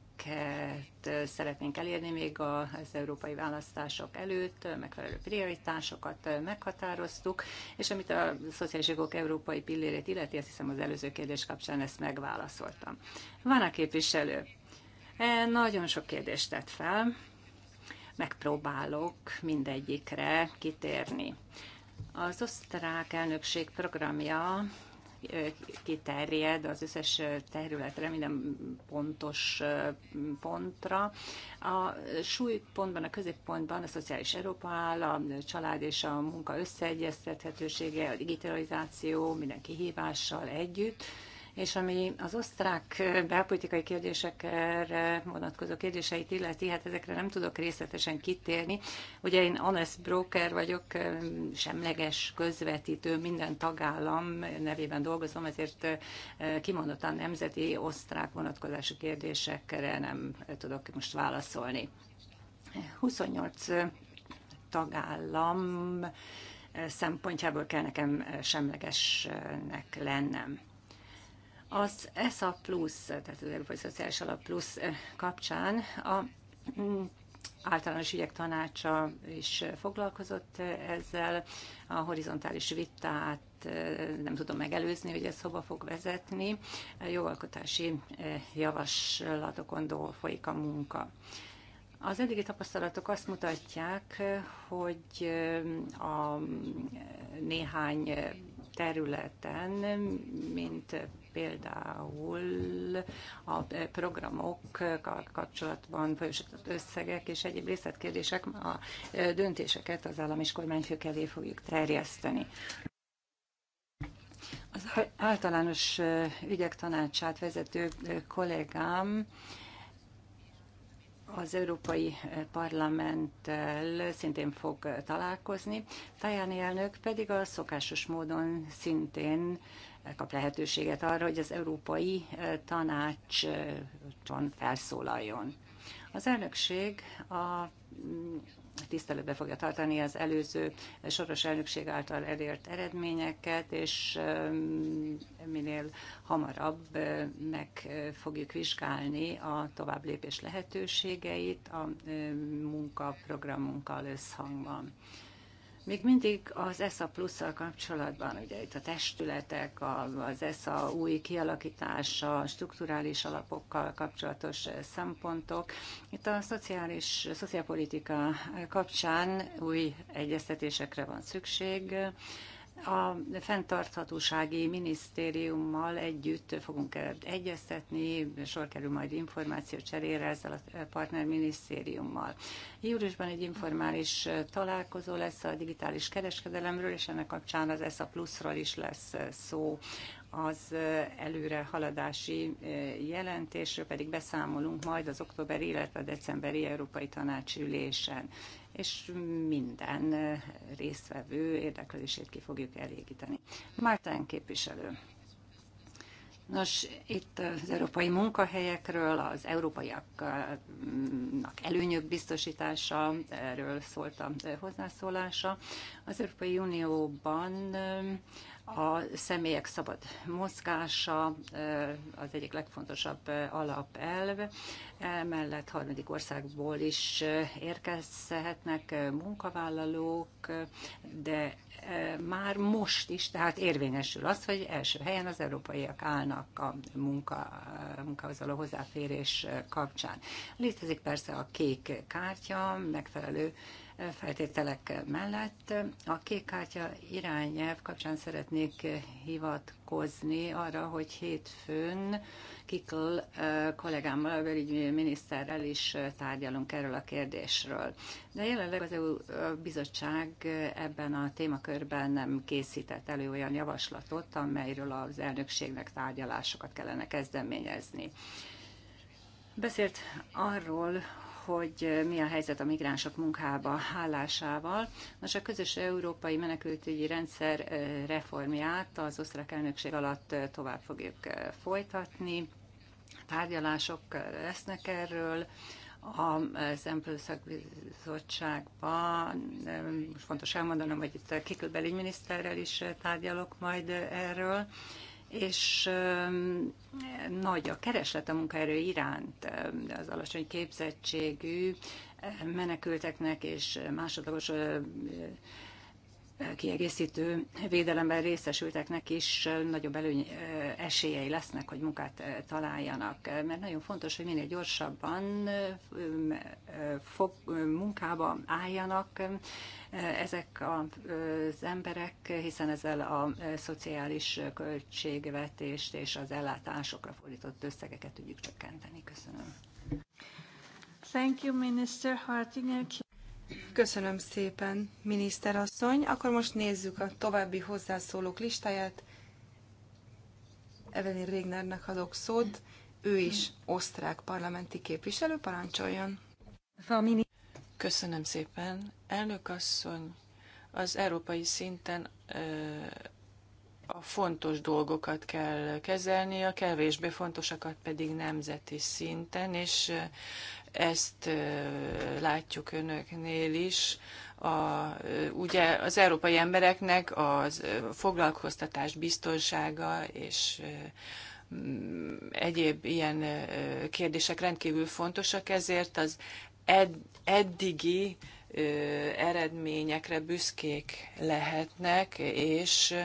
szeretnénk elérni még az európai választások előtt, megfelelő prioritásokat meghatároztuk, és amit a szociális jogok európai pillérét illeti, azt hiszem az előző kérdés kapcsán ezt megválaszoltam. Van a képviselő? E, nagyon sok kérdést tett fel megpróbálok mindegyikre kitérni. Az osztrák elnökség programja kiterjed az összes területre, minden pontos pontra. A súlypontban, a középpontban a szociális Európa áll, a család és a munka összeegyeztethetősége, a digitalizáció minden kihívással együtt, és ami az osztrák belpolitikai kérdésekre vonatkozó kérdéseit illeti, hát ezekre nem tudok részletesen kitérni. Ugye én Anes broker vagyok, semleges közvetítő, minden tagállam nevében dolgozom, ezért kimondottan nemzeti osztrák vonatkozású kérdésekre nem tudok most válaszolni. 28 tagállam szempontjából kell nekem semlegesnek lennem. Az ESA plusz, tehát az Európai Szociális Alap plusz eh, kapcsán a mm, általános ügyek tanácsa is foglalkozott eh, ezzel. A horizontális vitát eh, nem tudom megelőzni, hogy ez hova fog vezetni. A jogalkotási javaslatokon folyik a munka. Az eddigi tapasztalatok azt mutatják, hogy a néhány területen, mint például a programok kapcsolatban folyosított összegek és egyéb részletkérdések a döntéseket az állam és kormányfők elé fogjuk terjeszteni. Az általános ügyek tanácsát vezető kollégám az Európai eh, Parlamenttel szintén fog eh, találkozni, Tajani elnök pedig a szokásos módon szintén eh, kap lehetőséget arra, hogy az Európai Tanácson felszólaljon. Az elnökség a tiszteletbe fogja tartani az előző soros elnökség által elért eredményeket, és minél hamarabb meg fogjuk vizsgálni a tovább lépés lehetőségeit a munkaprogramunkkal összhangban. Még mindig az ESA plusszal kapcsolatban, ugye itt a testületek, az ESA új kialakítása, strukturális alapokkal kapcsolatos eh, szempontok. Itt a szociális, szociálpolitika kapcsán új egyeztetésekre van szükség. A fenntarthatósági minisztériummal együtt fogunk egyeztetni, sor kerül majd információ cserére ezzel a partner minisztériummal. Júliusban egy informális találkozó lesz a digitális kereskedelemről, és ennek kapcsán az ESA Pluszról is lesz szó az előre haladási jelentésről pedig beszámolunk majd az októberi, illetve a decemberi Európai Tanácsülésen. ülésen és minden résztvevő érdeklődését ki fogjuk elégíteni. Márten képviselő. Nos, itt az európai munkahelyekről, az európaiaknak előnyök biztosítása, erről szólt a hozzászólása. Az Európai Unióban a személyek szabad mozgása az egyik legfontosabb alapelv. Emellett harmadik országból is érkezhetnek munkavállalók, de már most is, tehát érvényesül az, hogy első helyen az európaiak állnak a munka, munkahoz való hozzáférés kapcsán. Létezik persze a kék kártya, megfelelő feltételek mellett. A kék kártya irányelv kapcsán szeretnék hivatkozni arra, hogy hétfőn Kikl kollégámmal, a miniszterrel is tárgyalunk erről a kérdésről. De jelenleg az EU bizottság ebben a témakörben nem készített elő olyan javaslatot, amelyről az elnökségnek tárgyalásokat kellene kezdeményezni. Beszélt arról, hogy mi a helyzet a migránsok munkába állásával. Nos, a közös európai menekültügyi rendszer reformját az osztrák elnökség alatt tovább fogjuk folytatni. Tárgyalások lesznek erről a Empel most fontos elmondanom, hogy itt a Kikül miniszterrel is tárgyalok majd erről, és nagy a kereslet a munkaerő iránt, az alacsony képzettségű menekülteknek és másodlagos kiegészítő védelemben részesülteknek is nagyobb előny esélyei lesznek, hogy munkát találjanak. Mert nagyon fontos, hogy minél gyorsabban fog, munkába álljanak ezek az emberek, hiszen ezzel a szociális költségvetést és az ellátásokra fordított összegeket tudjuk csökkenteni. Köszönöm. Thank you, Minister Hartinger. Köszönöm szépen, miniszterasszony. Akkor most nézzük a további hozzászólók listáját. Evelyn Régnernek adok szót, ő is osztrák parlamenti képviselő, parancsoljon. Köszönöm szépen. Elnök asszony, az európai szinten a fontos dolgokat kell kezelni, a kevésbé fontosakat pedig nemzeti szinten, és ezt látjuk önöknél is. A, ugye az európai embereknek a foglalkoztatás biztonsága és egyéb ilyen kérdések rendkívül fontosak, ezért az ed, eddigi eredményekre büszkék lehetnek, és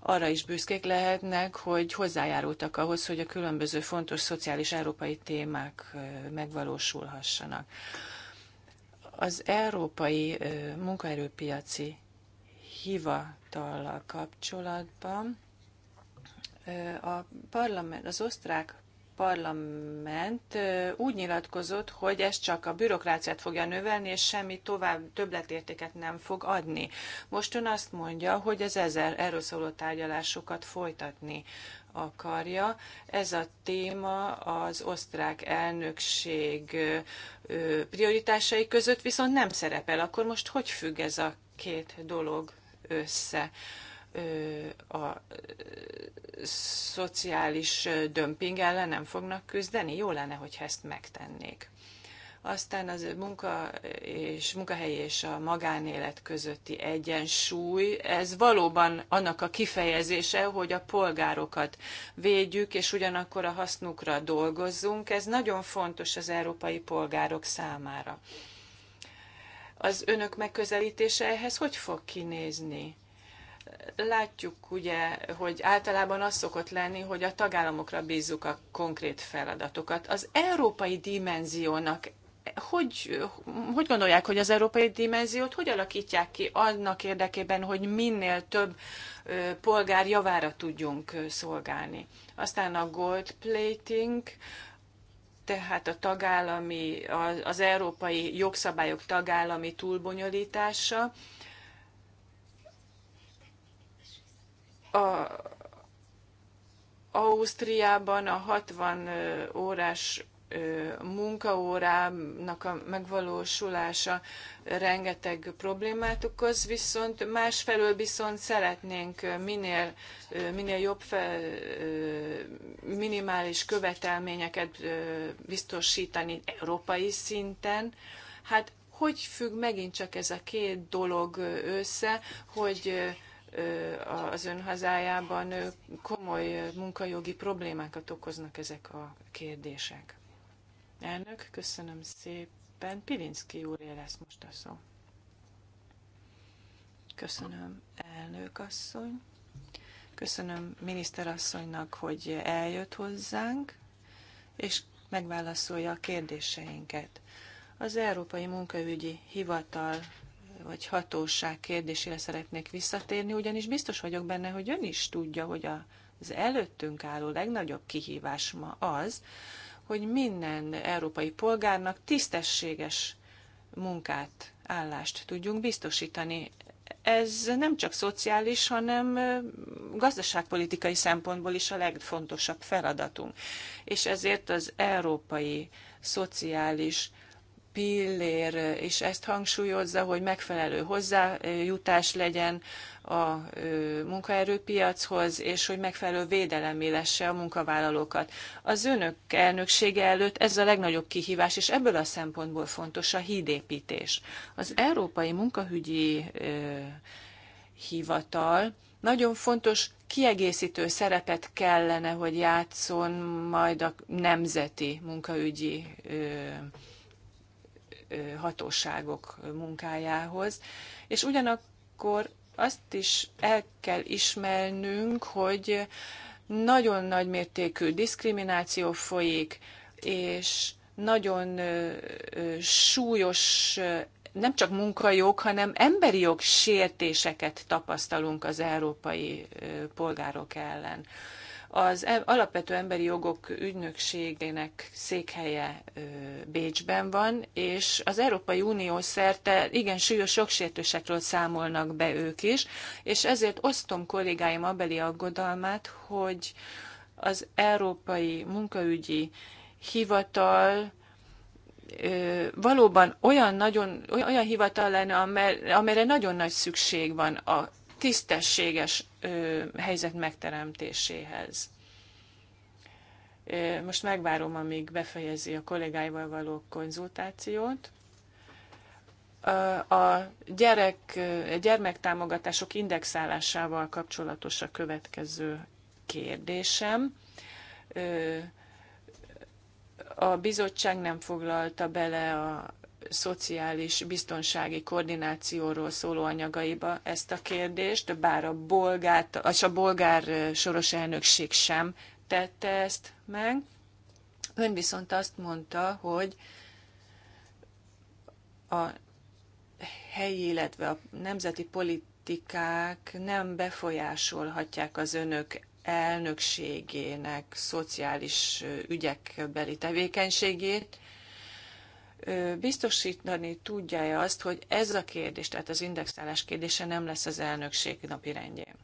arra is büszkék lehetnek, hogy hozzájárultak ahhoz, hogy a különböző fontos szociális európai témák megvalósulhassanak. Az európai munkaerőpiaci hivatallal kapcsolatban a parlament, az osztrák Parlament úgy nyilatkozott, hogy ez csak a bürokráciát fogja növelni, és semmi tovább többletértéket nem fog adni. Most ön azt mondja, hogy az ezer erről szóló tárgyalásokat folytatni akarja. Ez a téma az osztrák elnökség prioritásai között viszont nem szerepel. Akkor most hogy függ ez a két dolog össze? a szociális dömping ellen nem fognak küzdeni? Jó lenne, hogy ezt megtennék. Aztán az munka és munkahely és a magánélet közötti egyensúly, ez valóban annak a kifejezése, hogy a polgárokat védjük, és ugyanakkor a hasznukra dolgozzunk. Ez nagyon fontos az európai polgárok számára. Az önök megközelítése ehhez hogy fog kinézni? látjuk ugye, hogy általában az szokott lenni, hogy a tagállamokra bízzuk a konkrét feladatokat. Az európai dimenziónak hogy, hogy gondolják, hogy az európai dimenziót hogy alakítják ki annak érdekében, hogy minél több polgár javára tudjunk szolgálni. Aztán a gold plating, tehát a tagállami, az, az európai jogszabályok tagállami túlbonyolítása, a Ausztriában a 60 órás munkaórának a megvalósulása rengeteg problémát okoz, viszont másfelől viszont szeretnénk minél, minél jobb fel, minimális követelményeket biztosítani európai szinten. Hát hogy függ megint csak ez a két dolog össze, hogy az ön hazájában komoly munkajogi problémákat okoznak ezek a kérdések. Elnök, köszönöm szépen. Pilinszki úr lesz most a szó. Köszönöm, elnök asszony. Köszönöm miniszterasszonynak, hogy eljött hozzánk, és megválaszolja a kérdéseinket. Az Európai Munkaügyi Hivatal vagy hatóság kérdésére szeretnék visszatérni, ugyanis biztos vagyok benne, hogy ön is tudja, hogy az előttünk álló legnagyobb kihívás ma az, hogy minden európai polgárnak tisztességes munkát, állást tudjunk biztosítani. Ez nem csak szociális, hanem gazdaságpolitikai szempontból is a legfontosabb feladatunk. És ezért az európai szociális pillér is ezt hangsúlyozza, hogy megfelelő hozzájutás legyen a munkaerőpiachoz, és hogy megfelelő védelem élesse a munkavállalókat. Az önök elnöksége előtt ez a legnagyobb kihívás, és ebből a szempontból fontos a hídépítés. Az Európai Munkahügyi Hivatal nagyon fontos kiegészítő szerepet kellene, hogy játszon majd a nemzeti munkaügyi hatóságok munkájához, és ugyanakkor azt is el kell ismernünk, hogy nagyon nagy mértékű diszkrimináció folyik, és nagyon súlyos nem csak munkajog, hanem emberi jog sértéseket tapasztalunk az európai polgárok ellen. Az e- Alapvető Emberi Jogok Ügynökségének székhelye Bécsben van, és az Európai Unió szerte igen súlyos jogsértésekről számolnak be ők is, és ezért osztom kollégáim abeli aggodalmát, hogy az Európai Munkaügyi Hivatal valóban olyan, nagyon, olyan hivatal lenne, amelyre nagyon nagy szükség van a tisztességes helyzet megteremtéséhez. Most megvárom, amíg befejezi a kollégáival való konzultációt. A gyerek, gyermektámogatások indexálásával kapcsolatos a következő kérdésem. A bizottság nem foglalta bele a szociális biztonsági koordinációról szóló anyagaiba ezt a kérdést, bár a, bolgát, és a bolgár soros elnökség sem tette ezt meg. Ön viszont azt mondta, hogy a helyi, illetve a nemzeti politikák nem befolyásolhatják az önök elnökségének szociális ügyekbeli tevékenységét, biztosítani tudja-e azt, hogy ez a kérdés, tehát az indexálás kérdése nem lesz az elnökség napi rendjén?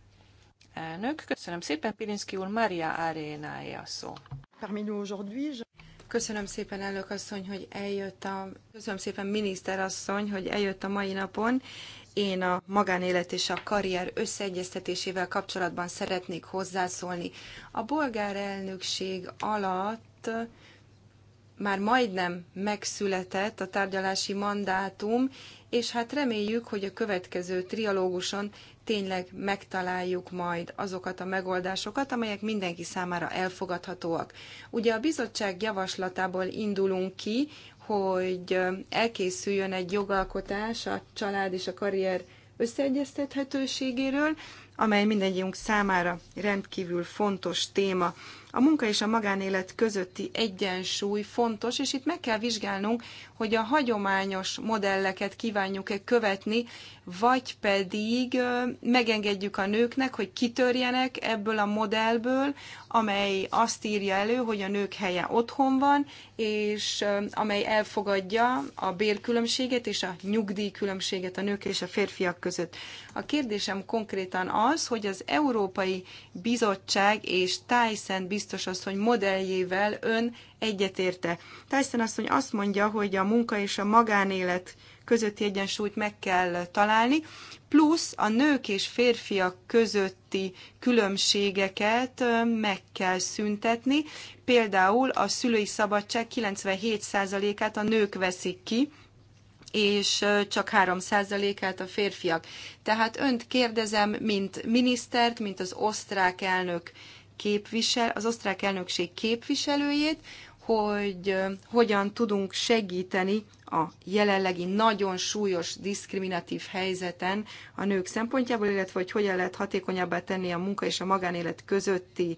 Elnök, köszönöm szépen, Pirinszki úr, Maria Arénája szó. Köszönöm szépen, elnök asszony, hogy eljött a... Köszönöm szépen, miniszter asszony, hogy eljött a mai napon. Én a magánélet és a karrier összeegyeztetésével kapcsolatban szeretnék hozzászólni. A bolgár elnökség alatt már majdnem megszületett a tárgyalási mandátum, és hát reméljük, hogy a következő trialóguson tényleg megtaláljuk majd azokat a megoldásokat, amelyek mindenki számára elfogadhatóak. Ugye a bizottság javaslatából indulunk ki, hogy elkészüljön egy jogalkotás a család és a karrier összeegyeztethetőségéről, amely mindegyünk számára rendkívül fontos téma. A munka és a magánélet közötti egyensúly fontos, és itt meg kell vizsgálnunk, hogy a hagyományos modelleket kívánjuk-e követni, vagy pedig megengedjük a nőknek, hogy kitörjenek ebből a modellből, amely azt írja elő, hogy a nők helye otthon van, és amely elfogadja a bérkülönbséget és a nyugdíjkülönbséget a nők és a férfiak között. A kérdésem konkrétan az, hogy az Európai Bizottság és Tyson biz biztos asszony modelljével ön egyetérte. Tyson asszony azt mondja, hogy a munka és a magánélet közötti egyensúlyt meg kell találni, plusz a nők és férfiak közötti különbségeket meg kell szüntetni. Például a szülői szabadság 97%-át a nők veszik ki, és csak 3%-át a férfiak. Tehát önt kérdezem, mint minisztert, mint az osztrák elnök képvisel, az osztrák elnökség képviselőjét, hogy hogyan tudunk segíteni a jelenlegi nagyon súlyos diszkriminatív helyzeten a nők szempontjából, illetve hogy hogyan lehet hatékonyabbá tenni a munka és a magánélet közötti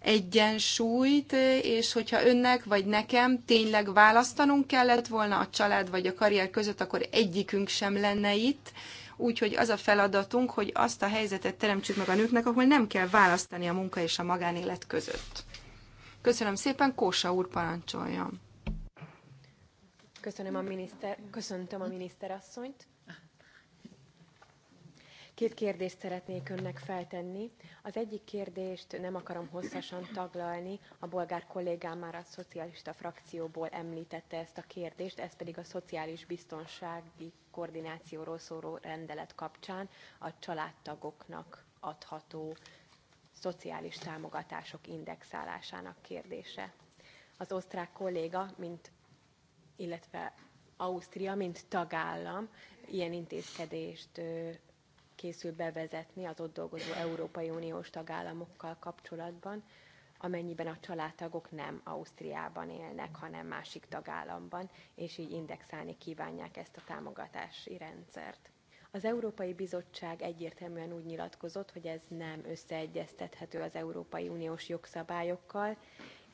egyensúlyt, és hogyha önnek vagy nekem tényleg választanunk kellett volna a család vagy a karrier között, akkor egyikünk sem lenne itt, Úgyhogy az a feladatunk, hogy azt a helyzetet teremtsük meg a nőknek, ahol nem kell választani a munka és a magánélet között. Köszönöm szépen, Kósa úr parancsoljon. Köszönöm a miniszter, köszöntöm a miniszterasszonyt Két kérdést szeretnék önnek feltenni. Az egyik kérdést nem akarom hosszasan taglalni, a bolgár kollégám már a szocialista frakcióból említette ezt a kérdést, ez pedig a szociális biztonsági koordinációról szóló rendelet kapcsán a családtagoknak adható szociális támogatások indexálásának kérdése. Az osztrák kolléga, mint, illetve Ausztria, mint tagállam ilyen intézkedést készül bevezetni az ott dolgozó Európai Uniós tagállamokkal kapcsolatban, amennyiben a családtagok nem Ausztriában élnek, hanem másik tagállamban, és így indexálni kívánják ezt a támogatási rendszert. Az Európai Bizottság egyértelműen úgy nyilatkozott, hogy ez nem összeegyeztethető az Európai Uniós jogszabályokkal,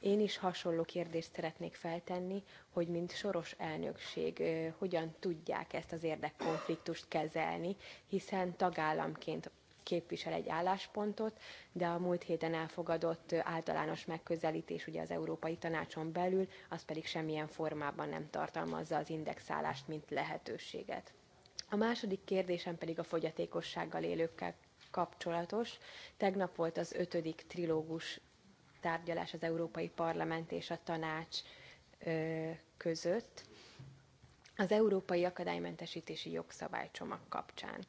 én is hasonló kérdést szeretnék feltenni, hogy mint soros elnökség hogyan tudják ezt az érdekkonfliktust kezelni, hiszen tagállamként képvisel egy álláspontot, de a múlt héten elfogadott általános megközelítés ugye az Európai Tanácson belül, az pedig semmilyen formában nem tartalmazza az indexálást, mint lehetőséget. A második kérdésem pedig a fogyatékossággal élőkkel kapcsolatos. Tegnap volt az ötödik trilógus tárgyalás az Európai Parlament és a Tanács között az Európai Akadálymentesítési Jogszabálycsomag kapcsán.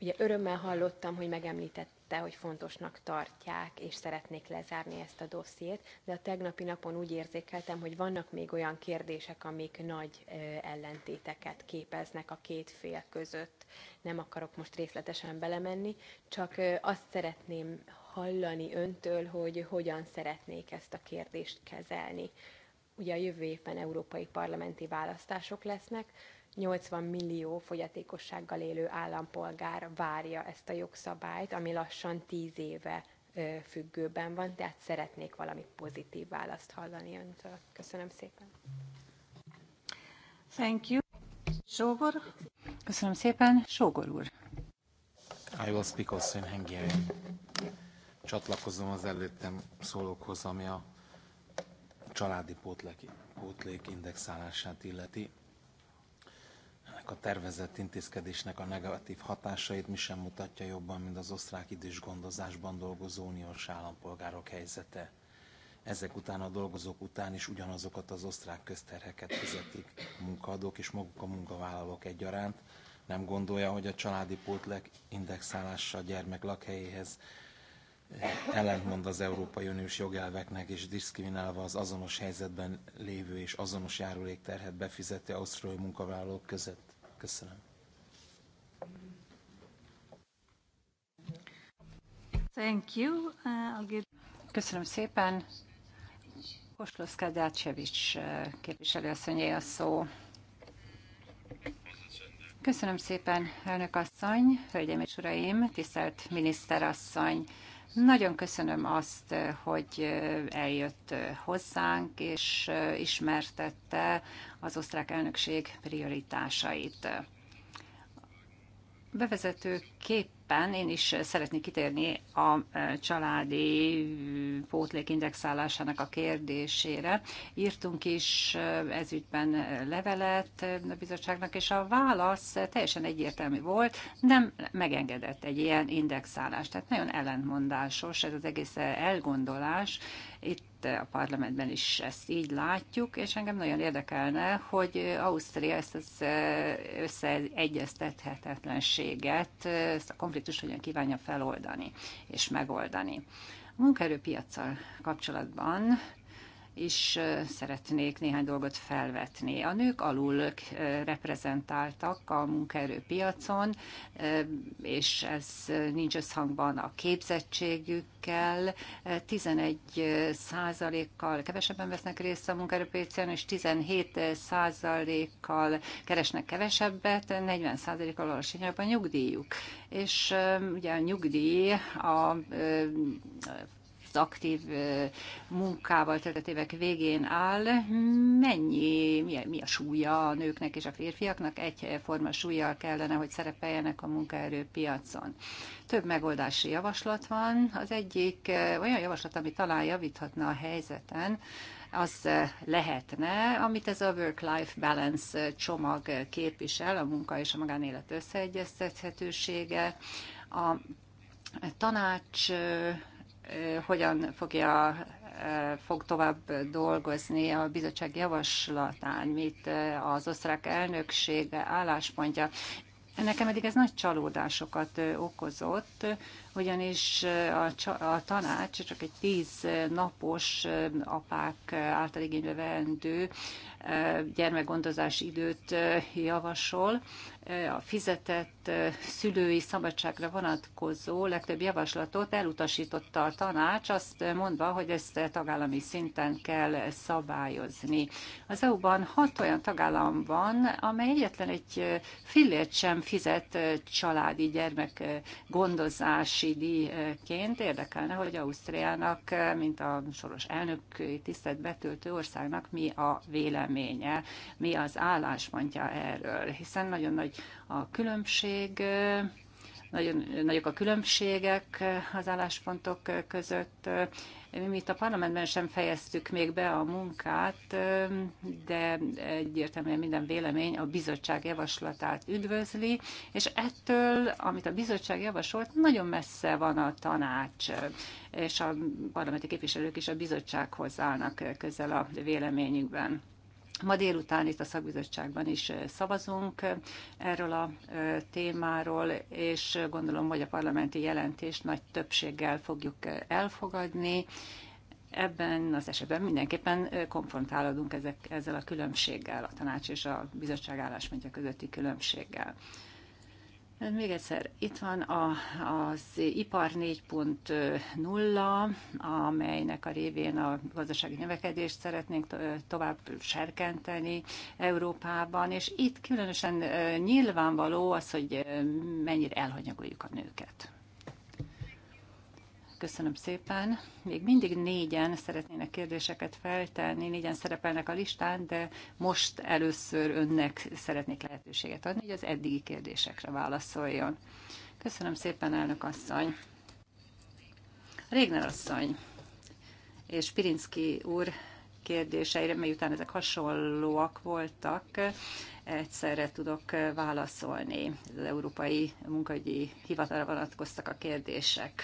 Ugye örömmel hallottam, hogy megemlítette, hogy fontosnak tartják, és szeretnék lezárni ezt a dossziét, de a tegnapi napon úgy érzékeltem, hogy vannak még olyan kérdések, amik nagy ellentéteket képeznek a két fél között. Nem akarok most részletesen belemenni, csak azt szeretném hallani öntől, hogy hogyan szeretnék ezt a kérdést kezelni. Ugye a jövő évben európai parlamenti választások lesznek, 80 millió fogyatékossággal élő állampolgár várja ezt a jogszabályt, ami lassan 10 éve függőben van, tehát szeretnék valami pozitív választ hallani öntől. Köszönöm szépen. Thank you. Sógor. Köszönöm szépen. Sógor úr. I will speak also in Hungarian csatlakozom az előttem szólókhoz, ami a családi pótlék, pótlék indexálását illeti. Ennek a tervezett intézkedésnek a negatív hatásait mi sem mutatja jobban, mint az osztrák idős gondozásban dolgozó uniós állampolgárok helyzete. Ezek után a dolgozók után is ugyanazokat az osztrák közterheket fizetik a munkaadók és maguk a munkavállalók egyaránt. Nem gondolja, hogy a családi pótlek indexálása a gyermek lakhelyéhez ellentmond az Európai Uniós jogelveknek, és diszkriminálva az azonos helyzetben lévő és azonos járulékterhet befizető ausztrói munkavállalók között. Köszönöm. Thank you. Uh, I'll give... Köszönöm szépen. Kosloszka Dácsevics uh, képviselőasszonyé a szó. Köszönöm szépen, elnök asszony, hölgyeim és uraim, tisztelt miniszter asszony. Nagyon köszönöm azt, hogy eljött hozzánk, és ismertette az osztrák elnökség prioritásait. Bevezető képpen én is szeretnék kitérni a e, családi e, pótlék indexálásának a kérdésére. Írtunk is e, ezügyben levelet a bizottságnak, és a válasz teljesen egyértelmű volt, nem megengedett egy ilyen indexálás. Tehát nagyon ellentmondásos ez az egész elgondolás. Itt a parlamentben is ezt így látjuk, és engem nagyon érdekelne, hogy Ausztria ezt az összeegyeztethetetlenséget ezt a konfliktust hogyan kívánja feloldani és megoldani. A munkaerőpiacsal kapcsolatban is szeretnék néhány dolgot felvetni. A nők alul reprezentáltak a munkaerőpiacon, és ez nincs összhangban a képzettségükkel. 11 százalékkal kevesebben vesznek részt a munkaerőpiacon, és 17 százalékkal keresnek kevesebbet, 40 százalékkal alacsonyabb a nyugdíjuk. És ugye a nyugdíj a az aktív munkával töltött évek végén áll, mennyi, mi a, mi a súlya a nőknek és a férfiaknak? Egyforma súlyjal kellene, hogy szerepeljenek a munkaerőpiacon. Több megoldási javaslat van. Az egyik olyan javaslat, ami talán javíthatna a helyzeten, az lehetne, amit ez a work-life balance csomag képvisel, a munka és a magánélet összeegyeztethetősége, a tanács hogyan fogja fog tovább dolgozni a bizottság javaslatán, mit az osztrák elnökség álláspontja. Nekem eddig ez nagy csalódásokat okozott, ugyanis a, a tanács csak egy tíz napos apák által igénybe vendő gyermekgondozás időt javasol, a fizetett szülői szabadságra vonatkozó legtöbb javaslatot elutasította a tanács, azt mondva, hogy ezt tagállami szinten kell szabályozni. Az EU-ban hat olyan tagállam van, amely egyetlen egy fillért sem fizet családi gyermek gondozási díjként. Érdekelne, hogy Ausztriának, mint a soros elnök tisztelt betöltő országnak mi a véleménye, mi az álláspontja erről, hiszen nagyon nagy hogy a különbség nagyon nagyok a különbségek az álláspontok között. Mi itt a parlamentben sem fejeztük még be a munkát, de egyértelműen minden vélemény a bizottság javaslatát üdvözli, és ettől, amit a bizottság javasolt, nagyon messze van a tanács, és a parlamenti képviselők is a bizottsághoz állnak közel a véleményükben. Ma délután itt a szakbizottságban is szavazunk erről a témáról, és gondolom, hogy a parlamenti jelentést nagy többséggel fogjuk elfogadni. Ebben az esetben mindenképpen konfrontálódunk ezek, ezzel a különbséggel, a tanács és a bizottság álláspontja közötti különbséggel. Még egyszer, itt van a, az ipar 4.0, amelynek a révén a gazdasági növekedést szeretnénk tovább serkenteni Európában, és itt különösen nyilvánvaló az, hogy mennyire elhanyagoljuk a nőket. Köszönöm szépen. Még mindig négyen szeretnének kérdéseket feltenni, négyen szerepelnek a listán, de most először önnek szeretnék lehetőséget adni, hogy az eddigi kérdésekre válaszoljon. Köszönöm szépen, elnök asszony. Régner asszony és Pirinski úr kérdéseire, miután ezek hasonlóak voltak, egyszerre tudok válaszolni. Az Európai Munkahogyi Hivatalra vonatkoztak a kérdések.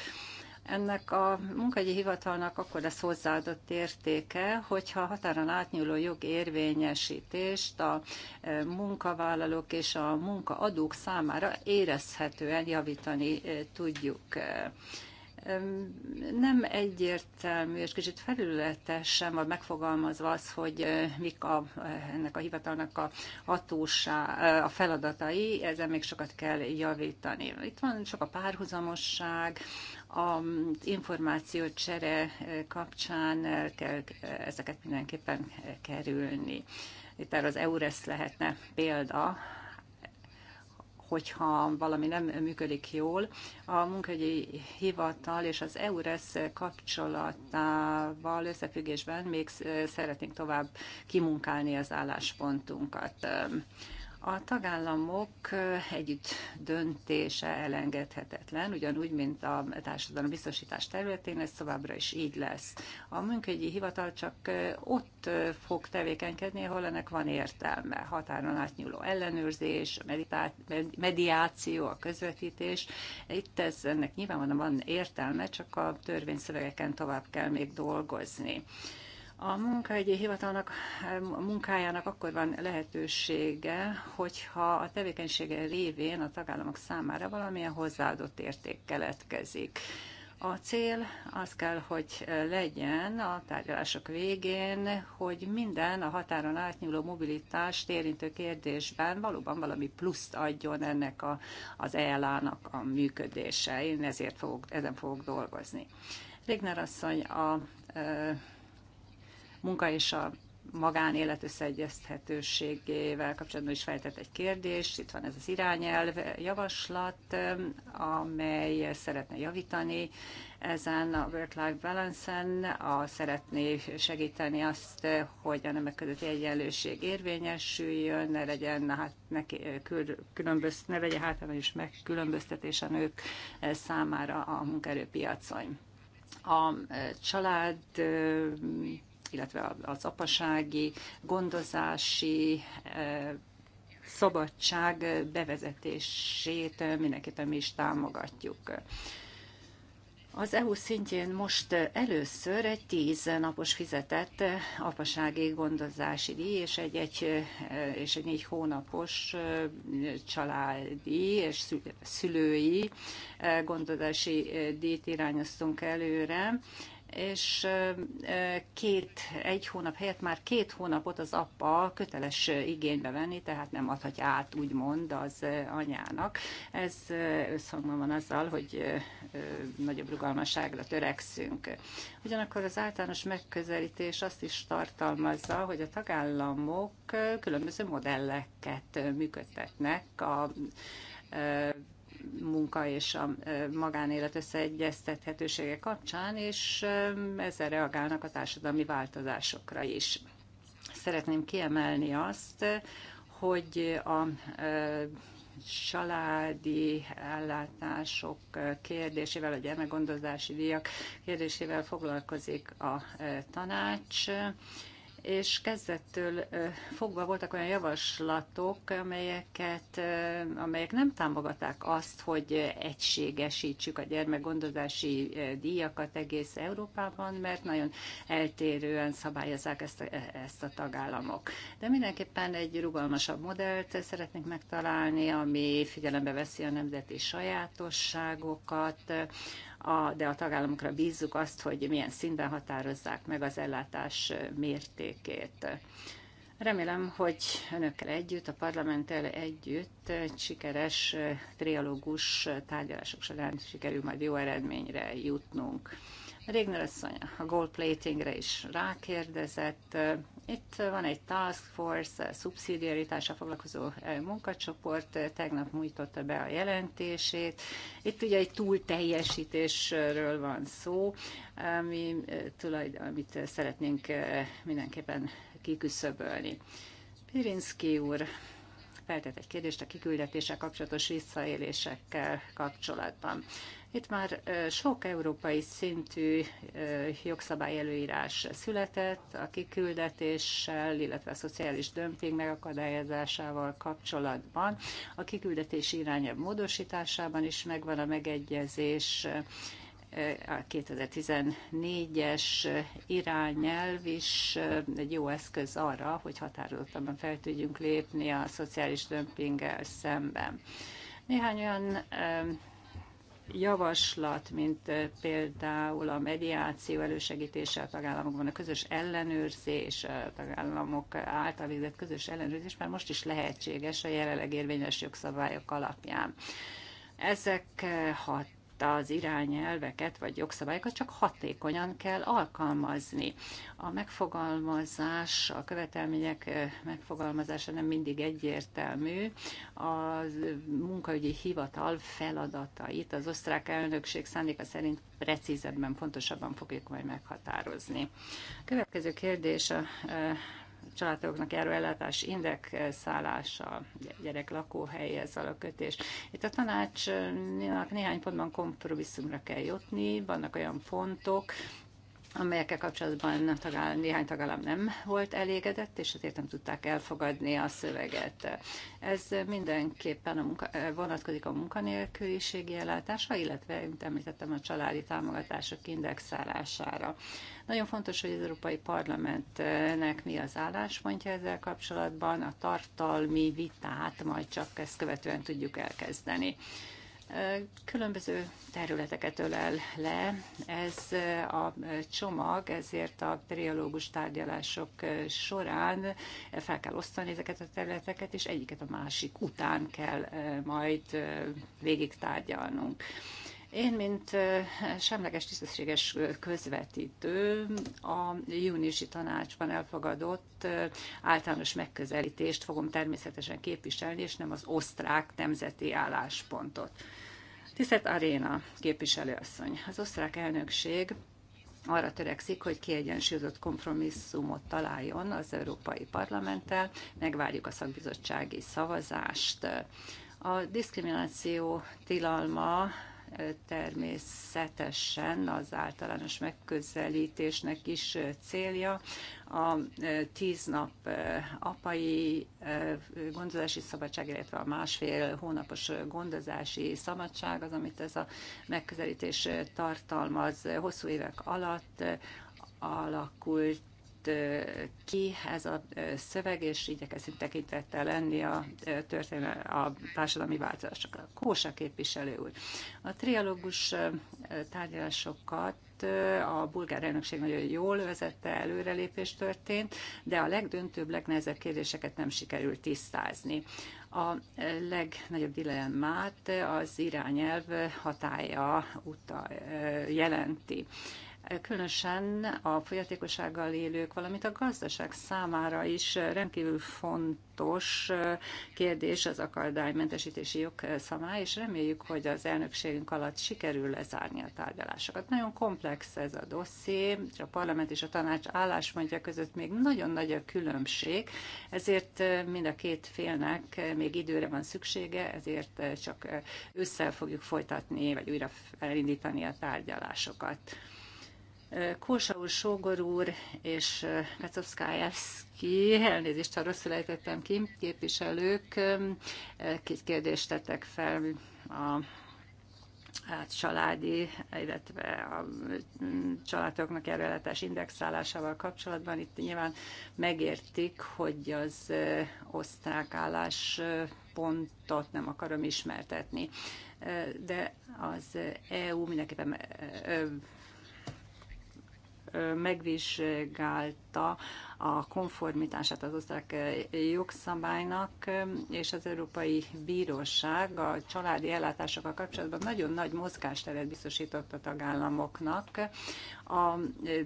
Ennek a munkahelyi hivatalnak akkor lesz hozzáadott értéke, hogyha határon átnyúló jogérvényesítést a e, munkavállalók és a munkaadók számára érezhetően javítani e, tudjuk nem egyértelmű és kicsit felületesen van megfogalmazva az, hogy mik a, ennek a hivatalnak a hatósá, a feladatai, ezen még sokat kell javítani. Itt van sok a párhuzamosság, az információcsere kapcsán kell ezeket mindenképpen kerülni. Itt erre az EURES lehetne példa, hogyha valami nem működik jól, a munkahelyi hivatal és az EURES kapcsolatával összefüggésben még eh, szeretnénk tovább kimunkálni az álláspontunkat. A tagállamok együtt döntése elengedhetetlen, ugyanúgy, mint a társadalmi biztosítás területén, ez továbbra is így lesz. A munkahogyi hivatal csak ott fog tevékenykedni, ahol ennek van értelme. Határon átnyúló ellenőrzés, mediáció, a közvetítés. Itt ez, ennek nyilvánvalóan van értelme, csak a törvényszövegeken tovább kell még dolgozni. A munkaügyi hivatalnak a munkájának akkor van lehetősége, hogyha a tevékenysége révén a tagállamok számára valamilyen hozzáadott érték keletkezik. A cél az kell, hogy legyen a tárgyalások végén, hogy minden a határon átnyúló mobilitás érintő kérdésben valóban valami pluszt adjon ennek a, az ELA-nak a működése. Én ezért fogok, ezen fogok dolgozni. Régner asszony, a, a munka és a magánélet összeegyezthetőségével kapcsolatban is feltett egy kérdés. Itt van ez az irányelv javaslat, um, amely szeretne javítani ezen a work-life balance-en, a szeretné segíteni azt, hogy a nemek közötti egyenlőség érvényesüljön, ne legyen hát neki, eh, különböz, ne legyen is megkülönböztetés a nők eh, számára a munkaerőpiacon. A eh, család illetve az apasági, gondozási e, szabadság bevezetését mindenképpen mi is támogatjuk. Az EU szintjén most először egy tíz napos fizetett apasági gondozási díj és egy, egy, e, és egy négy hónapos e, családi és szülői gondozási díjt irányoztunk előre és két, egy hónap helyett már két hónapot az apa köteles igénybe venni, tehát nem adhatja át úgymond az anyának. Ez összhangban van azzal, hogy nagyobb rugalmasságra törekszünk. Ugyanakkor az általános megközelítés azt is tartalmazza, hogy a tagállamok különböző modelleket működtetnek a munka és a magánélet összeegyeztethetősége kapcsán, és ezzel reagálnak a társadalmi változásokra is. Szeretném kiemelni azt, hogy a családi ellátások kérdésével, a gyermekgondozási díjak kérdésével foglalkozik a tanács, és kezdettől fogva voltak olyan javaslatok, amelyeket, amelyek nem támogatták azt, hogy egységesítsük a gyermekgondozási díjakat egész Európában, mert nagyon eltérően szabályozzák ezt a, ezt a tagállamok. De mindenképpen egy rugalmasabb modellt szeretnénk megtalálni, ami figyelembe veszi a nemzeti sajátosságokat, a, de a tagállamokra bízzuk azt, hogy milyen szinten határozzák meg az ellátás mértékét. Remélem, hogy önökkel együtt, a parlamenttel együtt sikeres trialógus tárgyalások során sikerül majd jó eredményre jutnunk. Régner asszony a gold platingre is rákérdezett. Itt van egy task force, szubszidiaritásra foglalkozó eh, munkacsoport, eh, tegnap nyújtotta be a jelentését. Itt ugye egy túlteljesítésről van szó, ami, eh, tulajdon, amit szeretnénk mindenképpen kiküszöbölni. Pirinszki úr feltett egy kérdést a kiküldetése kapcsolatos visszaélésekkel kapcsolatban. Itt már sok európai szintű jogszabály előírás született a kiküldetéssel, illetve a szociális dömping megakadályozásával kapcsolatban. A kiküldetés irányabb módosításában is megvan a megegyezés, a 2014-es irányelv is egy jó eszköz arra, hogy határozottabban fel tudjunk lépni a szociális dömpinggel szemben. Néhány olyan javaslat, mint például a mediáció elősegítése a tagállamokban, a közös ellenőrzés, a tagállamok által végzett közös ellenőrzés már most is lehetséges a jelenleg érvényes jogszabályok alapján. Ezek hat az irányelveket vagy jogszabályokat csak hatékonyan kell alkalmazni. A megfogalmazás, a követelmények megfogalmazása nem mindig egyértelmű. A munkaügyi hivatal feladatait az osztrák elnökség szándéka szerint precízebben, pontosabban fogjuk majd meghatározni. A következő kérdés a családoknak járó ellátás indek eh, szállása, gyerek ez a kötés. Itt a tanácsnak néhány pontban kompromisszumra kell jutni, vannak olyan pontok, amelyekkel kapcsolatban tagáll, néhány tagállam nem volt elégedett, és ezért nem tudták elfogadni a szöveget. Ez mindenképpen a munka, eh, vonatkozik a munkanélküliségi ellátásra, illetve, mint említettem, a családi támogatások indexálására. Nagyon fontos, hogy az Európai Parlamentnek mi az álláspontja ezzel kapcsolatban, a tartalmi vitát majd csak ezt követően tudjuk elkezdeni különböző területeket ölel le. Ez a csomag, ezért a triológus tárgyalások során fel kell osztani ezeket a területeket, és egyiket a másik után kell majd végig tárgyalnunk. Én, mint semleges tisztességes közvetítő, a júniusi tanácsban elfogadott általános megközelítést fogom természetesen képviselni, és nem az osztrák nemzeti álláspontot. Tisztelt Aréna képviselőasszony, az osztrák elnökség arra törekszik, hogy kiegyensúlyozott kompromisszumot találjon az Európai Parlamenttel, megvárjuk a szakbizottsági szavazást. A diszkrimináció tilalma természetesen az általános megközelítésnek is célja. A e, tíz nap e, apai e, gondozási szabadság, illetve a másfél hónapos gondozási szabadság az, amit ez a megközelítés tartalmaz. Hosszú évek alatt alakult ki ez a szöveg, és igyekezünk tekintettel lenni a, történel, a társadalmi változásokra. Kósa képviselő úr. A trialógus tárgyalásokat a bulgár elnökség nagyon jól vezette, előrelépés történt, de a legdöntőbb, legnehezebb kérdéseket nem sikerült tisztázni. A legnagyobb dilemmát az irányelv hatája uta jelenti különösen a fogyatékossággal élők, valamint a gazdaság számára is rendkívül fontos kérdés az akadálymentesítési jogszabály, és reméljük, hogy az elnökségünk alatt sikerül lezárni a tárgyalásokat. Nagyon komplex ez a dosszié, és a parlament és a tanács álláspontja között még nagyon nagy a különbség, ezért mind a két félnek még időre van szüksége, ezért csak ősszel fogjuk folytatni, vagy újra felindítani a tárgyalásokat. Kósa úr, Sógor úr és Kacovszkájevszki, elnézést, ha rosszul ejtettem ki, képviselők, két kérdést tettek fel a hát családi, illetve a családoknak erőletes indexálásával kapcsolatban. Itt nyilván megértik, hogy az osztrák álláspontot nem akarom ismertetni. De az EU mindenképpen megvizsgálta a konformitását az osztrák jogszabálynak, és az Európai Bíróság a családi ellátásokkal kapcsolatban nagyon nagy mozgásteret biztosított a tagállamoknak. A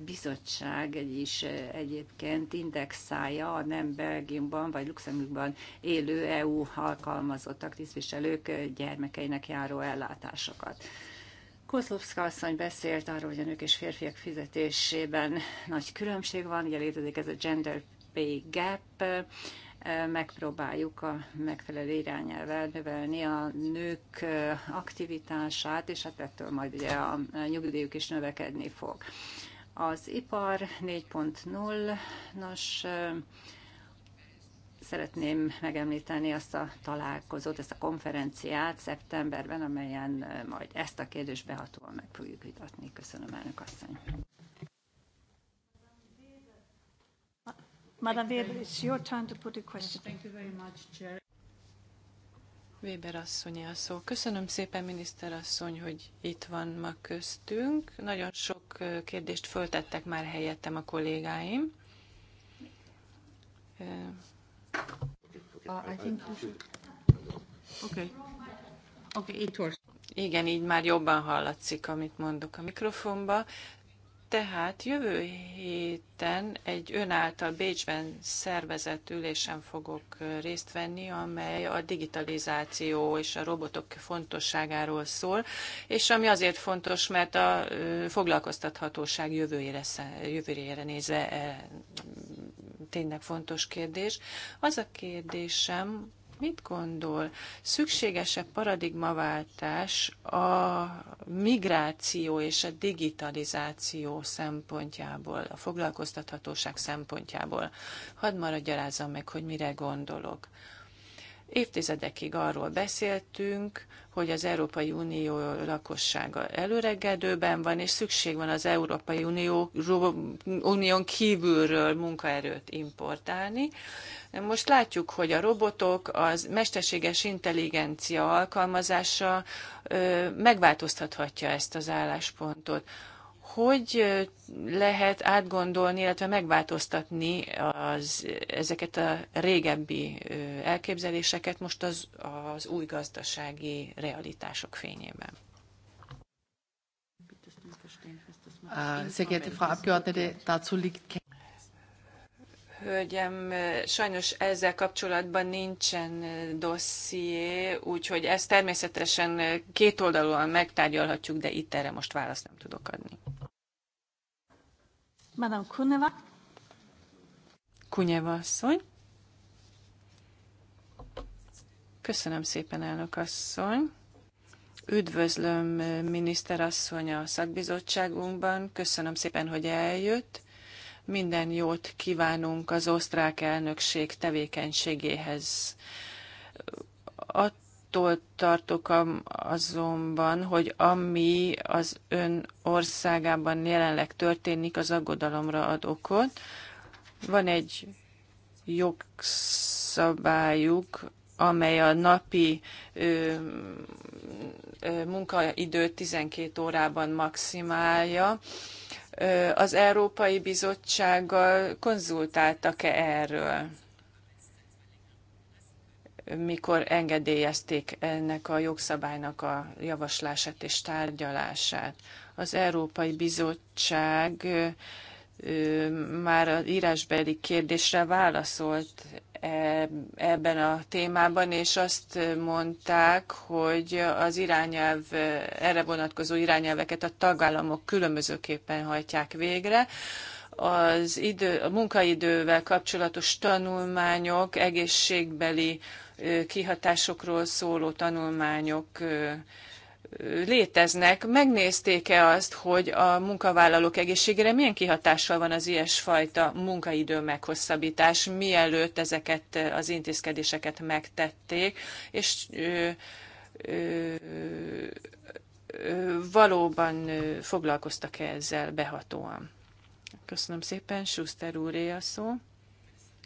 bizottság egy is egyébként indexálja a nem Belgiumban vagy Luxemburgban élő EU alkalmazottak, tisztviselők gyermekeinek járó ellátásokat. Kozlovszka asszony beszélt arról, hogy a nők és férfiak fizetésében nagy különbség van, ugye létezik ez a gender pay gap, megpróbáljuk a megfelelő irányelvel növelni a nők aktivitását, és hát ettől majd ugye a nyugdíjuk is növekedni fog. Az ipar 4.0, nos, szeretném megemlíteni azt a találkozót, ezt a konferenciát szeptemberben, amelyen majd ezt a kérdést behatóan meg fogjuk vitatni. Köszönöm, elnök asszony. Madam Weber, it's your time to put a question. Thank you very much, Chair. Weber asszony a szó. Köszönöm szépen, miniszter asszony, hogy itt van ma köztünk. Nagyon sok kérdést föltettek már helyettem a kollégáim. Uh, okay. Okay, Igen, így már jobban hallatszik, amit mondok a mikrofonba. Tehát jövő héten egy önáltal Bécsben szervezett ülésen fogok részt venni, amely a digitalizáció és a robotok fontosságáról szól, és ami azért fontos, mert a foglalkoztathatóság jövőjére, jövőjére nézve e, tényleg fontos kérdés. Az a kérdésem, mit gondol, szükséges-e paradigmaváltás a migráció és a digitalizáció szempontjából, a foglalkoztathatóság szempontjából? Hadd magyarázzam meg, hogy mire gondolok. Évtizedekig arról beszéltünk, hogy az Európai Unió lakossága előregedőben van, és szükség van az Európai Unió, Unión kívülről munkaerőt importálni. Most látjuk, hogy a robotok, az mesterséges intelligencia alkalmazása megváltoztathatja ezt az álláspontot hogy lehet átgondolni, illetve megváltoztatni az, ezeket a régebbi elképzeléseket most az, az új gazdasági realitások fényében? Äh, sehr geehrte Frau Abgeordnete, dazu liegt Hölgyem, sajnos ezzel kapcsolatban nincsen eh, dosszié, úgyhogy ezt természetesen eh, kétoldalúan megtárgyalhatjuk, de itt erre most választ nem tudok adni. Madame Kuneva. Kunyeva asszony. Köszönöm szépen, elnök asszony. Üdvözlöm eh, asszony a szakbizottságunkban. Köszönöm szépen, hogy eljött. Minden jót kívánunk az osztrák elnökség tevékenységéhez. Attól tartok azonban, hogy ami az ön országában jelenleg történik, az aggodalomra ad okot. Van egy jogszabályuk, amely a napi ö, ö, munkaidőt 12 órában maximálja az Európai Bizottsággal konzultáltak-e erről, mikor engedélyezték ennek a jogszabálynak a javaslását és tárgyalását. Az Európai Bizottság már az írásbeli kérdésre válaszolt E, ebben a témában, és azt mondták, hogy az irányelv, erre vonatkozó irányelveket a tagállamok különbözőképpen hajtják végre az idő, a munkaidővel kapcsolatos tanulmányok, egészségbeli kihatásokról szóló tanulmányok léteznek. Megnézték-e azt, hogy a munkavállalók egészségére milyen kihatással van az ilyesfajta munkaidő meghosszabbítás, mielőtt ezeket az intézkedéseket megtették, és ö, ö, ö, valóban foglalkoztak-e ezzel behatóan? Köszönöm szépen, Schuster úré a szó.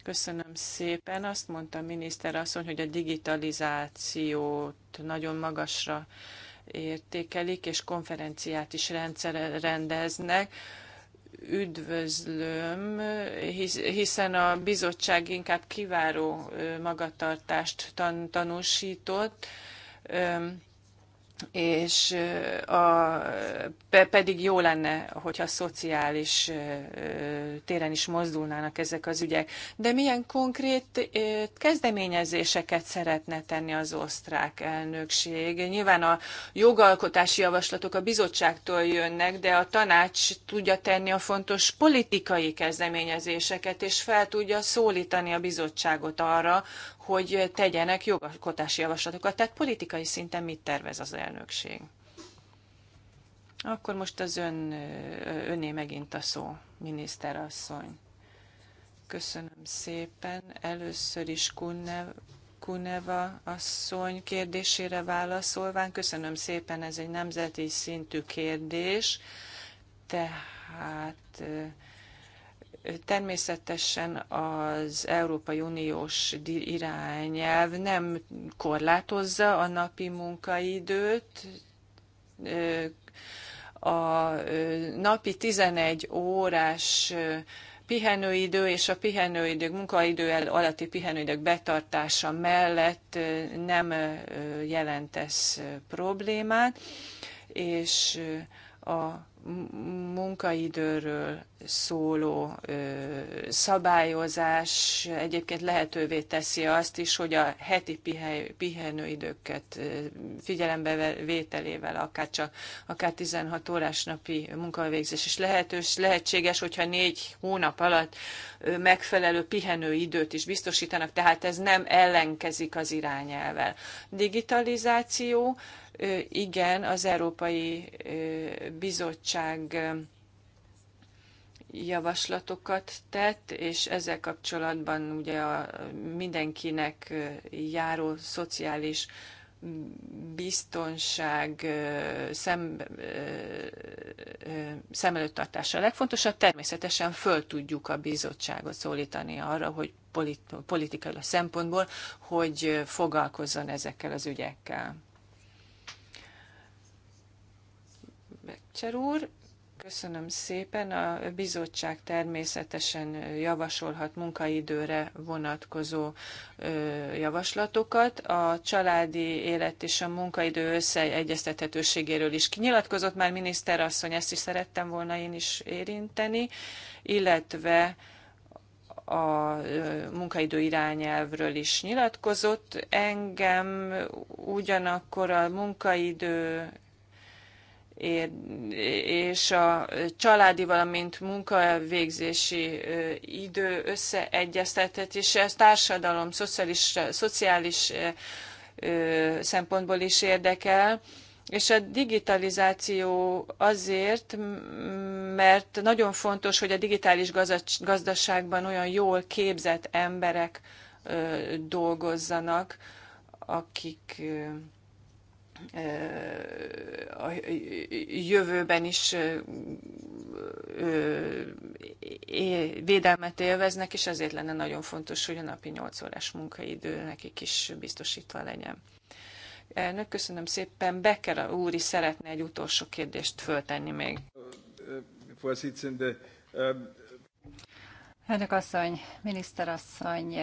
Köszönöm szépen. Azt mondta a miniszter asszony, hogy a digitalizációt nagyon magasra értékelik, és konferenciát is rendszer rendeznek. Üdvözlöm, hiszen a bizottság inkább kiváró magatartást tan tanúsított és a, pedig jó lenne, hogyha szociális téren is mozdulnának ezek az ügyek. De milyen konkrét kezdeményezéseket szeretne tenni az osztrák elnökség? Nyilván a jogalkotási javaslatok a bizottságtól jönnek, de a tanács tudja tenni a fontos politikai kezdeményezéseket, és fel tudja szólítani a bizottságot arra, hogy tegyenek jogalkotási javaslatokat. Tehát politikai szinten mit tervez az elnökség? Akkor most az ön, öné megint a szó, miniszterasszony. Köszönöm szépen. Először is Kunnev, Kuneva asszony kérdésére válaszolván. Köszönöm szépen, ez egy nemzeti szintű kérdés. Tehát Természetesen az Európai Uniós irányelv nem korlátozza a napi munkaidőt, a napi 11 órás pihenőidő és a pihenőidők, munkaidő alatti pihenőidők betartása mellett nem jelent ez problémát, és a munkaidőről szóló szabályozás egyébként lehetővé teszi azt is, hogy a heti pihenőidőket figyelembe vételével akár csak akár 16 órás napi munkavégzés is lehetős, lehetséges, hogyha négy hónap alatt megfelelő pihenőidőt is biztosítanak, tehát ez nem ellenkezik az irányelvel. Digitalizáció, igen, az Európai Bizottság javaslatokat tett, és ezzel kapcsolatban ugye a mindenkinek járó szociális biztonság szem, szem előtt tartása a legfontosabb. Természetesen föl tudjuk a bizottságot szólítani arra, hogy politikai szempontból, hogy foglalkozzon ezekkel az ügyekkel. Kretser úr, köszönöm szépen. A bizottság természetesen javasolhat munkaidőre vonatkozó javaslatokat. A családi élet és a munkaidő összeegyeztethetőségéről is kinyilatkozott már miniszterasszony, ezt is szerettem volna én is érinteni, illetve a munkaidő irányelvről is nyilatkozott. Engem ugyanakkor a munkaidő és a családi, valamint munkavégzési idő összeegyeztetése, ez társadalom, szociális, szociális szempontból is érdekel, és a digitalizáció azért, mert nagyon fontos, hogy a digitális gazdaságban olyan jól képzett emberek dolgozzanak, akik a jövőben is védelmet élveznek, és ezért lenne nagyon fontos, hogy a napi 8 órás munkaidő nekik is biztosítva legyen. Elnök, köszönöm szépen. Becker úr is szeretne egy utolsó kérdést föltenni még. Ehm, Elnök asszony, miniszter asszony,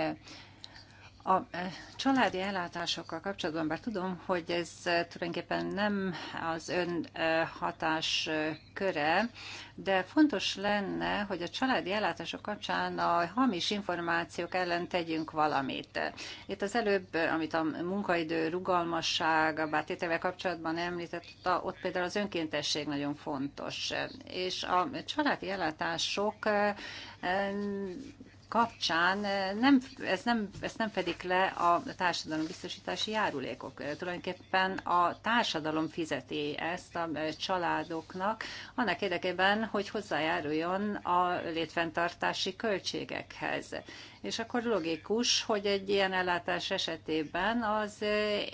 a e, családi ellátásokkal kapcsolatban, bár tudom, hogy ez e, tulajdonképpen nem az ön e, hatás köre, de fontos lenne, hogy a családi ellátások kapcsán a hamis információk ellen tegyünk valamit. Itt az előbb, amit a munkaidő rugalmasság, a tétevel kapcsolatban említett, ott például az önkéntesség nagyon fontos. És a családi ellátások kapcsán eh, nem, ez nem, ezt nem fedik le a társadalom biztosítási járulékok. Eh, tulajdonképpen a társadalom fizeti ezt a eh, családoknak annak érdekében, hogy hozzájáruljon a létfenntartási költségekhez. És akkor logikus, hogy egy ilyen ellátás esetében az,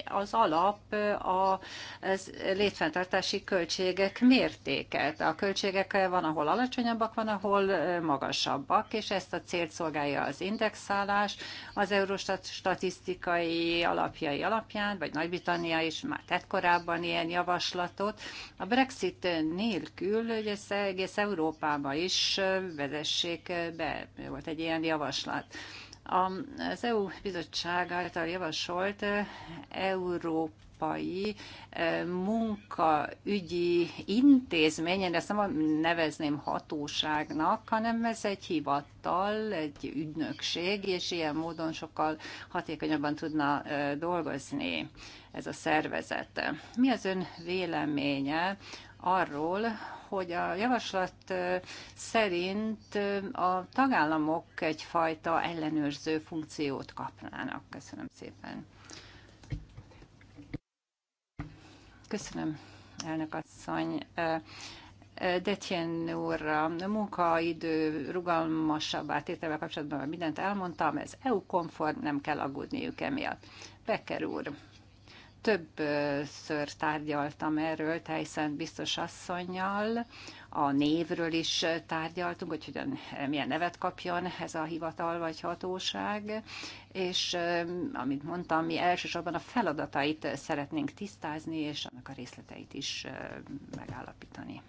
az alap a az létfenntartási költségek mértéke. A költségek van, ahol alacsonyabbak, van, ahol magasabbak, és ezt a célt szolgálja az indexálás, az Eurostat statisztikai alapjai alapján, vagy Nagy-Britannia is már tett korábban ilyen javaslatot. A Brexit nélkül, hogy ezt egész Európába is vezessék be, volt egy ilyen javaslat. Az EU bizottság által javasolt Európa eh, európai eh, munkaügyi intézmény, én ezt nem nevezném hatóságnak, hanem ez egy hivatal, egy ügynökség, és ilyen módon sokkal hatékonyabban tudna eh, dolgozni ez a szervezet. Mi az ön véleménye arról, hogy a javaslat szerint a tagállamok egyfajta ellenőrző funkciót kapnának. Köszönöm szépen. Köszönöm, elnök asszony. Detjen úr, a munkaidő rugalmasabb átételvel kapcsolatban mindent elmondtam, ez EU-konform, nem kell aggódniuk emiatt. Becker úr, többször tárgyaltam erről Tejszent biztos asszonynal, a névről is tárgyaltunk, hogy hogyan, milyen nevet kapjon ez a hivatal vagy hatóság, és eh, amit mondtam, mi elsősorban a feladatait szeretnénk tisztázni, és annak a részleteit is eh, megállapítani.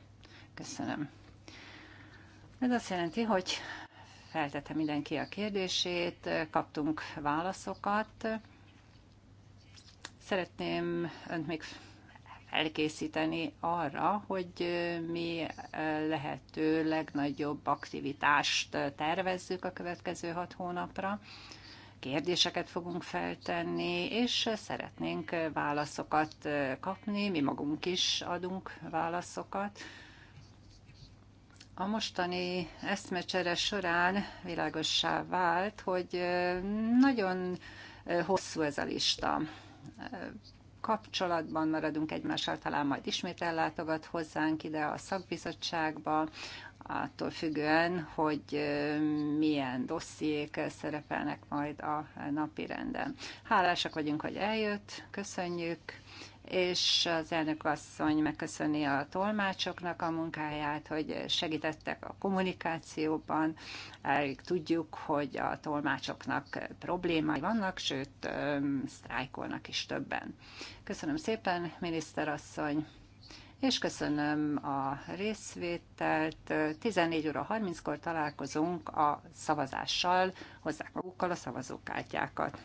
Köszönöm. Ez azt jelenti, hogy feltette mindenki a kérdését, kaptunk válaszokat. Szeretném önt még elkészíteni arra, hogy mi lehető legnagyobb aktivitást tervezzük a következő hat hónapra. Kérdéseket fogunk feltenni, és szeretnénk válaszokat kapni, mi magunk is adunk válaszokat. A mostani eszmecsere során világossá vált, hogy nagyon hosszú ez a lista kapcsolatban maradunk egymással, talán majd ismét ellátogat hozzánk ide a szakbizottságba, attól függően, hogy milyen dossziék szerepelnek majd a napi renden. Hálásak vagyunk, hogy eljött, köszönjük, és az elnök asszony megköszöni a tolmácsoknak a munkáját, hogy segítettek a kommunikációban. Elég tudjuk, hogy a tolmácsoknak problémái vannak, sőt, sztrájkolnak is többen. Köszönöm szépen, miniszter asszony! és köszönöm a részvételt. 14 óra 30-kor találkozunk a szavazással, hozzák magukkal a szavazókártyákat.